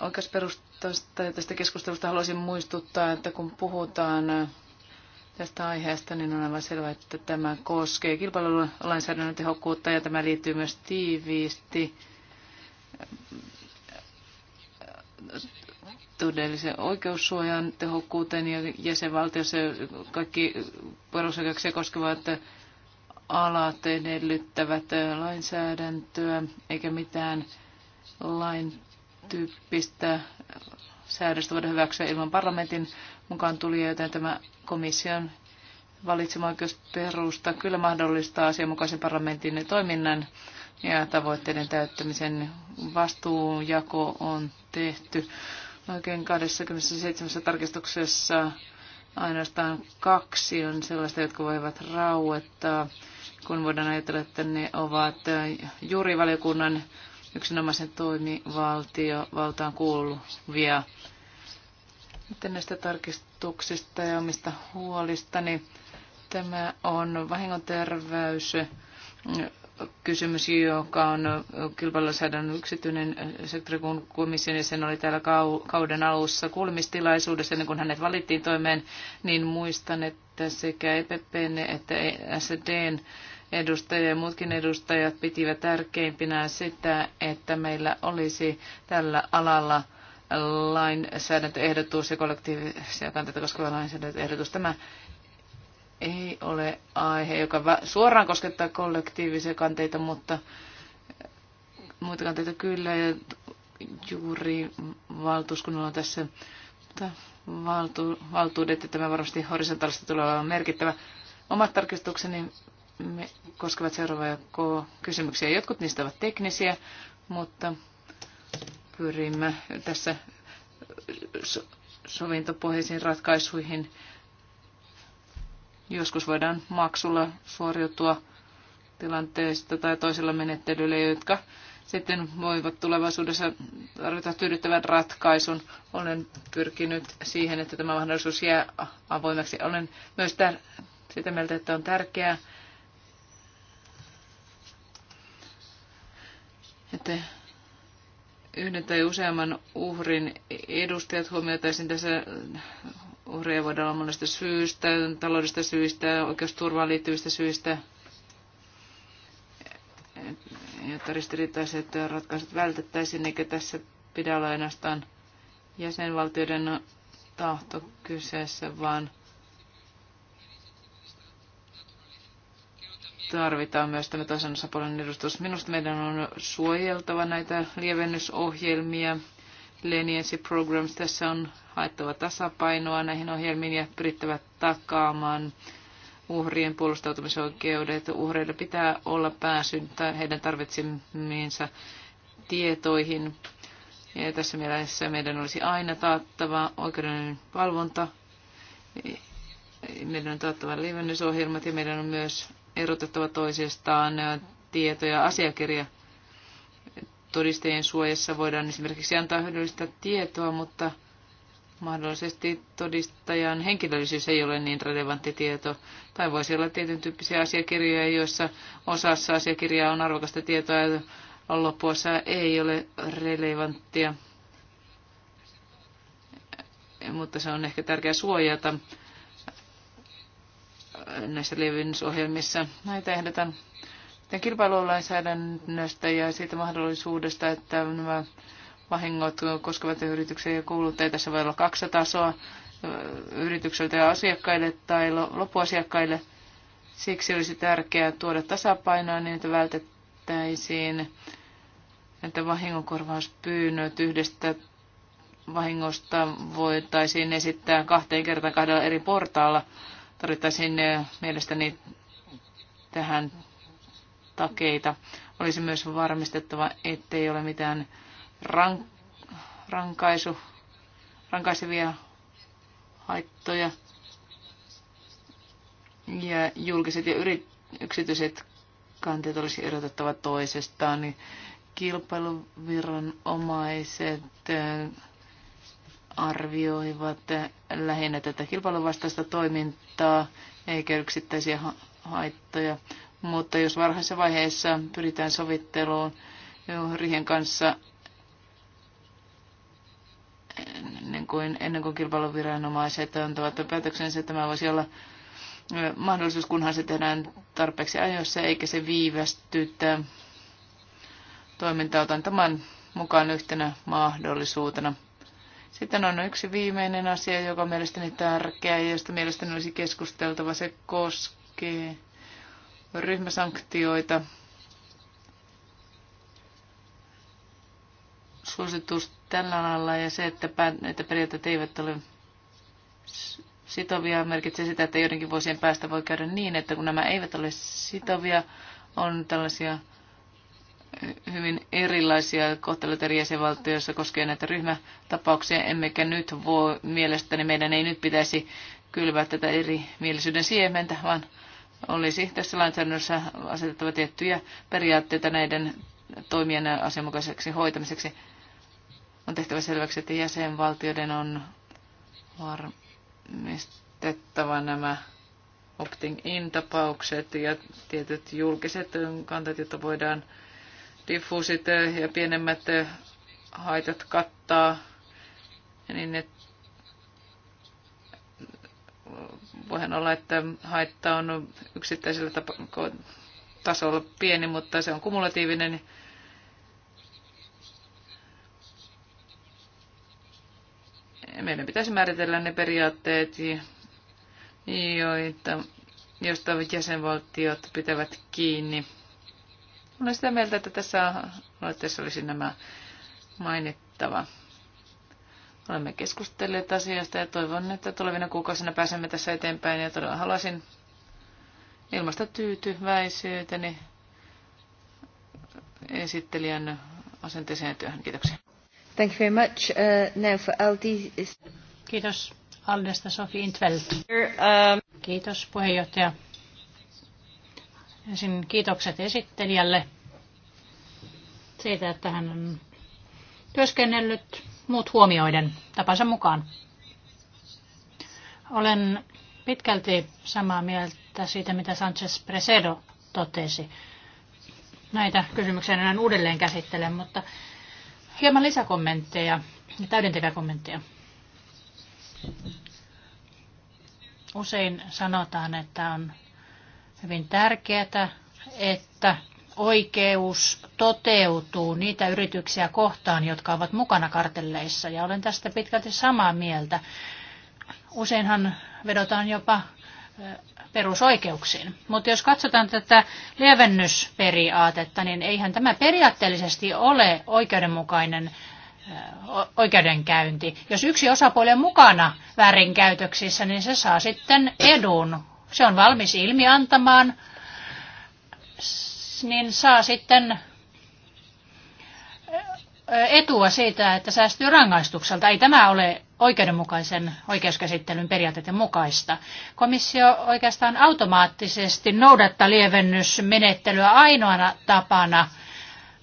Oikeusperustasta ja tästä keskustelusta haluaisin muistuttaa, että kun puhutaan tästä aiheesta, niin on aivan selvää, että tämä koskee kilpailulainsäädännön tehokkuutta ja tämä liittyy myös tiiviisti todellisen oikeussuojan tehokkuuteen ja jäsenvaltiossa kaikki perusoikeuksia koskevat alat edellyttävät lainsäädäntöä eikä mitään lain tyyppistä säädöstä voida hyväksyä ilman parlamentin mukaan tuli, joten tämä komission valitsema oikeusperusta kyllä mahdollistaa asianmukaisen parlamentin toiminnan ja tavoitteiden täyttämisen. Vastuunjako on tehty Oikein 27 tarkistuksessa ainoastaan kaksi on sellaista, jotka voivat rauettaa, kun voidaan ajatella, että ne ovat juurivaliokunnan yksinomaisen toimivaltaan kuuluvia. Sitten näistä tarkistuksista ja omista huolistani. Tämä on vahingonterveys kysymys, joka on kilpailulainsäädännön yksityinen sektori, kun komission jäsen oli täällä kauden alussa kuulemistilaisuudessa, ennen kuin hänet valittiin toimeen, niin muistan, että sekä EPPn että SDn edustajia ja muutkin edustajat pitivät tärkeimpinä sitä, että meillä olisi tällä alalla lainsäädäntöehdotus ja kollektiivisia kanteita koskeva lainsäädäntöehdotus. Tämä ei ole aihe, joka suoraan koskettaa kollektiivisia kanteita, mutta muita kanteita kyllä. Ja juuri valtuuskunnalla on tässä valtu, valtuudet, ja tämä varmasti horisontaalisesti tulee olemaan merkittävä. Omat tarkistukseni me koskevat seuraavia kysymyksiä. Jotkut niistä ovat teknisiä, mutta pyrimme tässä sovintopohjaisiin ratkaisuihin Joskus voidaan maksulla suoriutua tilanteesta tai toisilla menettelyillä, jotka sitten voivat tulevaisuudessa tarvita tyydyttävän ratkaisun. Olen pyrkinyt siihen, että tämä mahdollisuus jää avoimeksi. Olen myös tär- sitä mieltä, että on tärkeää, että yhden tai useamman uhrin edustajat huomioitaisiin tässä Uhreja voidaan olla monesta syystä, taloudesta syistä, oikeusturvaan liittyvistä syistä, jotta ristiriitaiset ratkaisut vältettäisiin, eikä tässä pidä olla ainoastaan jäsenvaltioiden tahto kyseessä, vaan tarvitaan myös tämä toisen osapuolen edustus. Minusta meidän on suojeltava näitä lievennysohjelmia. Leniency Programs tässä on haettava tasapainoa näihin ohjelmiin ja pyrittävä takaamaan uhrien puolustautumisoikeudet. Uhreilla pitää olla pääsy heidän tarvitsemiinsa tietoihin. Ja tässä mielessä meidän olisi aina taattava oikeudellinen valvonta, meidän on taattava liivennysohjelmat ja meidän on myös erotettava toisistaan tietoja asiakirja. Todistajien suojassa voidaan esimerkiksi antaa hyödyllistä tietoa, mutta Mahdollisesti todistajan henkilöllisyys ei ole niin relevantti tieto. Tai voisi olla tietyn tyyppisiä asiakirjoja, joissa osassa asiakirjaa on arvokasta tietoa ja loppuosa ei ole relevanttia. Mutta se on ehkä tärkeää suojata näissä levinnysohjelmissa. Näitä ehdotan kilpailulainsäädännöstä ja siitä mahdollisuudesta, että nämä vahingot koskevat yrityksiä ja kuluttajia. Tässä voi olla kaksi tasoa yritykseltä ja asiakkaille tai loppuasiakkaille. Siksi olisi tärkeää tuoda tasapainoa niin, että vältettäisiin, että vahingonkorvauspyynnöt yhdestä vahingosta voitaisiin esittää kahteen kertaan kahdella eri portaalla. Tarvittaisiin mielestäni tähän takeita. Olisi myös varmistettava, ettei ole mitään rank, rankaisu, rankaisevia haittoja. Ja julkiset ja yrit, yksityiset kanteet olisi erotettava toisestaan, niin kilpailuviranomaiset äh, arvioivat äh, lähinnä tätä kilpailuvastaista toimintaa eikä yksittäisiä haittoja. Mutta jos varhaisessa vaiheessa pyritään sovitteluun rihen kanssa ennen kuin, ennen kuin kilpailuviranomaiset antavat päätöksensä. Tämä voisi olla mahdollisuus, kunhan se tehdään tarpeeksi ajoissa, eikä se viivästytä toimintaa. Otan tämän mukaan yhtenä mahdollisuutena. Sitten on yksi viimeinen asia, joka on mielestäni tärkeä ja josta mielestäni olisi keskusteltava. Se koskee ryhmäsanktioita. Suositus tällä alalla ja se, että, että periaatteet eivät ole sitovia, merkitsee sitä, että joidenkin vuosien päästä voi käydä niin, että kun nämä eivät ole sitovia, on tällaisia hyvin erilaisia kohteluita eri jäsenvaltioissa koskee näitä ryhmätapauksia, emmekä nyt voi, mielestäni meidän ei nyt pitäisi kylvää tätä eri mielisyyden siementä, vaan olisi tässä lainsäädännössä asetettava tiettyjä periaatteita näiden toimien asianmukaiseksi hoitamiseksi on tehtävä selväksi, että jäsenvaltioiden on varmistettava nämä opting-in-tapaukset ja tietyt julkiset kantat, jotta voidaan diffuusit ja pienemmät haitat kattaa, niin että voihan olla, että haitta on yksittäisellä tasolla pieni, mutta se on kumulatiivinen meidän pitäisi määritellä ne periaatteet, joita, joista jäsenvaltiot pitävät kiinni. Olen sitä mieltä, että tässä aloitteessa olisi nämä mainittava. Olemme keskustelleet asiasta ja toivon, että tulevina kuukausina pääsemme tässä eteenpäin ja todella haluaisin ilmaista tyytyväisyyteni esittelijän asenteeseen työhön. Kiitoksia. Thank you very much. Uh, now for LD... Kiitos Aldesta Sofi Intveld. Um, Kiitos puheenjohtaja. Ensin kiitokset esittelijälle siitä, että hän on työskennellyt muut huomioiden tapansa mukaan. Olen pitkälti samaa mieltä siitä, mitä Sanchez Presedo totesi. Näitä kysymyksiä en uudelleen käsittele, mutta hieman lisäkommentteja ja täydentäviä kommentteja. Usein sanotaan, että on hyvin tärkeää, että oikeus toteutuu niitä yrityksiä kohtaan, jotka ovat mukana kartelleissa. Ja olen tästä pitkälti samaa mieltä. Useinhan vedotaan jopa perusoikeuksiin. Mutta jos katsotaan tätä lievennysperiaatetta, niin eihän tämä periaatteellisesti ole oikeudenmukainen oikeudenkäynti. Jos yksi osapuoli on mukana väärinkäytöksissä, niin se saa sitten edun. Se on valmis ilmi antamaan, niin saa sitten etua siitä, että säästyy rangaistukselta. Ei tämä ole oikeudenmukaisen oikeuskäsittelyn periaatteiden mukaista. Komissio oikeastaan automaattisesti noudattaa lievennysmenettelyä ainoana tapana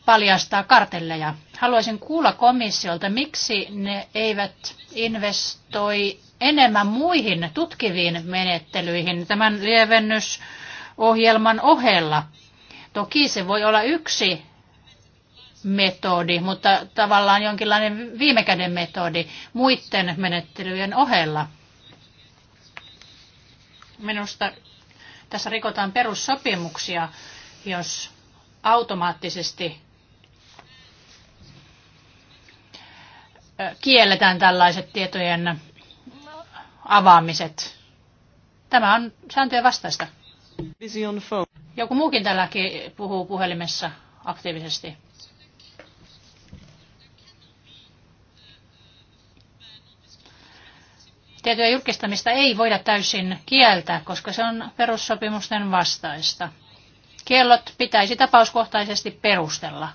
paljastaa kartelleja. Haluaisin kuulla komissiolta, miksi ne eivät investoi enemmän muihin tutkiviin menettelyihin tämän lievennysohjelman ohella. Toki se voi olla yksi metodi, mutta tavallaan jonkinlainen viime käden metodi muiden menettelyjen ohella. Minusta tässä rikotaan perussopimuksia, jos automaattisesti kielletään tällaiset tietojen avaamiset. Tämä on sääntöjen vastaista. Joku muukin tälläkin puhuu puhelimessa aktiivisesti. Tiettyä julkistamista ei voida täysin kieltää, koska se on perussopimusten vastaista. Kiellot pitäisi tapauskohtaisesti perustella.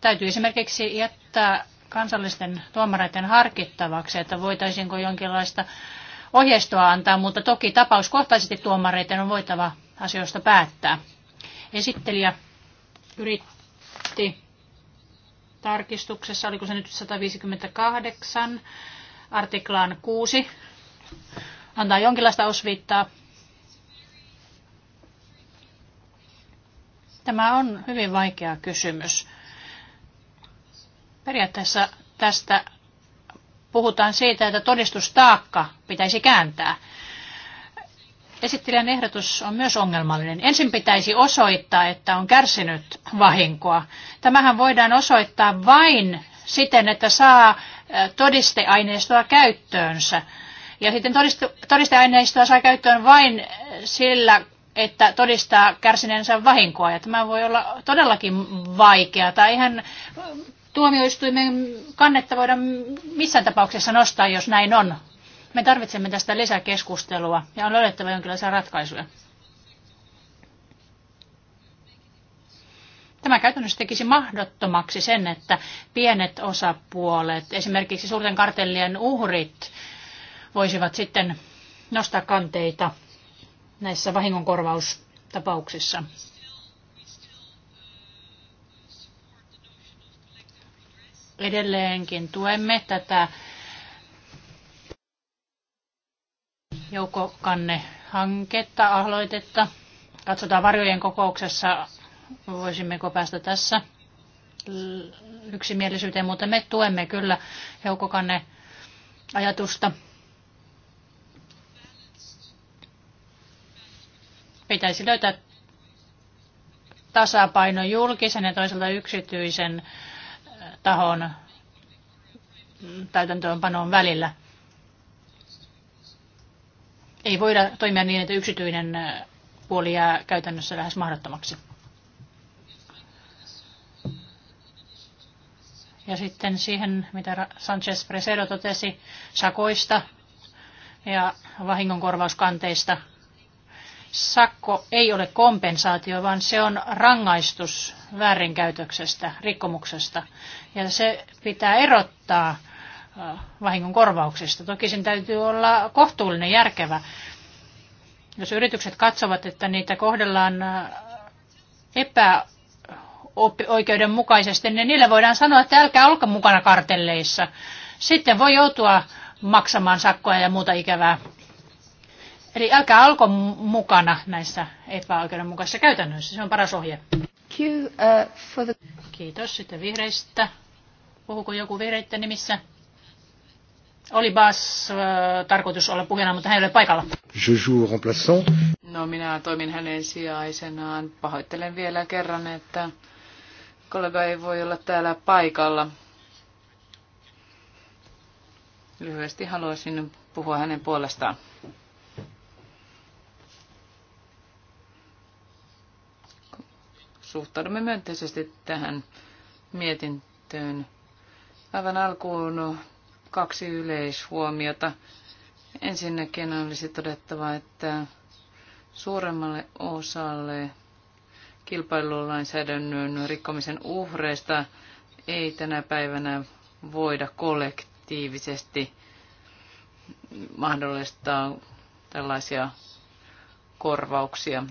Täytyy esimerkiksi jättää kansallisten tuomareiden harkittavaksi, että voitaisiinko jonkinlaista ohjeistoa antaa, mutta toki tapauskohtaisesti tuomareiden on voitava asioista päättää. Esittelijä yritti tarkistuksessa, oliko se nyt 158, artiklaan 6, antaa jonkinlaista osviittaa. Tämä on hyvin vaikea kysymys. Periaatteessa tästä puhutaan siitä, että todistustaakka pitäisi kääntää – Esittelijän ehdotus on myös ongelmallinen. Ensin pitäisi osoittaa, että on kärsinyt vahinkoa. Tämähän voidaan osoittaa vain siten, että saa todisteaineistoa käyttöönsä. Ja sitten todiste- todisteaineistoa saa käyttöön vain sillä, että todistaa kärsineensä vahinkoa. Ja tämä voi olla todellakin vaikeaa. Tai ihan tuomioistuimen kannetta voidaan missään tapauksessa nostaa, jos näin on. Me tarvitsemme tästä lisäkeskustelua ja on löydettävä jonkinlaisia ratkaisuja. Tämä käytännössä tekisi mahdottomaksi sen, että pienet osapuolet, esimerkiksi suurten kartellien uhrit, voisivat sitten nostaa kanteita näissä vahingonkorvaustapauksissa. Edelleenkin tuemme tätä joukokannehanketta, ahloitetta. aloitetta. Katsotaan varjojen kokouksessa, voisimmeko päästä tässä yksimielisyyteen, mutta me tuemme kyllä joukokanneajatusta. Pitäisi löytää tasapaino julkisen ja toisaalta yksityisen eh, tahon mm, täytäntöönpanon välillä ei voida toimia niin, että yksityinen puoli jää käytännössä lähes mahdottomaksi. Ja sitten siihen, mitä Sanchez Presero totesi sakoista ja vahingonkorvauskanteista. Sakko ei ole kompensaatio, vaan se on rangaistus väärinkäytöksestä, rikkomuksesta. Ja se pitää erottaa vahingon korvauksista. Toki sen täytyy olla kohtuullinen, järkevä. Jos yritykset katsovat, että niitä kohdellaan epäoikeudenmukaisesti, niin niille voidaan sanoa, että älkää olko mukana kartelleissa. Sitten voi joutua maksamaan sakkoja ja muuta ikävää. Eli älkää olko mukana näissä epäoikeudenmukaisissa käytännöissä. Se on paras ohje. Uh, Kiitos sitten vihreistä. Puhuko joku vihreiden nimissä? Oli Bas äh, tarkoitus olla puheena, mutta hän ei ole paikalla. Je joue remplaçant. No minä toimin hänen sijaisenaan. Pahoittelen vielä kerran, että kollega ei voi olla täällä paikalla. Lyhyesti haluaisin puhua hänen puolestaan. Suhtaudumme myönteisesti tähän mietintöön. Aivan alkuun kaksi yleishuomiota. Ensinnäkin olisi todettava, että suuremmalle osalle kilpailulainsäädännön rikkomisen uhreista ei tänä päivänä voida kollektiivisesti mahdollistaa tällaisia korvauksia.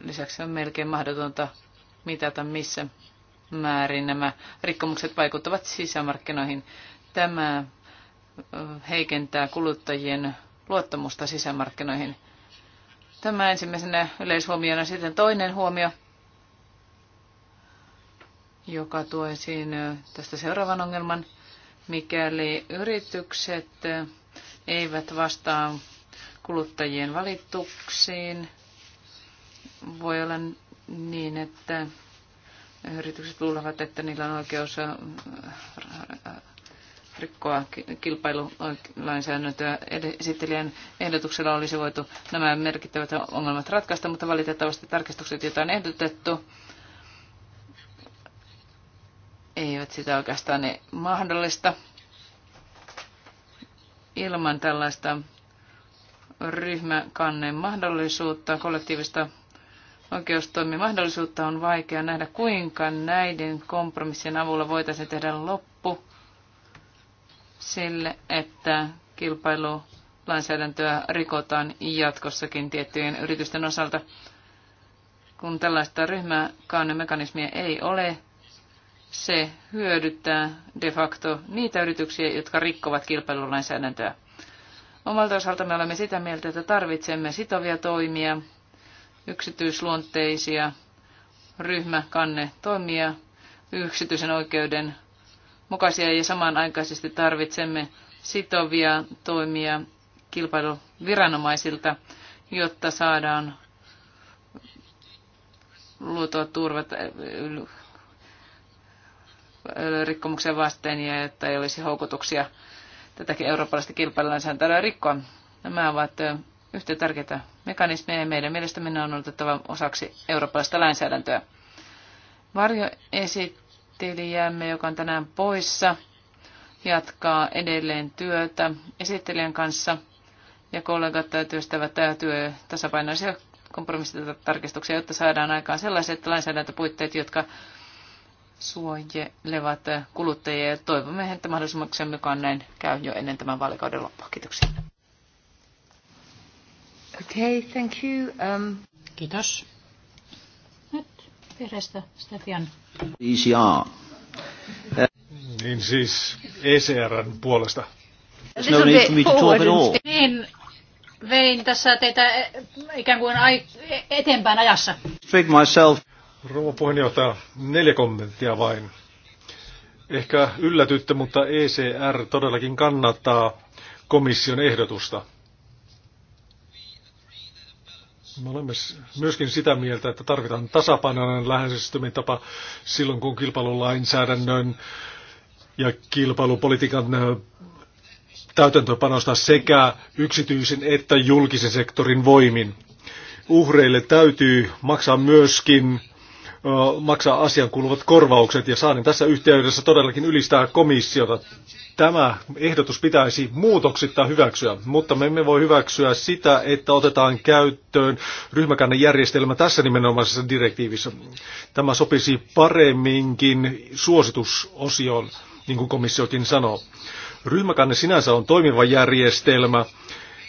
Lisäksi on melkein mahdotonta mitata missä määrin nämä rikkomukset vaikuttavat sisämarkkinoihin. Tämä heikentää kuluttajien luottamusta sisämarkkinoihin. Tämä ensimmäisenä yleishuomiona. Sitten toinen huomio, joka tuo esiin tästä seuraavan ongelman. Mikäli yritykset eivät vastaa kuluttajien valituksiin, voi olla niin, että yritykset luulevat, että niillä on oikeus rikkoa kilpailulainsäädäntöä. Esittelijän ehdotuksella olisi voitu nämä merkittävät ongelmat ratkaista, mutta valitettavasti tarkistukset, joita on ehdotettu, eivät sitä oikeastaan ne mahdollista. Ilman tällaista ryhmäkannen mahdollisuutta, kollektiivista oikeustoimimahdollisuutta on vaikea nähdä, kuinka näiden kompromissien avulla voitaisiin tehdä loppu sille, että kilpailulainsäädäntöä rikotaan jatkossakin tiettyjen yritysten osalta. Kun tällaista ryhmäkaanemekanismia ei ole, se hyödyttää de facto niitä yrityksiä, jotka rikkovat kilpailulainsäädäntöä. Omalta osaltamme olemme sitä mieltä, että tarvitsemme sitovia toimia, yksityisluonteisia ryhmäkanne toimia, yksityisen oikeuden mukaisia ja samanaikaisesti tarvitsemme sitovia toimia kilpailuviranomaisilta, jotta saadaan luotua turvat rikkomuksen vasteen ja että ei olisi houkutuksia tätäkin eurooppalaista kilpailulainsäädäntöä rikkoa. Nämä ovat yhtä tärkeitä mekanismeja ja meidän mielestämme ne on otettava osaksi eurooppalaista lainsäädäntöä. Varjo esittää esittelijämme, joka on tänään poissa, jatkaa edelleen työtä esittelijän kanssa ja kollegat työstävät tämä työ tasapainoisia kompromissitarkistuksia, jotta saadaan aikaan sellaiset lainsäädäntöpuitteet, jotka suojelevat kuluttajia. Toivomme, että mahdollisimman mukaan näin käy jo ennen tämän vaalikauden loppua. Kiitoksia. Okay, thank you. Um... Kiitos vihreistä Stefan. E niin siis ECRn puolesta. No Niin, vein tässä teitä eh, ikään kuin ai, eteenpäin ajassa. Speak myself. Rouva puheenjohtaja, neljä kommenttia vain. Ehkä yllätytte, mutta ECR todellakin kannattaa komission ehdotusta. Me olemme myöskin sitä mieltä, että tarvitaan tasapainoinen lähestymistapa silloin, kun kilpailulainsäädännön ja kilpailupolitiikan täytäntöpanosta sekä yksityisen että julkisen sektorin voimin. Uhreille täytyy maksaa myöskin maksaa asian kuuluvat korvaukset ja saanen tässä yhteydessä todellakin ylistää komissiota tämä ehdotus pitäisi muutoksittaa hyväksyä, mutta me emme voi hyväksyä sitä, että otetaan käyttöön ryhmäkannejärjestelmä tässä nimenomaisessa direktiivissä. Tämä sopisi paremminkin suositusosioon, niin kuin komissiokin sanoo. Ryhmäkanne sinänsä on toimiva järjestelmä.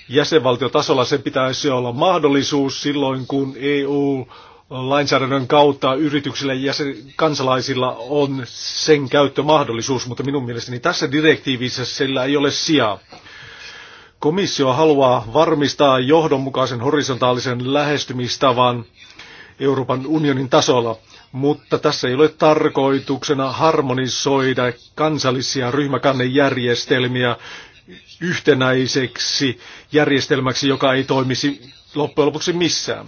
Jäsenvaltiotasolla sen pitäisi olla mahdollisuus silloin, kun EU lainsäädännön kautta yrityksillä ja kansalaisilla on sen käyttömahdollisuus, mutta minun mielestäni tässä direktiivissä sillä ei ole sijaa. Komissio haluaa varmistaa johdonmukaisen horisontaalisen lähestymistavan Euroopan unionin tasolla, mutta tässä ei ole tarkoituksena harmonisoida kansallisia ryhmäkannejärjestelmiä yhtenäiseksi järjestelmäksi, joka ei toimisi loppujen lopuksi missään.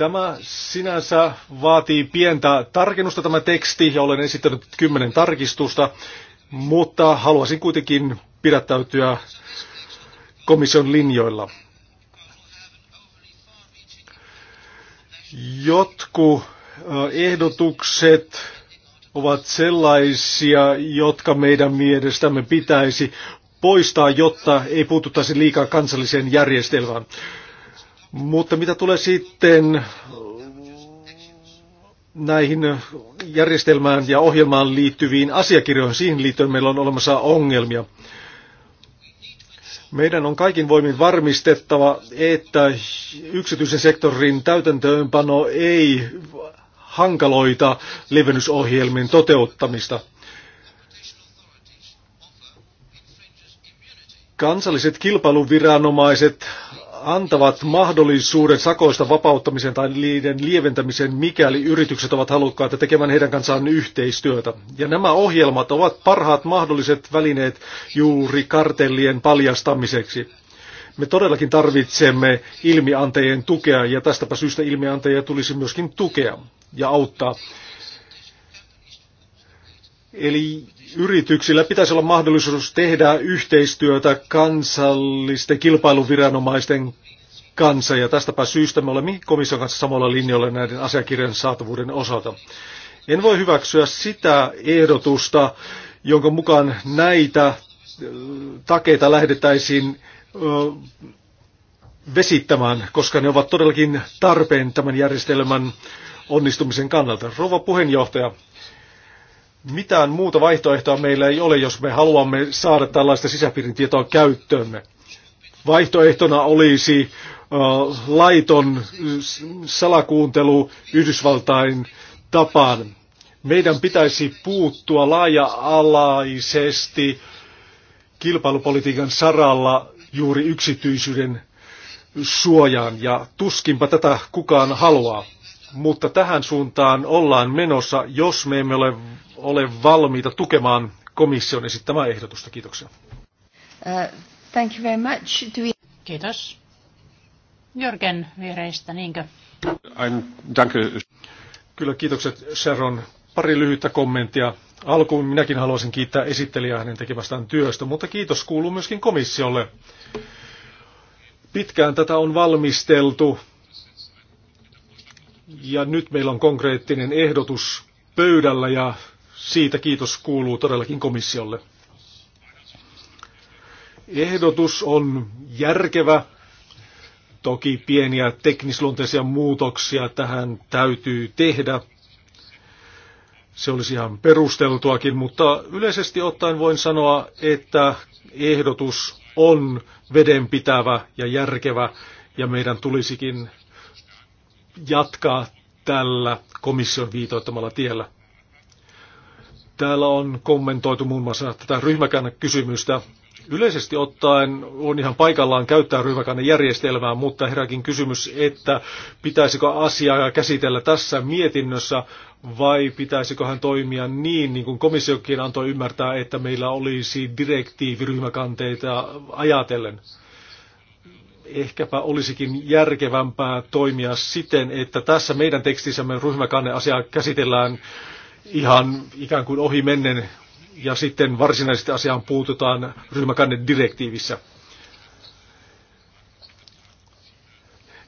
Tämä sinänsä vaatii pientä tarkennusta tämä teksti, ja olen esittänyt kymmenen tarkistusta, mutta haluaisin kuitenkin pidättäytyä komission linjoilla. Jotkut ehdotukset ovat sellaisia, jotka meidän mielestämme pitäisi poistaa, jotta ei puututtaisi liikaa kansalliseen järjestelmään. Mutta mitä tulee sitten näihin järjestelmään ja ohjelmaan liittyviin asiakirjoihin, siihen liittyen meillä on olemassa ongelmia. Meidän on kaikin voimin varmistettava, että yksityisen sektorin täytäntöönpano ei hankaloita levennysohjelmien toteuttamista. Kansalliset kilpailuviranomaiset antavat mahdollisuuden sakoista vapauttamiseen tai niiden lieventämiseen, mikäli yritykset ovat halukkaita tekemään heidän kanssaan yhteistyötä. Ja nämä ohjelmat ovat parhaat mahdolliset välineet juuri kartellien paljastamiseksi. Me todellakin tarvitsemme ilmiantajien tukea ja tästäpä syystä ilmiantajia tulisi myöskin tukea ja auttaa. Eli yrityksillä pitäisi olla mahdollisuus tehdä yhteistyötä kansallisten kilpailuviranomaisten kanssa, ja tästäpä syystä me olemme komission kanssa samalla linjalla näiden asiakirjan saatavuuden osalta. En voi hyväksyä sitä ehdotusta, jonka mukaan näitä takeita lähdettäisiin vesittämään, koska ne ovat todellakin tarpeen tämän järjestelmän onnistumisen kannalta. Rouva puheenjohtaja, mitään muuta vaihtoehtoa meillä ei ole, jos me haluamme saada tällaista sisäpiirin tietoa käyttöömme. Vaihtoehtona olisi uh, laiton salakuuntelu Yhdysvaltain tapaan. Meidän pitäisi puuttua laaja-alaisesti kilpailupolitiikan saralla juuri yksityisyyden suojaan ja tuskinpa tätä kukaan haluaa. Mutta tähän suuntaan ollaan menossa, jos me emme ole ole valmiita tukemaan komission esittämää ehdotusta. Kiitoksia. Uh, thank you very much. Do we... Kiitos. Jörgen viereistä, niinkö? I'm, you. Kyllä, kiitokset Sharon. Pari lyhyttä kommenttia. Alkuun minäkin haluaisin kiittää esittelijää hänen tekemästään työstä, mutta kiitos kuuluu myöskin komissiolle. Pitkään tätä on valmisteltu ja nyt meillä on konkreettinen ehdotus pöydällä ja siitä kiitos kuuluu todellakin komissiolle. Ehdotus on järkevä. Toki pieniä teknisluonteisia muutoksia tähän täytyy tehdä. Se olisi ihan perusteltuakin, mutta yleisesti ottaen voin sanoa, että ehdotus on vedenpitävä ja järkevä, ja meidän tulisikin jatkaa tällä komission viitoittamalla tiellä. Täällä on kommentoitu muun muassa tätä ryhmäkannekysymystä. Yleisesti ottaen on ihan paikallaan käyttää ryhmäkannejärjestelmää, mutta heräkin kysymys, että pitäisikö asiaa käsitellä tässä mietinnössä vai pitäisikö hän toimia niin, niin kuin komissiokin antoi ymmärtää, että meillä olisi direktiiviryhmäkanteita ajatellen ehkäpä olisikin järkevämpää toimia siten, että tässä meidän tekstissämme ryhmäkanneasiaa käsitellään ihan ikään kuin ohi mennen ja sitten varsinaisesti asiaan puututaan direktiivissä.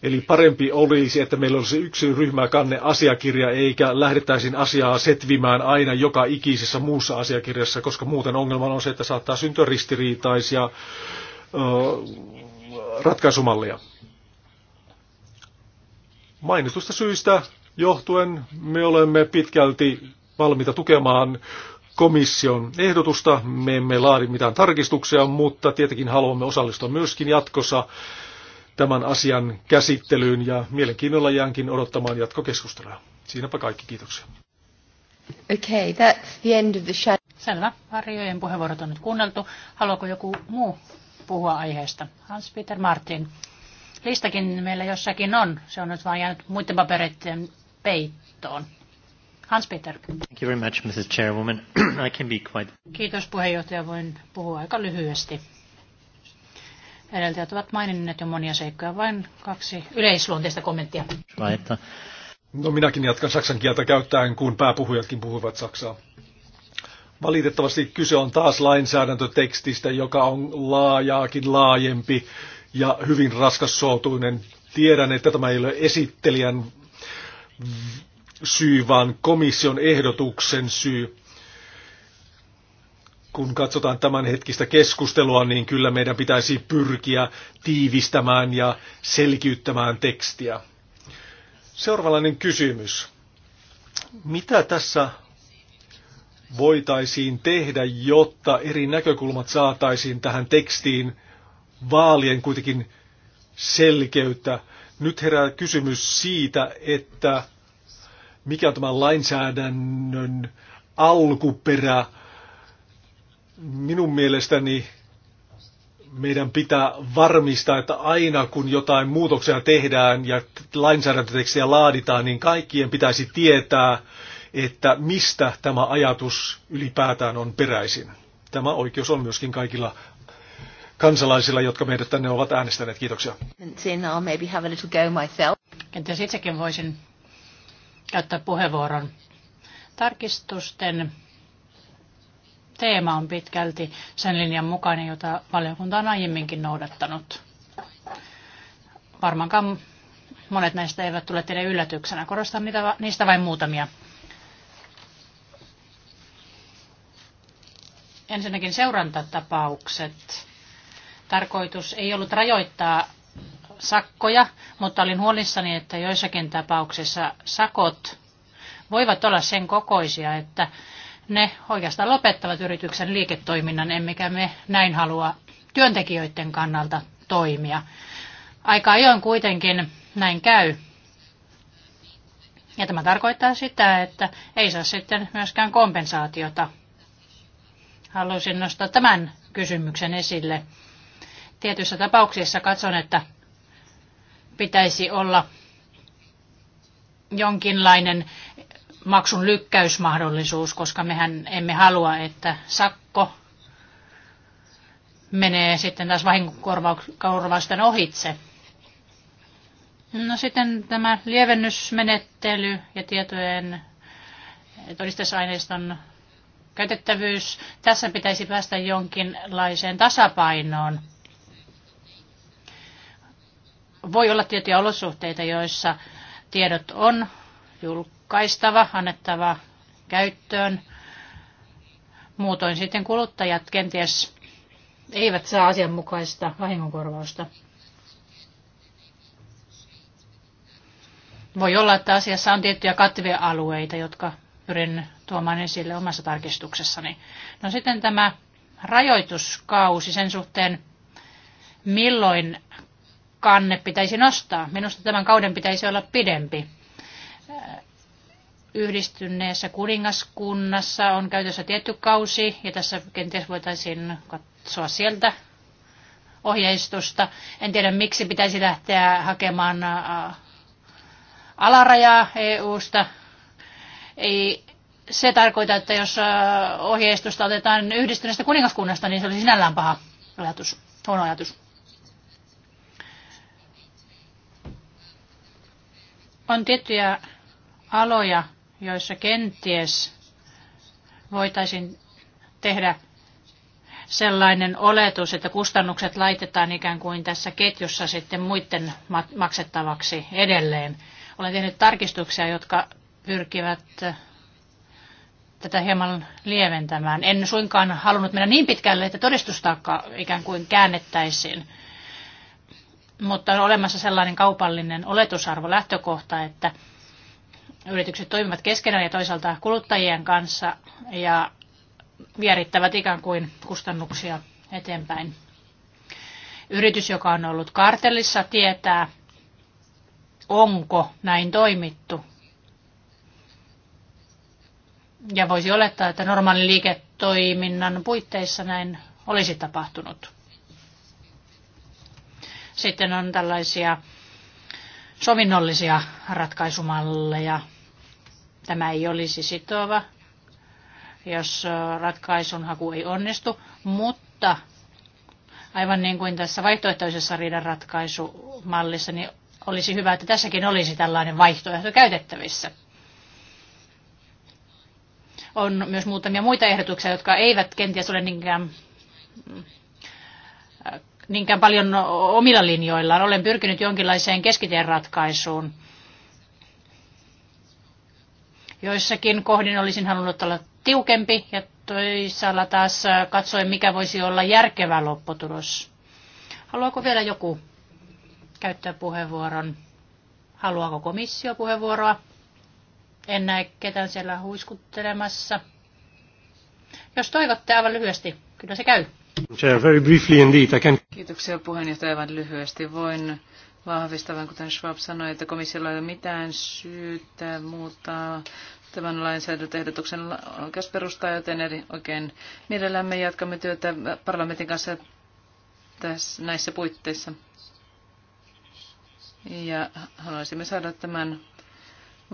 Eli parempi olisi, että meillä olisi yksi ryhmäkanne asiakirja, eikä lähdettäisiin asiaa setvimään aina joka ikisessä muussa asiakirjassa, koska muuten ongelma on se, että saattaa syntyä ristiriitaisia ö, ratkaisumallia. Mainitusta syistä johtuen me olemme pitkälti valmiita tukemaan komission ehdotusta. Me emme laadi mitään tarkistuksia, mutta tietenkin haluamme osallistua myöskin jatkossa tämän asian käsittelyyn ja mielenkiinnolla jäänkin odottamaan jatkokeskustelua. Siinäpä kaikki, kiitoksia. Okay, that's the end of the show. Selvä. Varjojen puheenvuorot on nyt kuunneltu. Haluaako joku muu puhua aiheesta? Hans-Peter Martin. Listakin meillä jossakin on. Se on nyt vain jäänyt muiden papereiden peittoon. Hans Peter. Thank you very much, Mrs. Chairwoman. I can be quite... Kiitos puheenjohtaja, voin puhua aika lyhyesti. Edeltäjät ovat maininneet jo monia seikkoja, vain kaksi yleisluonteista kommenttia. No minäkin jatkan saksan kieltä käyttäen, kun pääpuhujatkin puhuvat saksaa. Valitettavasti kyse on taas lainsäädäntötekstistä, joka on laajaakin laajempi ja hyvin raskassoutuinen. Tiedän, että tämä ei ole esittelijän syy, vaan komission ehdotuksen syy. Kun katsotaan tämän hetkistä keskustelua, niin kyllä meidän pitäisi pyrkiä tiivistämään ja selkiyttämään tekstiä. Seuraavallainen kysymys. Mitä tässä voitaisiin tehdä, jotta eri näkökulmat saataisiin tähän tekstiin vaalien kuitenkin selkeyttä? Nyt herää kysymys siitä, että mikä on tämän lainsäädännön alkuperä. Minun mielestäni meidän pitää varmistaa, että aina kun jotain muutoksia tehdään ja lainsäädäntötekstiä laaditaan, niin kaikkien pitäisi tietää, että mistä tämä ajatus ylipäätään on peräisin. Tämä oikeus on myöskin kaikilla kansalaisilla, jotka meidät tänne ovat äänestäneet. Kiitoksia. Kenties itsekin voisin käyttää puheenvuoron. Tarkistusten teema on pitkälti sen linjan mukainen, jota valiokunta on aiemminkin noudattanut. Varmaankaan monet näistä eivät tule teille yllätyksenä. Korostan niitä, niistä vain muutamia. Ensinnäkin seurantatapaukset. Tarkoitus ei ollut rajoittaa sakkoja, mutta olin huolissani, että joissakin tapauksissa sakot voivat olla sen kokoisia, että ne oikeastaan lopettavat yrityksen liiketoiminnan, emmekä me näin halua työntekijöiden kannalta toimia. Aika ajoin kuitenkin näin käy. Ja tämä tarkoittaa sitä, että ei saa sitten myöskään kompensaatiota. Haluaisin nostaa tämän kysymyksen esille. Tietyissä tapauksissa katson, että pitäisi olla jonkinlainen maksun lykkäysmahdollisuus, koska mehän emme halua, että sakko menee sitten taas vahinkokorvausten ohitse. No sitten tämä lievennysmenettely ja tietojen todistusaineiston käytettävyys. Tässä pitäisi päästä jonkinlaiseen tasapainoon voi olla tiettyjä olosuhteita, joissa tiedot on julkaistava, annettava käyttöön. Muutoin sitten kuluttajat kenties eivät saa asianmukaista vahingonkorvausta. Voi olla, että asiassa on tiettyjä katvealueita, jotka pyrin tuomaan esille omassa tarkistuksessani. No sitten tämä rajoituskausi sen suhteen, milloin kanne pitäisi nostaa. Minusta tämän kauden pitäisi olla pidempi. Yhdistyneessä kuningaskunnassa on käytössä tietty kausi ja tässä kenties voitaisiin katsoa sieltä ohjeistusta. En tiedä miksi pitäisi lähteä hakemaan alarajaa EU-sta. Ei, se tarkoita, että jos ohjeistusta otetaan yhdistyneestä kuningaskunnasta, niin se olisi sinällään paha ajatus, huono ajatus. On tiettyjä aloja, joissa kenties voitaisiin tehdä sellainen oletus, että kustannukset laitetaan ikään kuin tässä ketjussa sitten muiden maksettavaksi edelleen. Olen tehnyt tarkistuksia, jotka pyrkivät tätä hieman lieventämään. En suinkaan halunnut mennä niin pitkälle, että todistustaakka ikään kuin käännettäisiin mutta on olemassa sellainen kaupallinen oletusarvo lähtökohta, että yritykset toimivat keskenään ja toisaalta kuluttajien kanssa ja vierittävät ikään kuin kustannuksia eteenpäin. Yritys, joka on ollut kartellissa, tietää, onko näin toimittu. Ja voisi olettaa, että normaalin liiketoiminnan puitteissa näin olisi tapahtunut. Sitten on tällaisia sovinnollisia ratkaisumalleja. Tämä ei olisi sitova, jos ratkaisun haku ei onnistu, mutta aivan niin kuin tässä vaihtoehtoisessa ratkaisumallissa, niin olisi hyvä, että tässäkin olisi tällainen vaihtoehto käytettävissä. On myös muutamia muita ehdotuksia, jotka eivät kenties ole niinkään mm, niinkään paljon omilla linjoillaan. Olen pyrkinyt jonkinlaiseen keskiteen ratkaisuun. Joissakin kohdin olisin halunnut olla tiukempi ja toisaalla taas katsoin, mikä voisi olla järkevä lopputulos. Haluaako vielä joku käyttää puheenvuoron? Haluaako komissio puheenvuoroa? En näe ketään siellä huiskuttelemassa. Jos toivotte aivan lyhyesti, kyllä se käy. Kiitoksia puheenjohtaja aivan lyhyesti. Voin vahvistavan, kuten Schwab sanoi, että komissiolla ei ole mitään syytä muuttaa tämän lainsäädäntöehdotuksen oikeusperustaa, joten eri, oikein me jatkamme työtä parlamentin kanssa tässä, näissä puitteissa. Ja haluaisimme saada tämän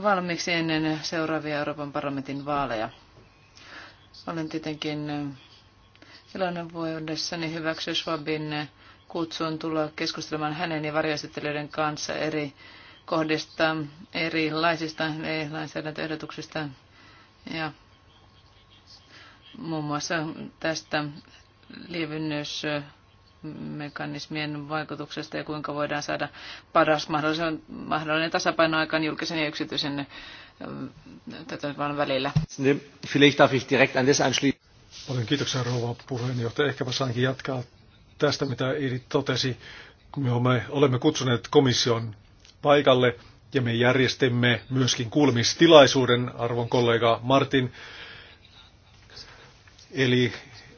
valmiiksi ennen seuraavia Euroopan parlamentin vaaleja. Olen tietenkin voi onnessani hyväksyä Schwabin kutsun tulla keskustelemaan hänen ja varjoesittelijöiden kanssa eri kohdista, erilaisista lainsäädäntöehdotuksista ja muun muassa tästä lievennysmekanismien vaikutuksesta ja kuinka voidaan saada paras mahdollinen, mahdollinen tasapaino aikaan julkisen ja yksityisen tätä välillä. Vielleicht darf ich direkt an das anschließen. Paljon kiitoksia rouva puheenjohtaja. Ehkäpä saankin jatkaa tästä, mitä Iiri totesi. Me olemme kutsuneet komission paikalle ja me järjestimme myöskin kuulemistilaisuuden arvon kollega Martin. Eli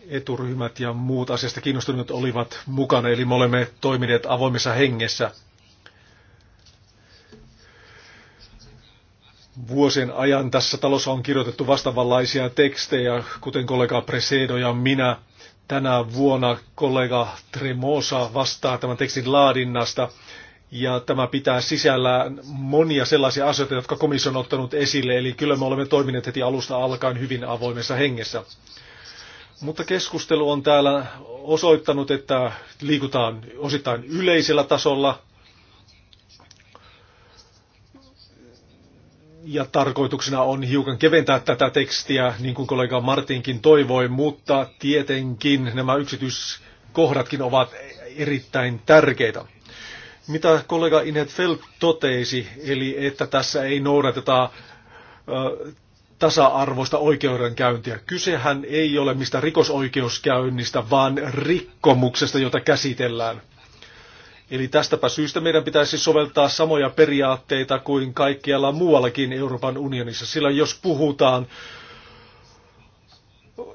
eturyhmät ja muut asiasta kiinnostuneet olivat mukana, eli me olemme toimineet avoimessa hengessä. Vuosien ajan tässä talossa on kirjoitettu vastaavanlaisia tekstejä, kuten kollega Presedo ja minä. Tänä vuonna kollega Tremosa vastaa tämän tekstin laadinnasta. Ja tämä pitää sisällään monia sellaisia asioita, jotka komissio on ottanut esille, eli kyllä me olemme toimineet heti alusta alkaen hyvin avoimessa hengessä. Mutta keskustelu on täällä osoittanut, että liikutaan osittain yleisellä tasolla, ja tarkoituksena on hiukan keventää tätä tekstiä, niin kuin kollega Martinkin toivoi, mutta tietenkin nämä yksityiskohdatkin ovat erittäin tärkeitä. Mitä kollega Inet Felt totesi, eli että tässä ei noudateta ö, tasa-arvoista oikeudenkäyntiä. Kysehän ei ole mistä rikosoikeuskäynnistä, vaan rikkomuksesta, jota käsitellään. Eli tästäpä syystä meidän pitäisi soveltaa samoja periaatteita kuin kaikkialla muuallakin Euroopan unionissa, sillä jos puhutaan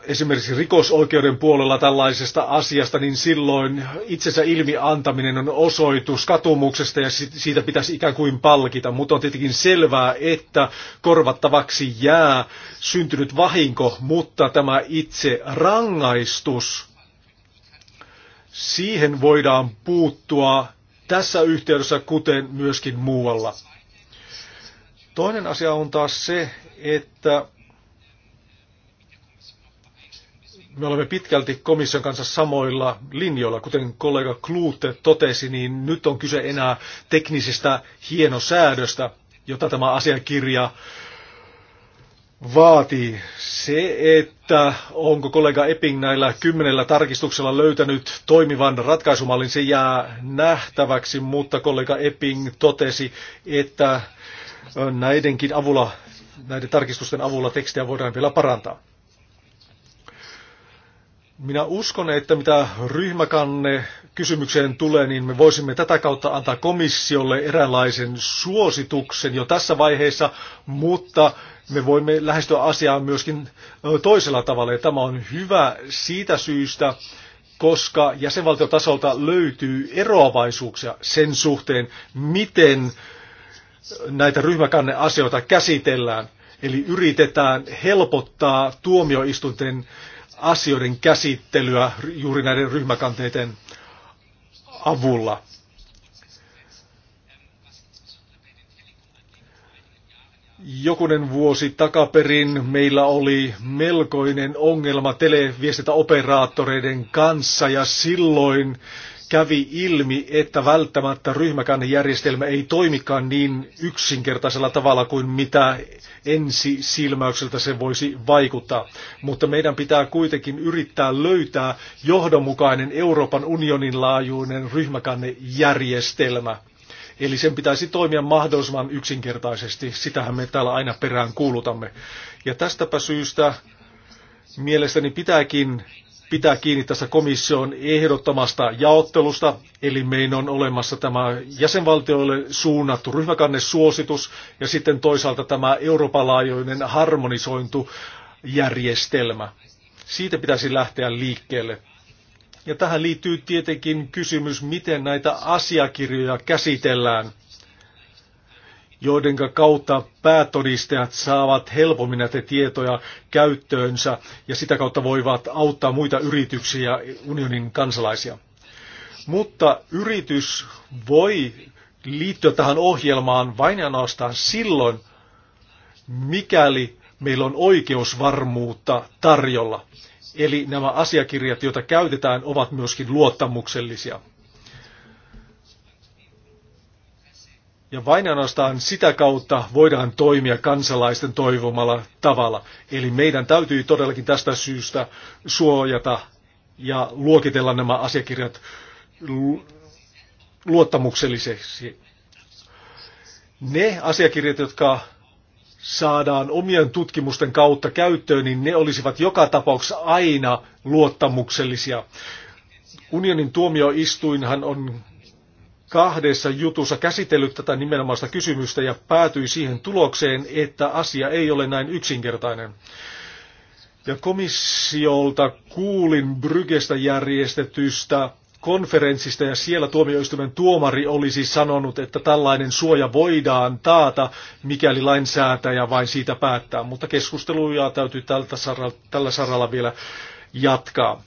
esimerkiksi rikosoikeuden puolella tällaisesta asiasta, niin silloin itsensä ilmi antaminen on osoitus katumuksesta ja siitä pitäisi ikään kuin palkita. Mutta on tietenkin selvää, että korvattavaksi jää syntynyt vahinko, mutta tämä itse rangaistus Siihen voidaan puuttua tässä yhteydessä, kuten myöskin muualla. Toinen asia on taas se, että me olemme pitkälti komission kanssa samoilla linjoilla. Kuten kollega Klute totesi, niin nyt on kyse enää teknisistä hienosäädöstä, jota tämä asiakirja vaatii. Se, että onko kollega Epping näillä kymmenellä tarkistuksella löytänyt toimivan ratkaisumallin, se jää nähtäväksi, mutta kollega Epping totesi, että näidenkin avulla, näiden tarkistusten avulla tekstiä voidaan vielä parantaa. Minä uskon, että mitä ryhmäkanne kysymykseen tulee, niin me voisimme tätä kautta antaa komissiolle eräänlaisen suosituksen jo tässä vaiheessa, mutta me voimme lähestyä asiaa myöskin toisella tavalla. Ja tämä on hyvä siitä syystä, koska jäsenvaltiotasolta löytyy eroavaisuuksia sen suhteen, miten näitä ryhmäkanneasioita käsitellään. Eli yritetään helpottaa tuomioistuinten asioiden käsittelyä juuri näiden ryhmäkanteiden avulla. Jokunen vuosi takaperin meillä oli melkoinen ongelma televiestintäoperaattoreiden kanssa ja silloin kävi ilmi, että välttämättä ryhmäkannejärjestelmä ei toimikaan niin yksinkertaisella tavalla kuin mitä ensi silmäykseltä se voisi vaikuttaa. Mutta meidän pitää kuitenkin yrittää löytää johdonmukainen Euroopan unionin laajuinen ryhmäkannejärjestelmä. Eli sen pitäisi toimia mahdollisimman yksinkertaisesti. Sitähän me täällä aina perään kuulutamme. Ja tästäpä syystä mielestäni pitääkin pitää kiinni tässä komission ehdottamasta jaottelusta, eli meillä on olemassa tämä jäsenvaltioille suunnattu ryhmäkannesuositus ja sitten toisaalta tämä Euroopan laajoinen harmonisointujärjestelmä. Siitä pitäisi lähteä liikkeelle. Ja tähän liittyy tietenkin kysymys, miten näitä asiakirjoja käsitellään – joiden kautta päätodistajat saavat helpommin näitä tietoja käyttöönsä ja sitä kautta voivat auttaa muita yrityksiä ja unionin kansalaisia. Mutta yritys voi liittyä tähän ohjelmaan vain ja ainoastaan silloin, mikäli meillä on oikeusvarmuutta tarjolla. Eli nämä asiakirjat, joita käytetään, ovat myöskin luottamuksellisia. Ja vain ainoastaan sitä kautta voidaan toimia kansalaisten toivomalla tavalla. Eli meidän täytyy todellakin tästä syystä suojata ja luokitella nämä asiakirjat luottamukselliseksi. Ne asiakirjat, jotka saadaan omien tutkimusten kautta käyttöön, niin ne olisivat joka tapauksessa aina luottamuksellisia. Unionin tuomioistuinhan on kahdessa jutussa käsitellyt tätä nimenomaista kysymystä ja päätyi siihen tulokseen, että asia ei ole näin yksinkertainen. Ja komissiolta kuulin Brygestä järjestetystä konferenssista ja siellä tuomioistuimen tuomari olisi sanonut, että tällainen suoja voidaan taata, mikäli lainsäätäjä vain siitä päättää. Mutta keskusteluja täytyy tältä saralla, tällä saralla vielä jatkaa.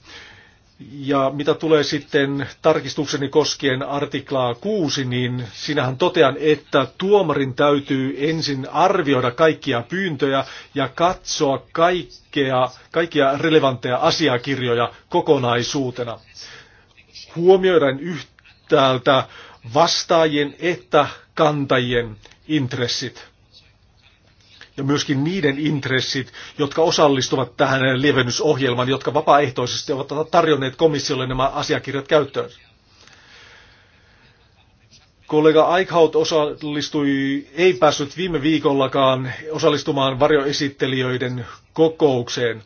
Ja mitä tulee sitten tarkistukseni koskien artiklaa 6, niin sinähän totean, että tuomarin täytyy ensin arvioida kaikkia pyyntöjä ja katsoa kaikkea, kaikkia relevantteja asiakirjoja kokonaisuutena. Huomioiden yhtäältä vastaajien että kantajien intressit ja myöskin niiden intressit, jotka osallistuvat tähän lievennysohjelmaan, jotka vapaaehtoisesti ovat tarjonneet komissiolle nämä asiakirjat käyttöön. Kollega Eichhout osallistui, ei päässyt viime viikollakaan osallistumaan varjoesittelijöiden kokoukseen.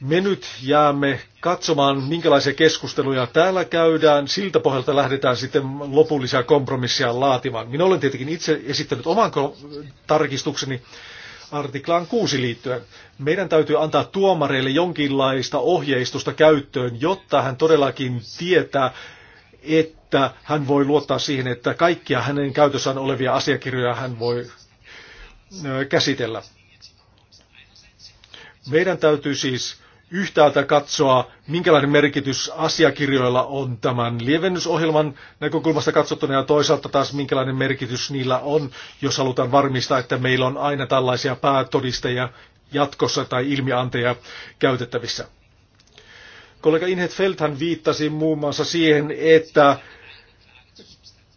Me nyt jäämme katsomaan, minkälaisia keskusteluja täällä käydään. Siltä pohjalta lähdetään sitten lopullisia kompromisseja laatimaan. Minä olen tietenkin itse esittänyt oman tarkistukseni artiklaan 6 liittyen. Meidän täytyy antaa tuomareille jonkinlaista ohjeistusta käyttöön, jotta hän todellakin tietää, että hän voi luottaa siihen, että kaikkia hänen käytössään olevia asiakirjoja hän voi käsitellä. Meidän täytyy siis yhtäältä katsoa, minkälainen merkitys asiakirjoilla on tämän lievennysohjelman näkökulmasta katsottuna ja toisaalta taas minkälainen merkitys niillä on, jos halutaan varmistaa, että meillä on aina tällaisia päätodisteja jatkossa tai ilmianteja käytettävissä. Kollega Inhet Feldhän viittasi muun muassa siihen, että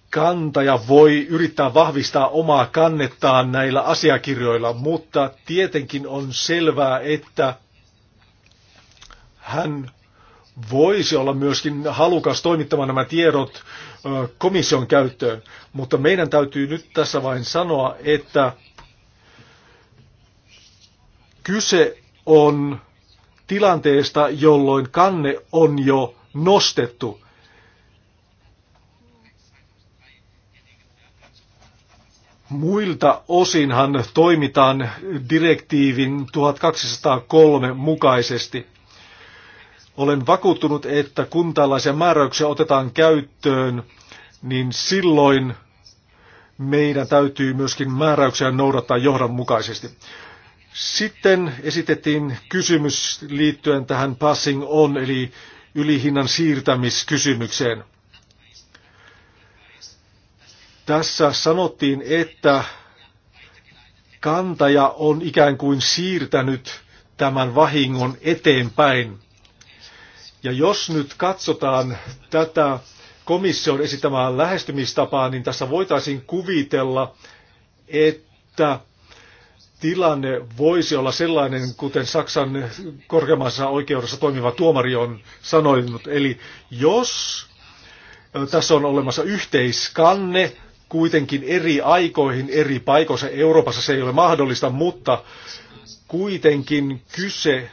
kantaja voi yrittää vahvistaa omaa kannettaan näillä asiakirjoilla, mutta tietenkin on selvää, että hän voisi olla myöskin halukas toimittamaan nämä tiedot komission käyttöön, mutta meidän täytyy nyt tässä vain sanoa, että kyse on tilanteesta, jolloin kanne on jo nostettu. Muilta osinhan toimitaan direktiivin 1203 mukaisesti. Olen vakuuttunut, että kun tällaisia määräyksiä otetaan käyttöön, niin silloin meidän täytyy myöskin määräyksiä noudattaa johdonmukaisesti. Sitten esitettiin kysymys liittyen tähän passing on, eli ylihinnan siirtämiskysymykseen. Tässä sanottiin, että kantaja on ikään kuin siirtänyt tämän vahingon eteenpäin. Ja jos nyt katsotaan tätä komission esittämää lähestymistapaa, niin tässä voitaisiin kuvitella, että tilanne voisi olla sellainen, kuten Saksan korkeammassa oikeudessa toimiva tuomari on sanonut. Eli jos tässä on olemassa yhteiskanne, kuitenkin eri aikoihin, eri paikoissa, Euroopassa se ei ole mahdollista, mutta kuitenkin kyse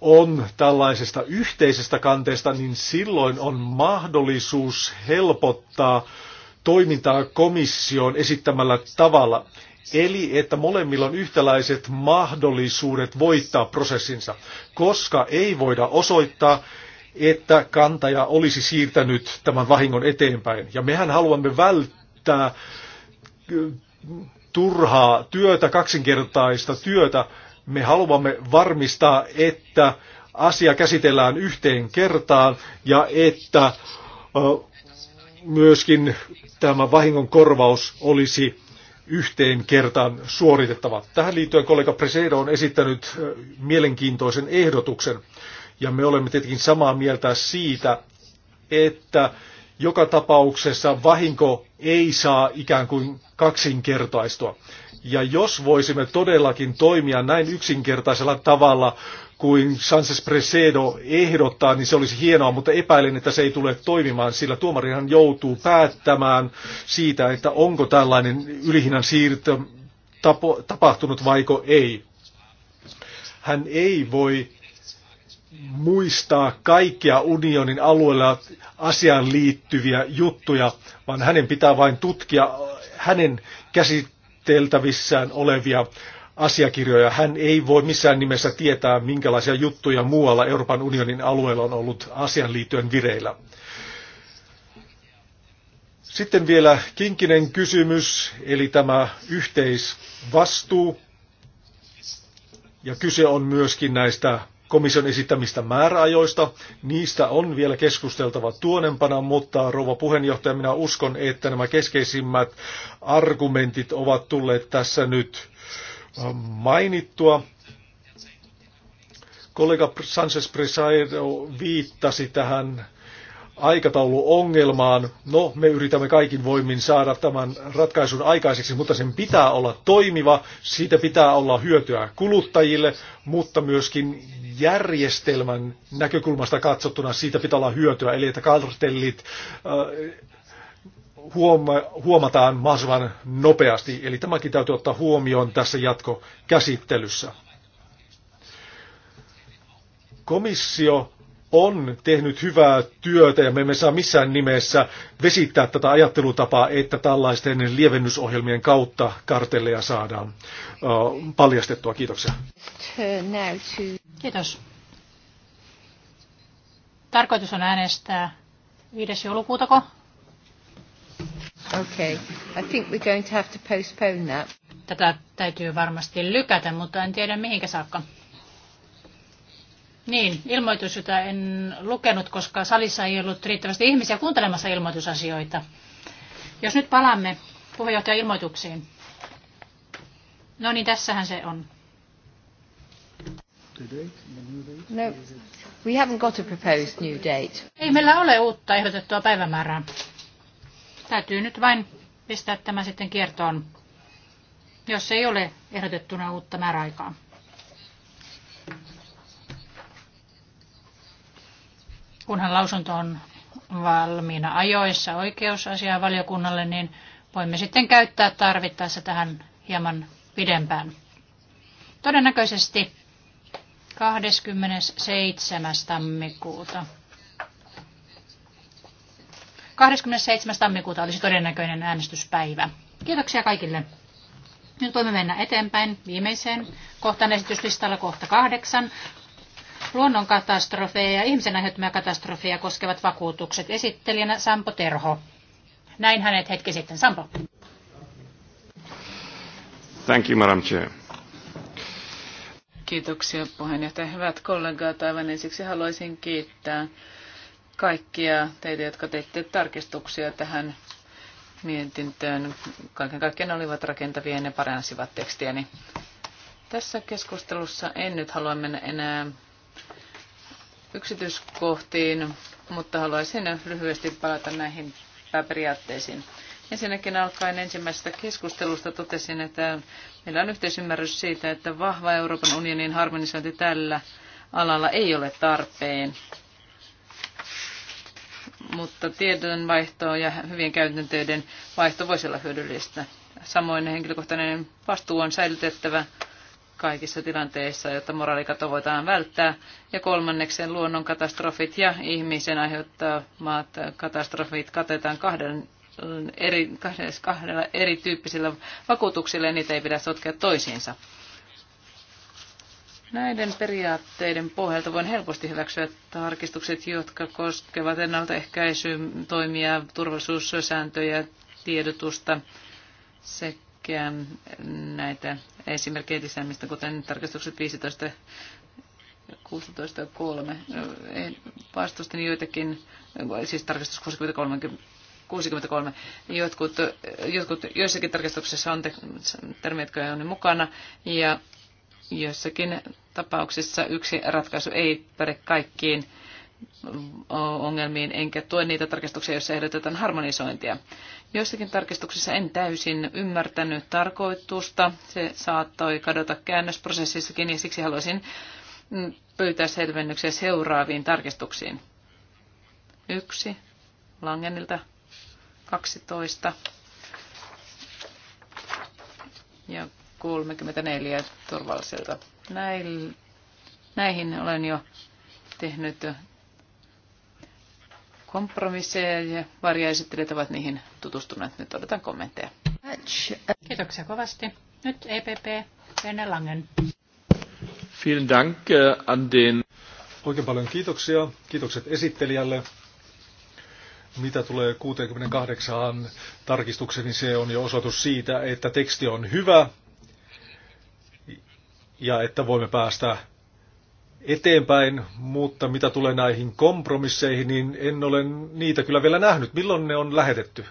on tällaisesta yhteisestä kanteesta, niin silloin on mahdollisuus helpottaa toimintaa komission esittämällä tavalla. Eli että molemmilla on yhtäläiset mahdollisuudet voittaa prosessinsa, koska ei voida osoittaa, että kantaja olisi siirtänyt tämän vahingon eteenpäin. Ja mehän haluamme välttää äh, turhaa työtä, kaksinkertaista työtä, me haluamme varmistaa, että asia käsitellään yhteen kertaan ja että myöskin tämä vahingon korvaus olisi yhteen kertaan suoritettava. Tähän liittyen kollega Presedo on esittänyt mielenkiintoisen ehdotuksen. Ja me olemme tietenkin samaa mieltä siitä, että joka tapauksessa vahinko ei saa ikään kuin kaksinkertaistua. Ja jos voisimme todellakin toimia näin yksinkertaisella tavalla kuin Sanchez Presedo ehdottaa, niin se olisi hienoa, mutta epäilen, että se ei tule toimimaan, sillä tuomarihan joutuu päättämään siitä, että onko tällainen ylihinnan siirto tapo, tapahtunut vaiko ei. Hän ei voi muistaa kaikkia unionin alueella asiaan liittyviä juttuja, vaan hänen pitää vain tutkia hänen käsittelyään käsiteltävissään olevia asiakirjoja. Hän ei voi missään nimessä tietää, minkälaisia juttuja muualla Euroopan unionin alueella on ollut asian liittyen vireillä. Sitten vielä Kinkinen kysymys, eli tämä yhteisvastuu. Ja kyse on myöskin näistä komission esittämistä määräajoista. Niistä on vielä keskusteltava tuonempana, mutta rouva puheenjohtaja, minä uskon, että nämä keskeisimmät argumentit ovat tulleet tässä nyt ähm, mainittua. Kollega Sanchez Presaido viittasi tähän aikatauluongelmaan. No, me yritämme kaikin voimin saada tämän ratkaisun aikaiseksi, mutta sen pitää olla toimiva, siitä pitää olla hyötyä kuluttajille, mutta myöskin järjestelmän näkökulmasta katsottuna siitä pitää olla hyötyä, eli että kartellit äh, huomataan mahdollisimman nopeasti. Eli tämäkin täytyy ottaa huomioon tässä jatkokäsittelyssä. Komissio on tehnyt hyvää työtä ja me emme saa missään nimessä vesittää tätä ajattelutapaa, että tällaisten lievennysohjelmien kautta kartelleja saadaan paljastettua. Kiitoksia. Kiitos. Tarkoitus on äänestää 5. joulukuutako? Okay. I think we're going to have to postpone that. Tätä täytyy varmasti lykätä, mutta en tiedä mihinkä saakka. Niin, ilmoitus, jota en lukenut, koska salissa ei ollut riittävästi ihmisiä kuuntelemassa ilmoitusasioita. Jos nyt palaamme puheenjohtajan ilmoituksiin. No niin, tässähän se on. No, we haven't got a proposed new date. Ei meillä ole uutta ehdotettua päivämäärää. Täytyy nyt vain pistää tämä sitten kiertoon, jos ei ole ehdotettuna uutta määräaikaa. kunhan lausunto on valmiina ajoissa oikeusasiavaliokunnalle, niin voimme sitten käyttää tarvittaessa tähän hieman pidempään. Todennäköisesti 27. tammikuuta. 27. tammikuuta olisi todennäköinen äänestyspäivä. Kiitoksia kaikille. Nyt voimme mennä eteenpäin viimeiseen kohtaan esityslistalla kohta kahdeksan. Luonnonkatastrofeja ja ihmisen aiheuttamia katastrofeja koskevat vakuutukset. Esittelijänä Sampo Terho. Näin hänet hetki sitten. Sampo. Thank you, Madam Chair. Kiitoksia puheenjohtaja. Hyvät kollegat, aivan ensiksi haluaisin kiittää kaikkia teitä, jotka teitte tarkistuksia tähän mietintöön. Kaiken kaikkiaan olivat rakentavia ja ne paransivat tekstiäni. Tässä keskustelussa en nyt halua mennä enää yksityiskohtiin, mutta haluaisin lyhyesti palata näihin pääperiaatteisiin. Ensinnäkin alkaen ensimmäisestä keskustelusta totesin, että meillä on yhteisymmärrys siitä, että vahva Euroopan unionin harmonisointi tällä alalla ei ole tarpeen. Mutta tiedonvaihto ja hyvien käytänteiden vaihto voisi olla hyödyllistä. Samoin henkilökohtainen vastuu on säilytettävä kaikissa tilanteissa, jotta moraalikato voidaan välttää. Ja kolmanneksen luonnon katastrofit ja ihmisen aiheuttamat katastrofit katetaan kahden eri, kahdella erityyppisillä vakuutuksilla ja niitä ei pidä sotkea toisiinsa. Näiden periaatteiden pohjalta voin helposti hyväksyä tarkistukset, jotka koskevat ennaltaehkäisytoimia, turvallisuussääntöjä, tiedotusta sekä kaikkia näitä esimerkkejä lisäämistä, kuten tarkastukset 15 16 3. Vastustin joitakin, siis tarkastus 63, 63. Jotkut, jotkut, joissakin tarkastuksissa on termi, jotka on mukana, ja joissakin tapauksissa yksi ratkaisu ei päde kaikkiin ongelmiin, enkä tue niitä tarkastuksia, joissa ehdotetaan harmonisointia. Joissakin tarkistuksissa en täysin ymmärtänyt tarkoitusta. Se saattoi kadota käännösprosessissakin ja siksi haluaisin mm, pyytää selvennyksiä seuraaviin tarkistuksiin. Yksi, Langenilta 12 ja 34 turvalliselta. Näihin olen jo tehnyt kompromisseja ja varjaesittelijät ovat niihin tutustuneet. Nyt odotan kommentteja. Kiitoksia kovasti. Nyt EPP, Venne Langen. Vielen Dank äh, an den... Oikein paljon kiitoksia. Kiitokset esittelijälle. Mitä tulee 68 tarkistukseen, niin se on jo osoitus siitä, että teksti on hyvä ja että voimme päästä eteenpäin, mutta mitä tulee näihin kompromisseihin, niin en ole niitä kyllä vielä nähnyt. Milloin ne on lähetetty?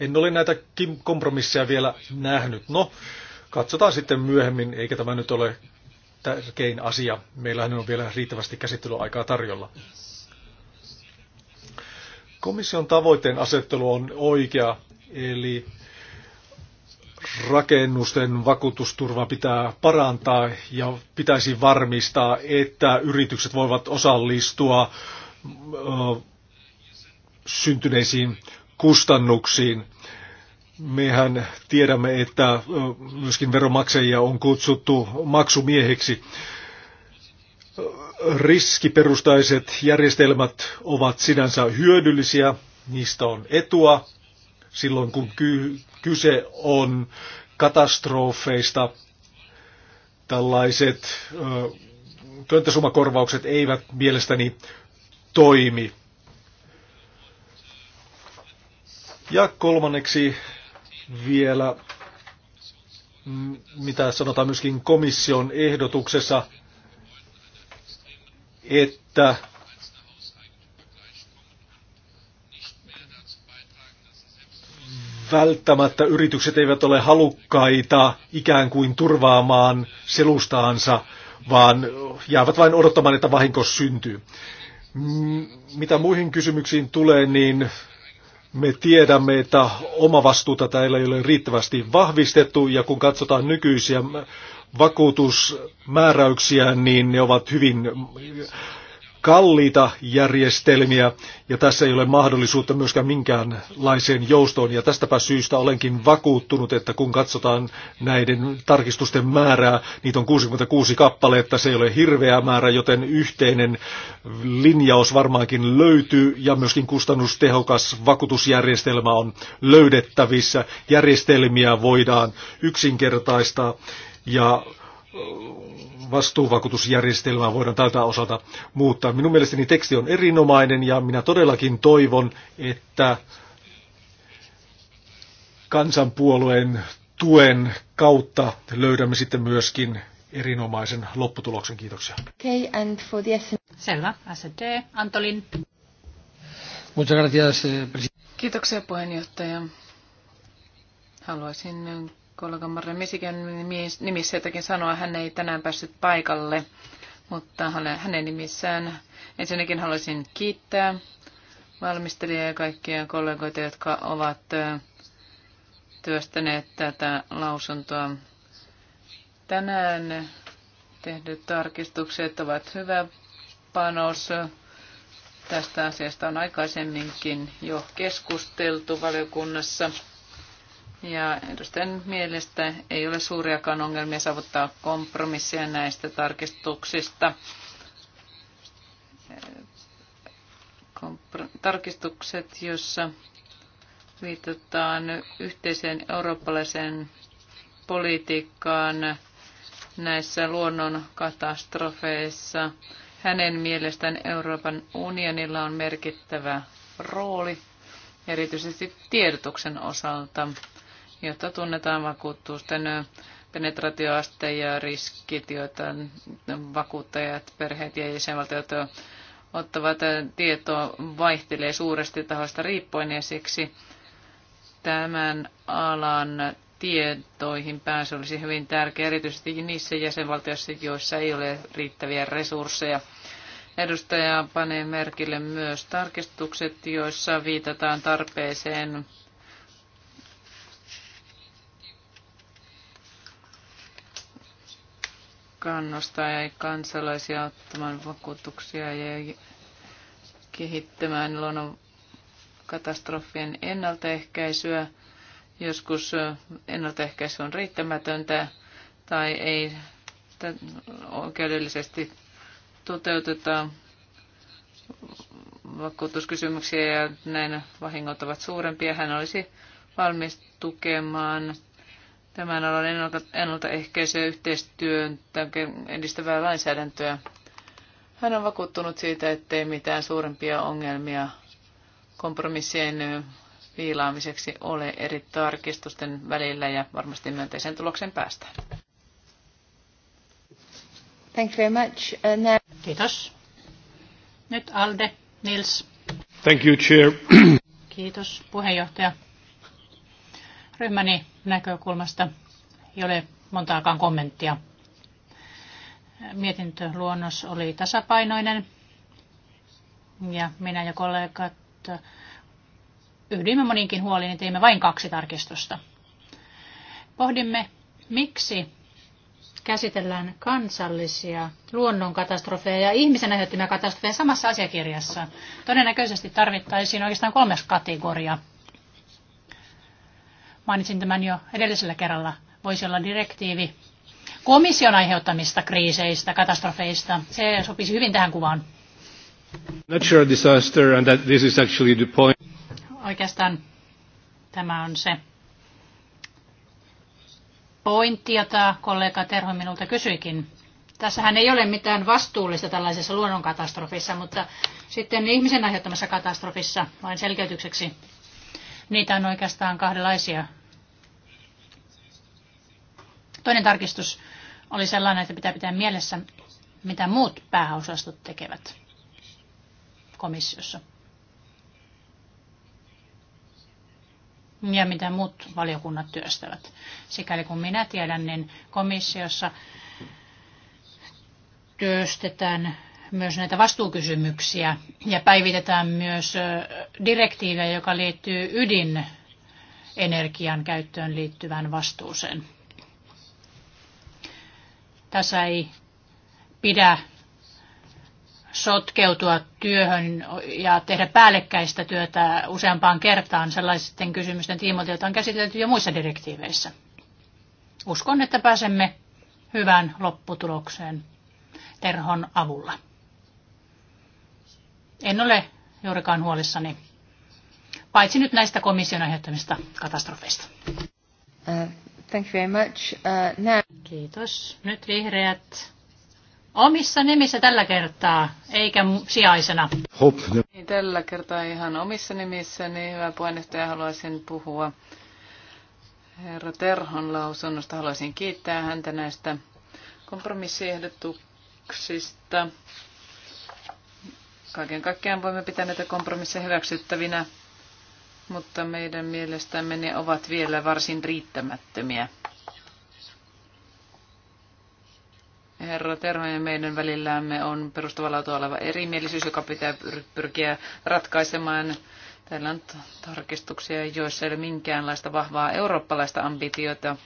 En ole näitä kompromisseja vielä nähnyt. No, katsotaan sitten myöhemmin, eikä tämä nyt ole tärkein asia. Meillähän on vielä riittävästi käsittelyaikaa tarjolla. Komission tavoitteen asettelu on oikea, eli rakennusten vakuutusturva pitää parantaa ja pitäisi varmistaa, että yritykset voivat osallistua syntyneisiin kustannuksiin. Mehän tiedämme, että myöskin veromaksajia on kutsuttu maksumieheksi. Riskiperustaiset järjestelmät ovat sinänsä hyödyllisiä, niistä on etua silloin kun kyse on katastrofeista. Tällaiset könttäsummakorvaukset eivät mielestäni toimi. Ja kolmanneksi vielä, mitä sanotaan myöskin komission ehdotuksessa, että välttämättä yritykset eivät ole halukkaita ikään kuin turvaamaan selustaansa, vaan jäävät vain odottamaan, että vahinko syntyy. Mitä muihin kysymyksiin tulee, niin me tiedämme, että oma vastuuta täällä ei ole riittävästi vahvistettu, ja kun katsotaan nykyisiä vakuutusmääräyksiä, niin ne ovat hyvin kalliita järjestelmiä ja tässä ei ole mahdollisuutta myöskään minkäänlaiseen joustoon. Ja tästäpä syystä olenkin vakuuttunut, että kun katsotaan näiden tarkistusten määrää, niitä on 66 kappaletta, se ei ole hirveä määrä, joten yhteinen linjaus varmaankin löytyy ja myöskin kustannustehokas vakuutusjärjestelmä on löydettävissä. Järjestelmiä voidaan yksinkertaistaa ja vastuuvakuutusjärjestelmää voidaan tältä osalta muuttaa. Minun mielestäni teksti on erinomainen ja minä todellakin toivon, että kansanpuolueen tuen kautta löydämme sitten myöskin erinomaisen lopputuloksen. Kiitoksia. Okay, and for the Selvä. SD, Antolin. Muchas gracias, eh, Kiitoksia puheenjohtaja. Haluaisin kollega Marre Misikän nimissä jotakin sanoa. Hän ei tänään päässyt paikalle, mutta hänen nimissään ensinnäkin haluaisin kiittää valmistelijaa ja kaikkia kollegoita, jotka ovat työstäneet tätä lausuntoa. Tänään tehdyt tarkistukset ovat hyvä panos. Tästä asiasta on aikaisemminkin jo keskusteltu valiokunnassa ja edustajan mielestä ei ole suuriakaan ongelmia saavuttaa kompromissia näistä tarkistuksista. tarkistukset, joissa viitataan yhteiseen eurooppalaiseen politiikkaan näissä luonnonkatastrofeissa. Hänen mielestään Euroopan unionilla on merkittävä rooli, erityisesti tiedotuksen osalta jotta tunnetaan vakuutusten penetratioaste ja riskit, joita vakuuttajat, perheet ja jäsenvaltiot ottavat tietoa vaihtelee suuresti tahosta riippuen ja siksi tämän alan tietoihin pääsy olisi hyvin tärkeä, erityisesti niissä jäsenvaltioissa, joissa ei ole riittäviä resursseja. Edustaja panee merkille myös tarkistukset, joissa viitataan tarpeeseen kannustaa ja kansalaisia ottamaan vakuutuksia ja kehittämään luonnon katastrofien ennaltaehkäisyä. Joskus ennaltaehkäisy on riittämätöntä tai ei oikeudellisesti toteuteta vakuutuskysymyksiä ja näin vahingot ovat suurempia. Hän olisi valmis tukemaan tämän alan ennaltaehkäisyä yhteistyön edistävää lainsäädäntöä. Hän on vakuuttunut siitä, ettei mitään suurempia ongelmia kompromissien viilaamiseksi ole eri tarkistusten välillä ja varmasti myönteisen tuloksen päästään. Thank you very much. And uh, now... Kiitos. Nyt Alde, Nils. Thank you, Chair. Kiitos, puheenjohtaja. Ryhmäni näkökulmasta ei ole montaakaan kommenttia. Mietintöluonnos oli tasapainoinen ja minä ja kollegat yhdimme moninkin huoliin ja teimme vain kaksi tarkistusta. Pohdimme, miksi käsitellään kansallisia luonnonkatastrofeja ja ihmisen aiheuttamia katastrofeja samassa asiakirjassa. Todennäköisesti tarvittaisiin oikeastaan kolme kategoriaa. Mainitsin tämän jo edellisellä kerralla. Voisi olla direktiivi komission aiheuttamista kriiseistä, katastrofeista. Se sopisi hyvin tähän kuvaan. Natural disaster and that this is actually the point. Oikeastaan tämä on se pointti, jota kollega Terho minulta kysyikin. Tässähän ei ole mitään vastuullista tällaisessa luonnonkatastrofissa, mutta sitten ihmisen aiheuttamassa katastrofissa, vain selkeytykseksi, Niitä on oikeastaan kahdenlaisia. Toinen tarkistus oli sellainen, että pitää pitää mielessä, mitä muut pääosastot tekevät komissiossa. Ja mitä muut valiokunnat työstävät. Sikäli kun minä tiedän, niin komissiossa työstetään myös näitä vastuukysymyksiä ja päivitetään myös direktiivejä, joka liittyy ydinenergian käyttöön liittyvään vastuuseen. Tässä ei pidä sotkeutua työhön ja tehdä päällekkäistä työtä useampaan kertaan sellaisten kysymysten tiimoilta, joita on käsitelty jo muissa direktiiveissä. Uskon, että pääsemme hyvään lopputulokseen Terhon avulla. En ole juurikaan huolissani, paitsi nyt näistä komission aiheuttamista katastrofeista. Uh, thank you very much. Uh, now... Kiitos. Nyt vihreät omissa nimissä tällä kertaa, eikä sijaisena. Hop. Niin, tällä kertaa ihan omissa nimissä, niin hyvä puheenjohtaja, haluaisin puhua herra Terhon lausunnosta. Haluaisin kiittää häntä näistä kompromissiehdotuksista. Kaiken kaikkiaan voimme pitää näitä kompromisseja hyväksyttävinä, mutta meidän mielestämme ne ovat vielä varsin riittämättömiä. Herra Terho ja meidän välillämme on perustavalautua oleva erimielisyys, joka pitää pyrkiä ratkaisemaan. Täällä on tarkistuksia, joissa ei ole minkäänlaista vahvaa eurooppalaista ambitiota.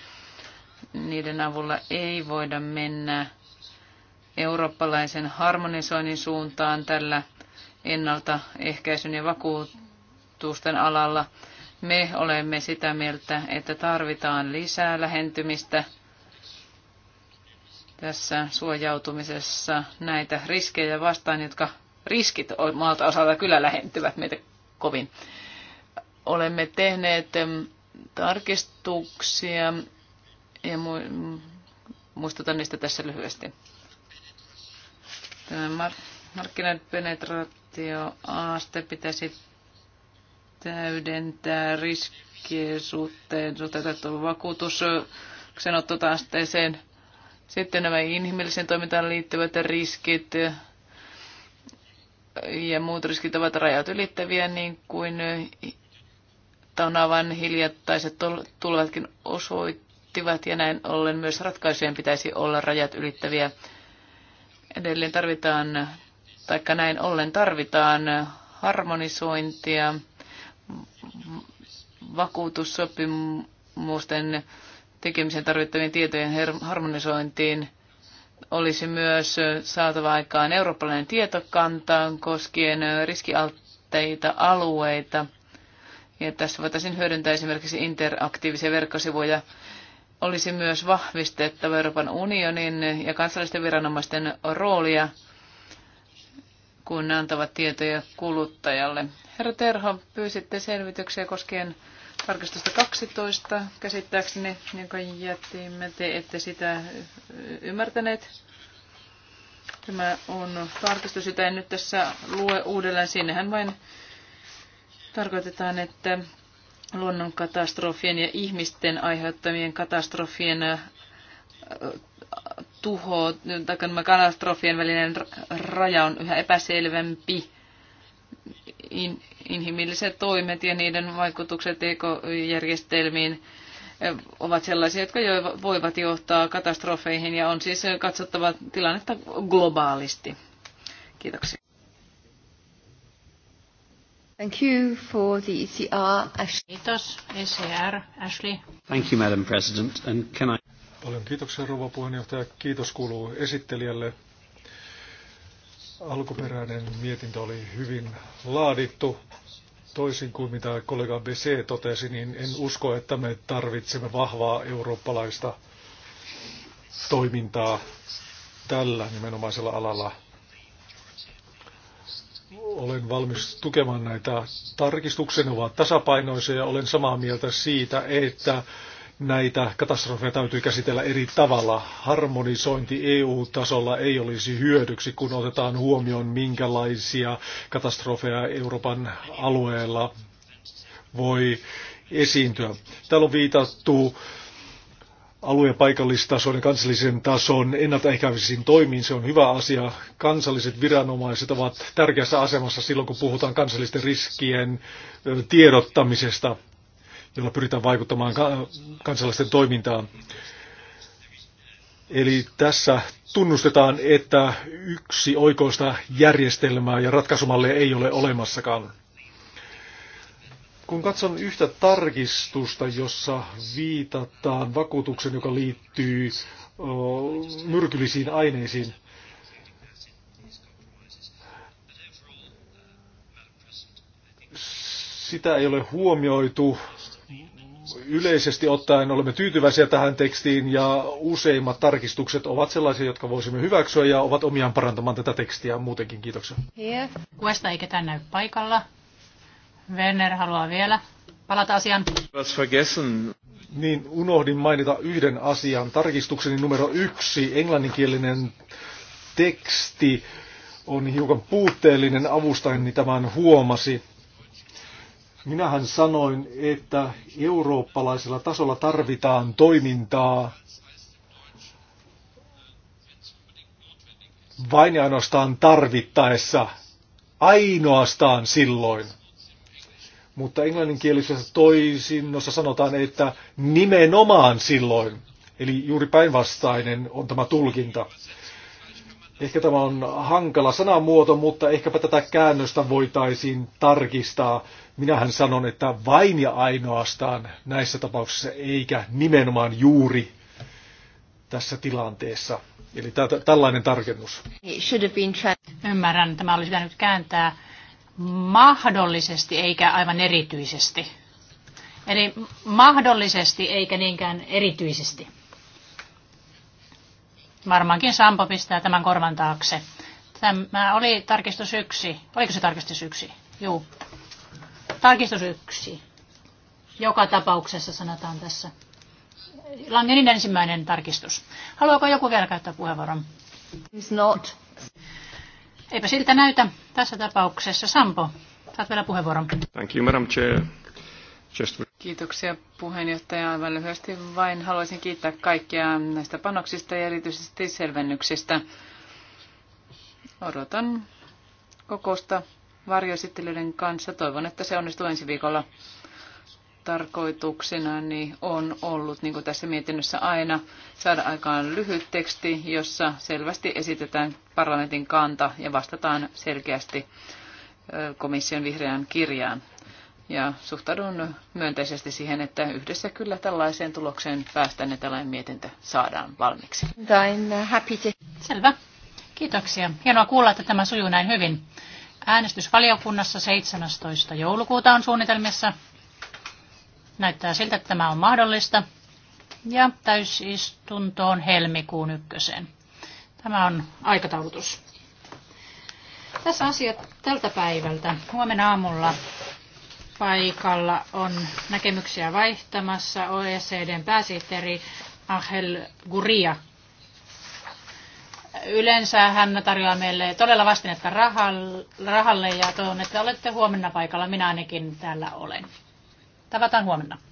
Niiden avulla ei voida mennä eurooppalaisen harmonisoinnin suuntaan tällä ennaltaehkäisyn ja vakuutusten alalla. Me olemme sitä mieltä, että tarvitaan lisää lähentymistä tässä suojautumisessa näitä riskejä vastaan, jotka riskit maalta osalta kyllä lähentyvät meitä kovin. Olemme tehneet tarkistuksia ja muistutan niistä tässä lyhyesti. Tämä mark- Kompensaatioaste pitäisi täydentää riskien suhteen suhteutettu vakuutuksen ottotasteeseen. Sitten nämä inhimillisen toimintaan liittyvät riskit ja muut riskit ovat rajat ylittäviä, niin kuin Tanavan hiljattaiset tulevatkin osoittivat, ja näin ollen myös ratkaisujen pitäisi olla rajat ylittäviä. Edelleen tarvitaan taikka näin ollen tarvitaan harmonisointia, vakuutussopimusten tekemisen tarvittavien tietojen harmonisointiin olisi myös saatava aikaan eurooppalainen tietokanta koskien riskialtteita alueita. Ja tässä voitaisiin hyödyntää esimerkiksi interaktiivisia verkkosivuja. Olisi myös vahvistettava Euroopan unionin ja kansallisten viranomaisten roolia kun ne antavat tietoja kuluttajalle. Herra Terho, pyysitte selvityksiä koskien tarkistusta 12, käsittääkseni, jonka jättimme, te ette sitä ymmärtäneet. Tämä on tarkistus, jota en nyt tässä lue uudelleen. Siinähän vain tarkoitetaan, että luonnonkatastrofien ja ihmisten aiheuttamien katastrofien tuho tai katastrofien välinen raja on yhä epäselvempi. In, inhimilliset toimet ja niiden vaikutukset ekojärjestelmiin eh, ovat sellaisia, jotka jo voivat johtaa katastrofeihin ja on siis katsottava tilannetta globaalisti. Kiitoksia. Thank you for the ECR, Ashley. Kiitos, ECR, Ashley. Thank you, Madam President, and can I... Paljon kiitoksia, rouva puheenjohtaja. Kiitos kuuluu esittelijälle. Alkuperäinen mietintö oli hyvin laadittu. Toisin kuin mitä kollega BC totesi, niin en usko, että me tarvitsemme vahvaa eurooppalaista toimintaa tällä nimenomaisella alalla. Olen valmis tukemaan näitä tarkistuksen, ovat tasapainoisia ja olen samaa mieltä siitä, että näitä katastrofeja täytyy käsitellä eri tavalla. Harmonisointi EU-tasolla ei olisi hyödyksi, kun otetaan huomioon, minkälaisia katastrofeja Euroopan alueella voi esiintyä. Täällä on viitattu alue- ja paikallistason ja kansallisen tason ennaltaehkäisiin toimiin. Se on hyvä asia. Kansalliset viranomaiset ovat tärkeässä asemassa silloin, kun puhutaan kansallisten riskien tiedottamisesta jolla pyritään vaikuttamaan kansalaisten toimintaan. Eli tässä tunnustetaan, että yksi oikoista järjestelmää ja ratkaisumalle ei ole olemassakaan. Kun katson yhtä tarkistusta, jossa viitataan vakuutuksen, joka liittyy myrkyllisiin aineisiin, sitä ei ole huomioitu yleisesti ottaen olemme tyytyväisiä tähän tekstiin ja useimmat tarkistukset ovat sellaisia, jotka voisimme hyväksyä ja ovat omiaan parantamaan tätä tekstiä muutenkin. Kiitoksia. Kuesta ei ketään näy paikalla. Werner haluaa vielä palata asiaan. Niin, unohdin mainita yhden asian. Tarkistukseni numero yksi, englanninkielinen teksti on hiukan puutteellinen, avustajani niin tämän huomasi. Minähän sanoin, että eurooppalaisella tasolla tarvitaan toimintaa vain ja ainoastaan tarvittaessa, ainoastaan silloin. Mutta englanninkielisessä toisinnossa sanotaan, että nimenomaan silloin. Eli juuri päinvastainen on tämä tulkinta. Ehkä tämä on hankala sanamuoto, mutta ehkäpä tätä käännöstä voitaisiin tarkistaa. Minähän sanon, että vain ja ainoastaan näissä tapauksissa, eikä nimenomaan juuri tässä tilanteessa. Eli t- tällainen tarkennus. Ymmärrän, tämä olisi pitänyt kääntää mahdollisesti eikä aivan erityisesti. Eli mahdollisesti eikä niinkään erityisesti. Varmaankin Sampo pistää tämän korvan taakse. Tämä oli tarkistus yksi. Oliko se tarkistus yksi? Juu. Tarkistus yksi. Joka tapauksessa sanotaan tässä. Langenin ensimmäinen tarkistus. Haluaako joku vielä käyttää puheenvuoron? It's not. Eipä siltä näytä. Tässä tapauksessa Sampo, saat vielä puheenvuoron. Thank you, Madam Chair. Kiitoksia puheenjohtaja. Aivan lyhyesti vain haluaisin kiittää kaikkia näistä panoksista ja erityisesti selvennyksistä. Odotan kokousta varjoesittelyiden kanssa. Toivon, että se onnistuu ensi viikolla tarkoituksena niin on ollut, niin kuin tässä mietinnössä aina, saada aikaan lyhyt teksti, jossa selvästi esitetään parlamentin kanta ja vastataan selkeästi komission vihreään kirjaan ja suhtaudun myönteisesti siihen, että yhdessä kyllä tällaiseen tulokseen päästään ja tällainen mietintö saadaan valmiiksi. Äh, Selvä. Kiitoksia. Hienoa kuulla, että tämä sujuu näin hyvin. Äänestysvaliokunnassa 17. joulukuuta on suunnitelmissa. Näyttää siltä, että tämä on mahdollista. Ja täysistuntoon helmikuun ykköseen. Tämä on aikataulutus. Tässä asiat tältä päivältä. Huomenna aamulla paikalla on näkemyksiä vaihtamassa OECDn pääsihteeri Angel Guria. Yleensä hän tarjoaa meille todella vastinetta rahalle ja toivon, että olette huomenna paikalla. Minä ainakin täällä olen. Tavataan huomenna.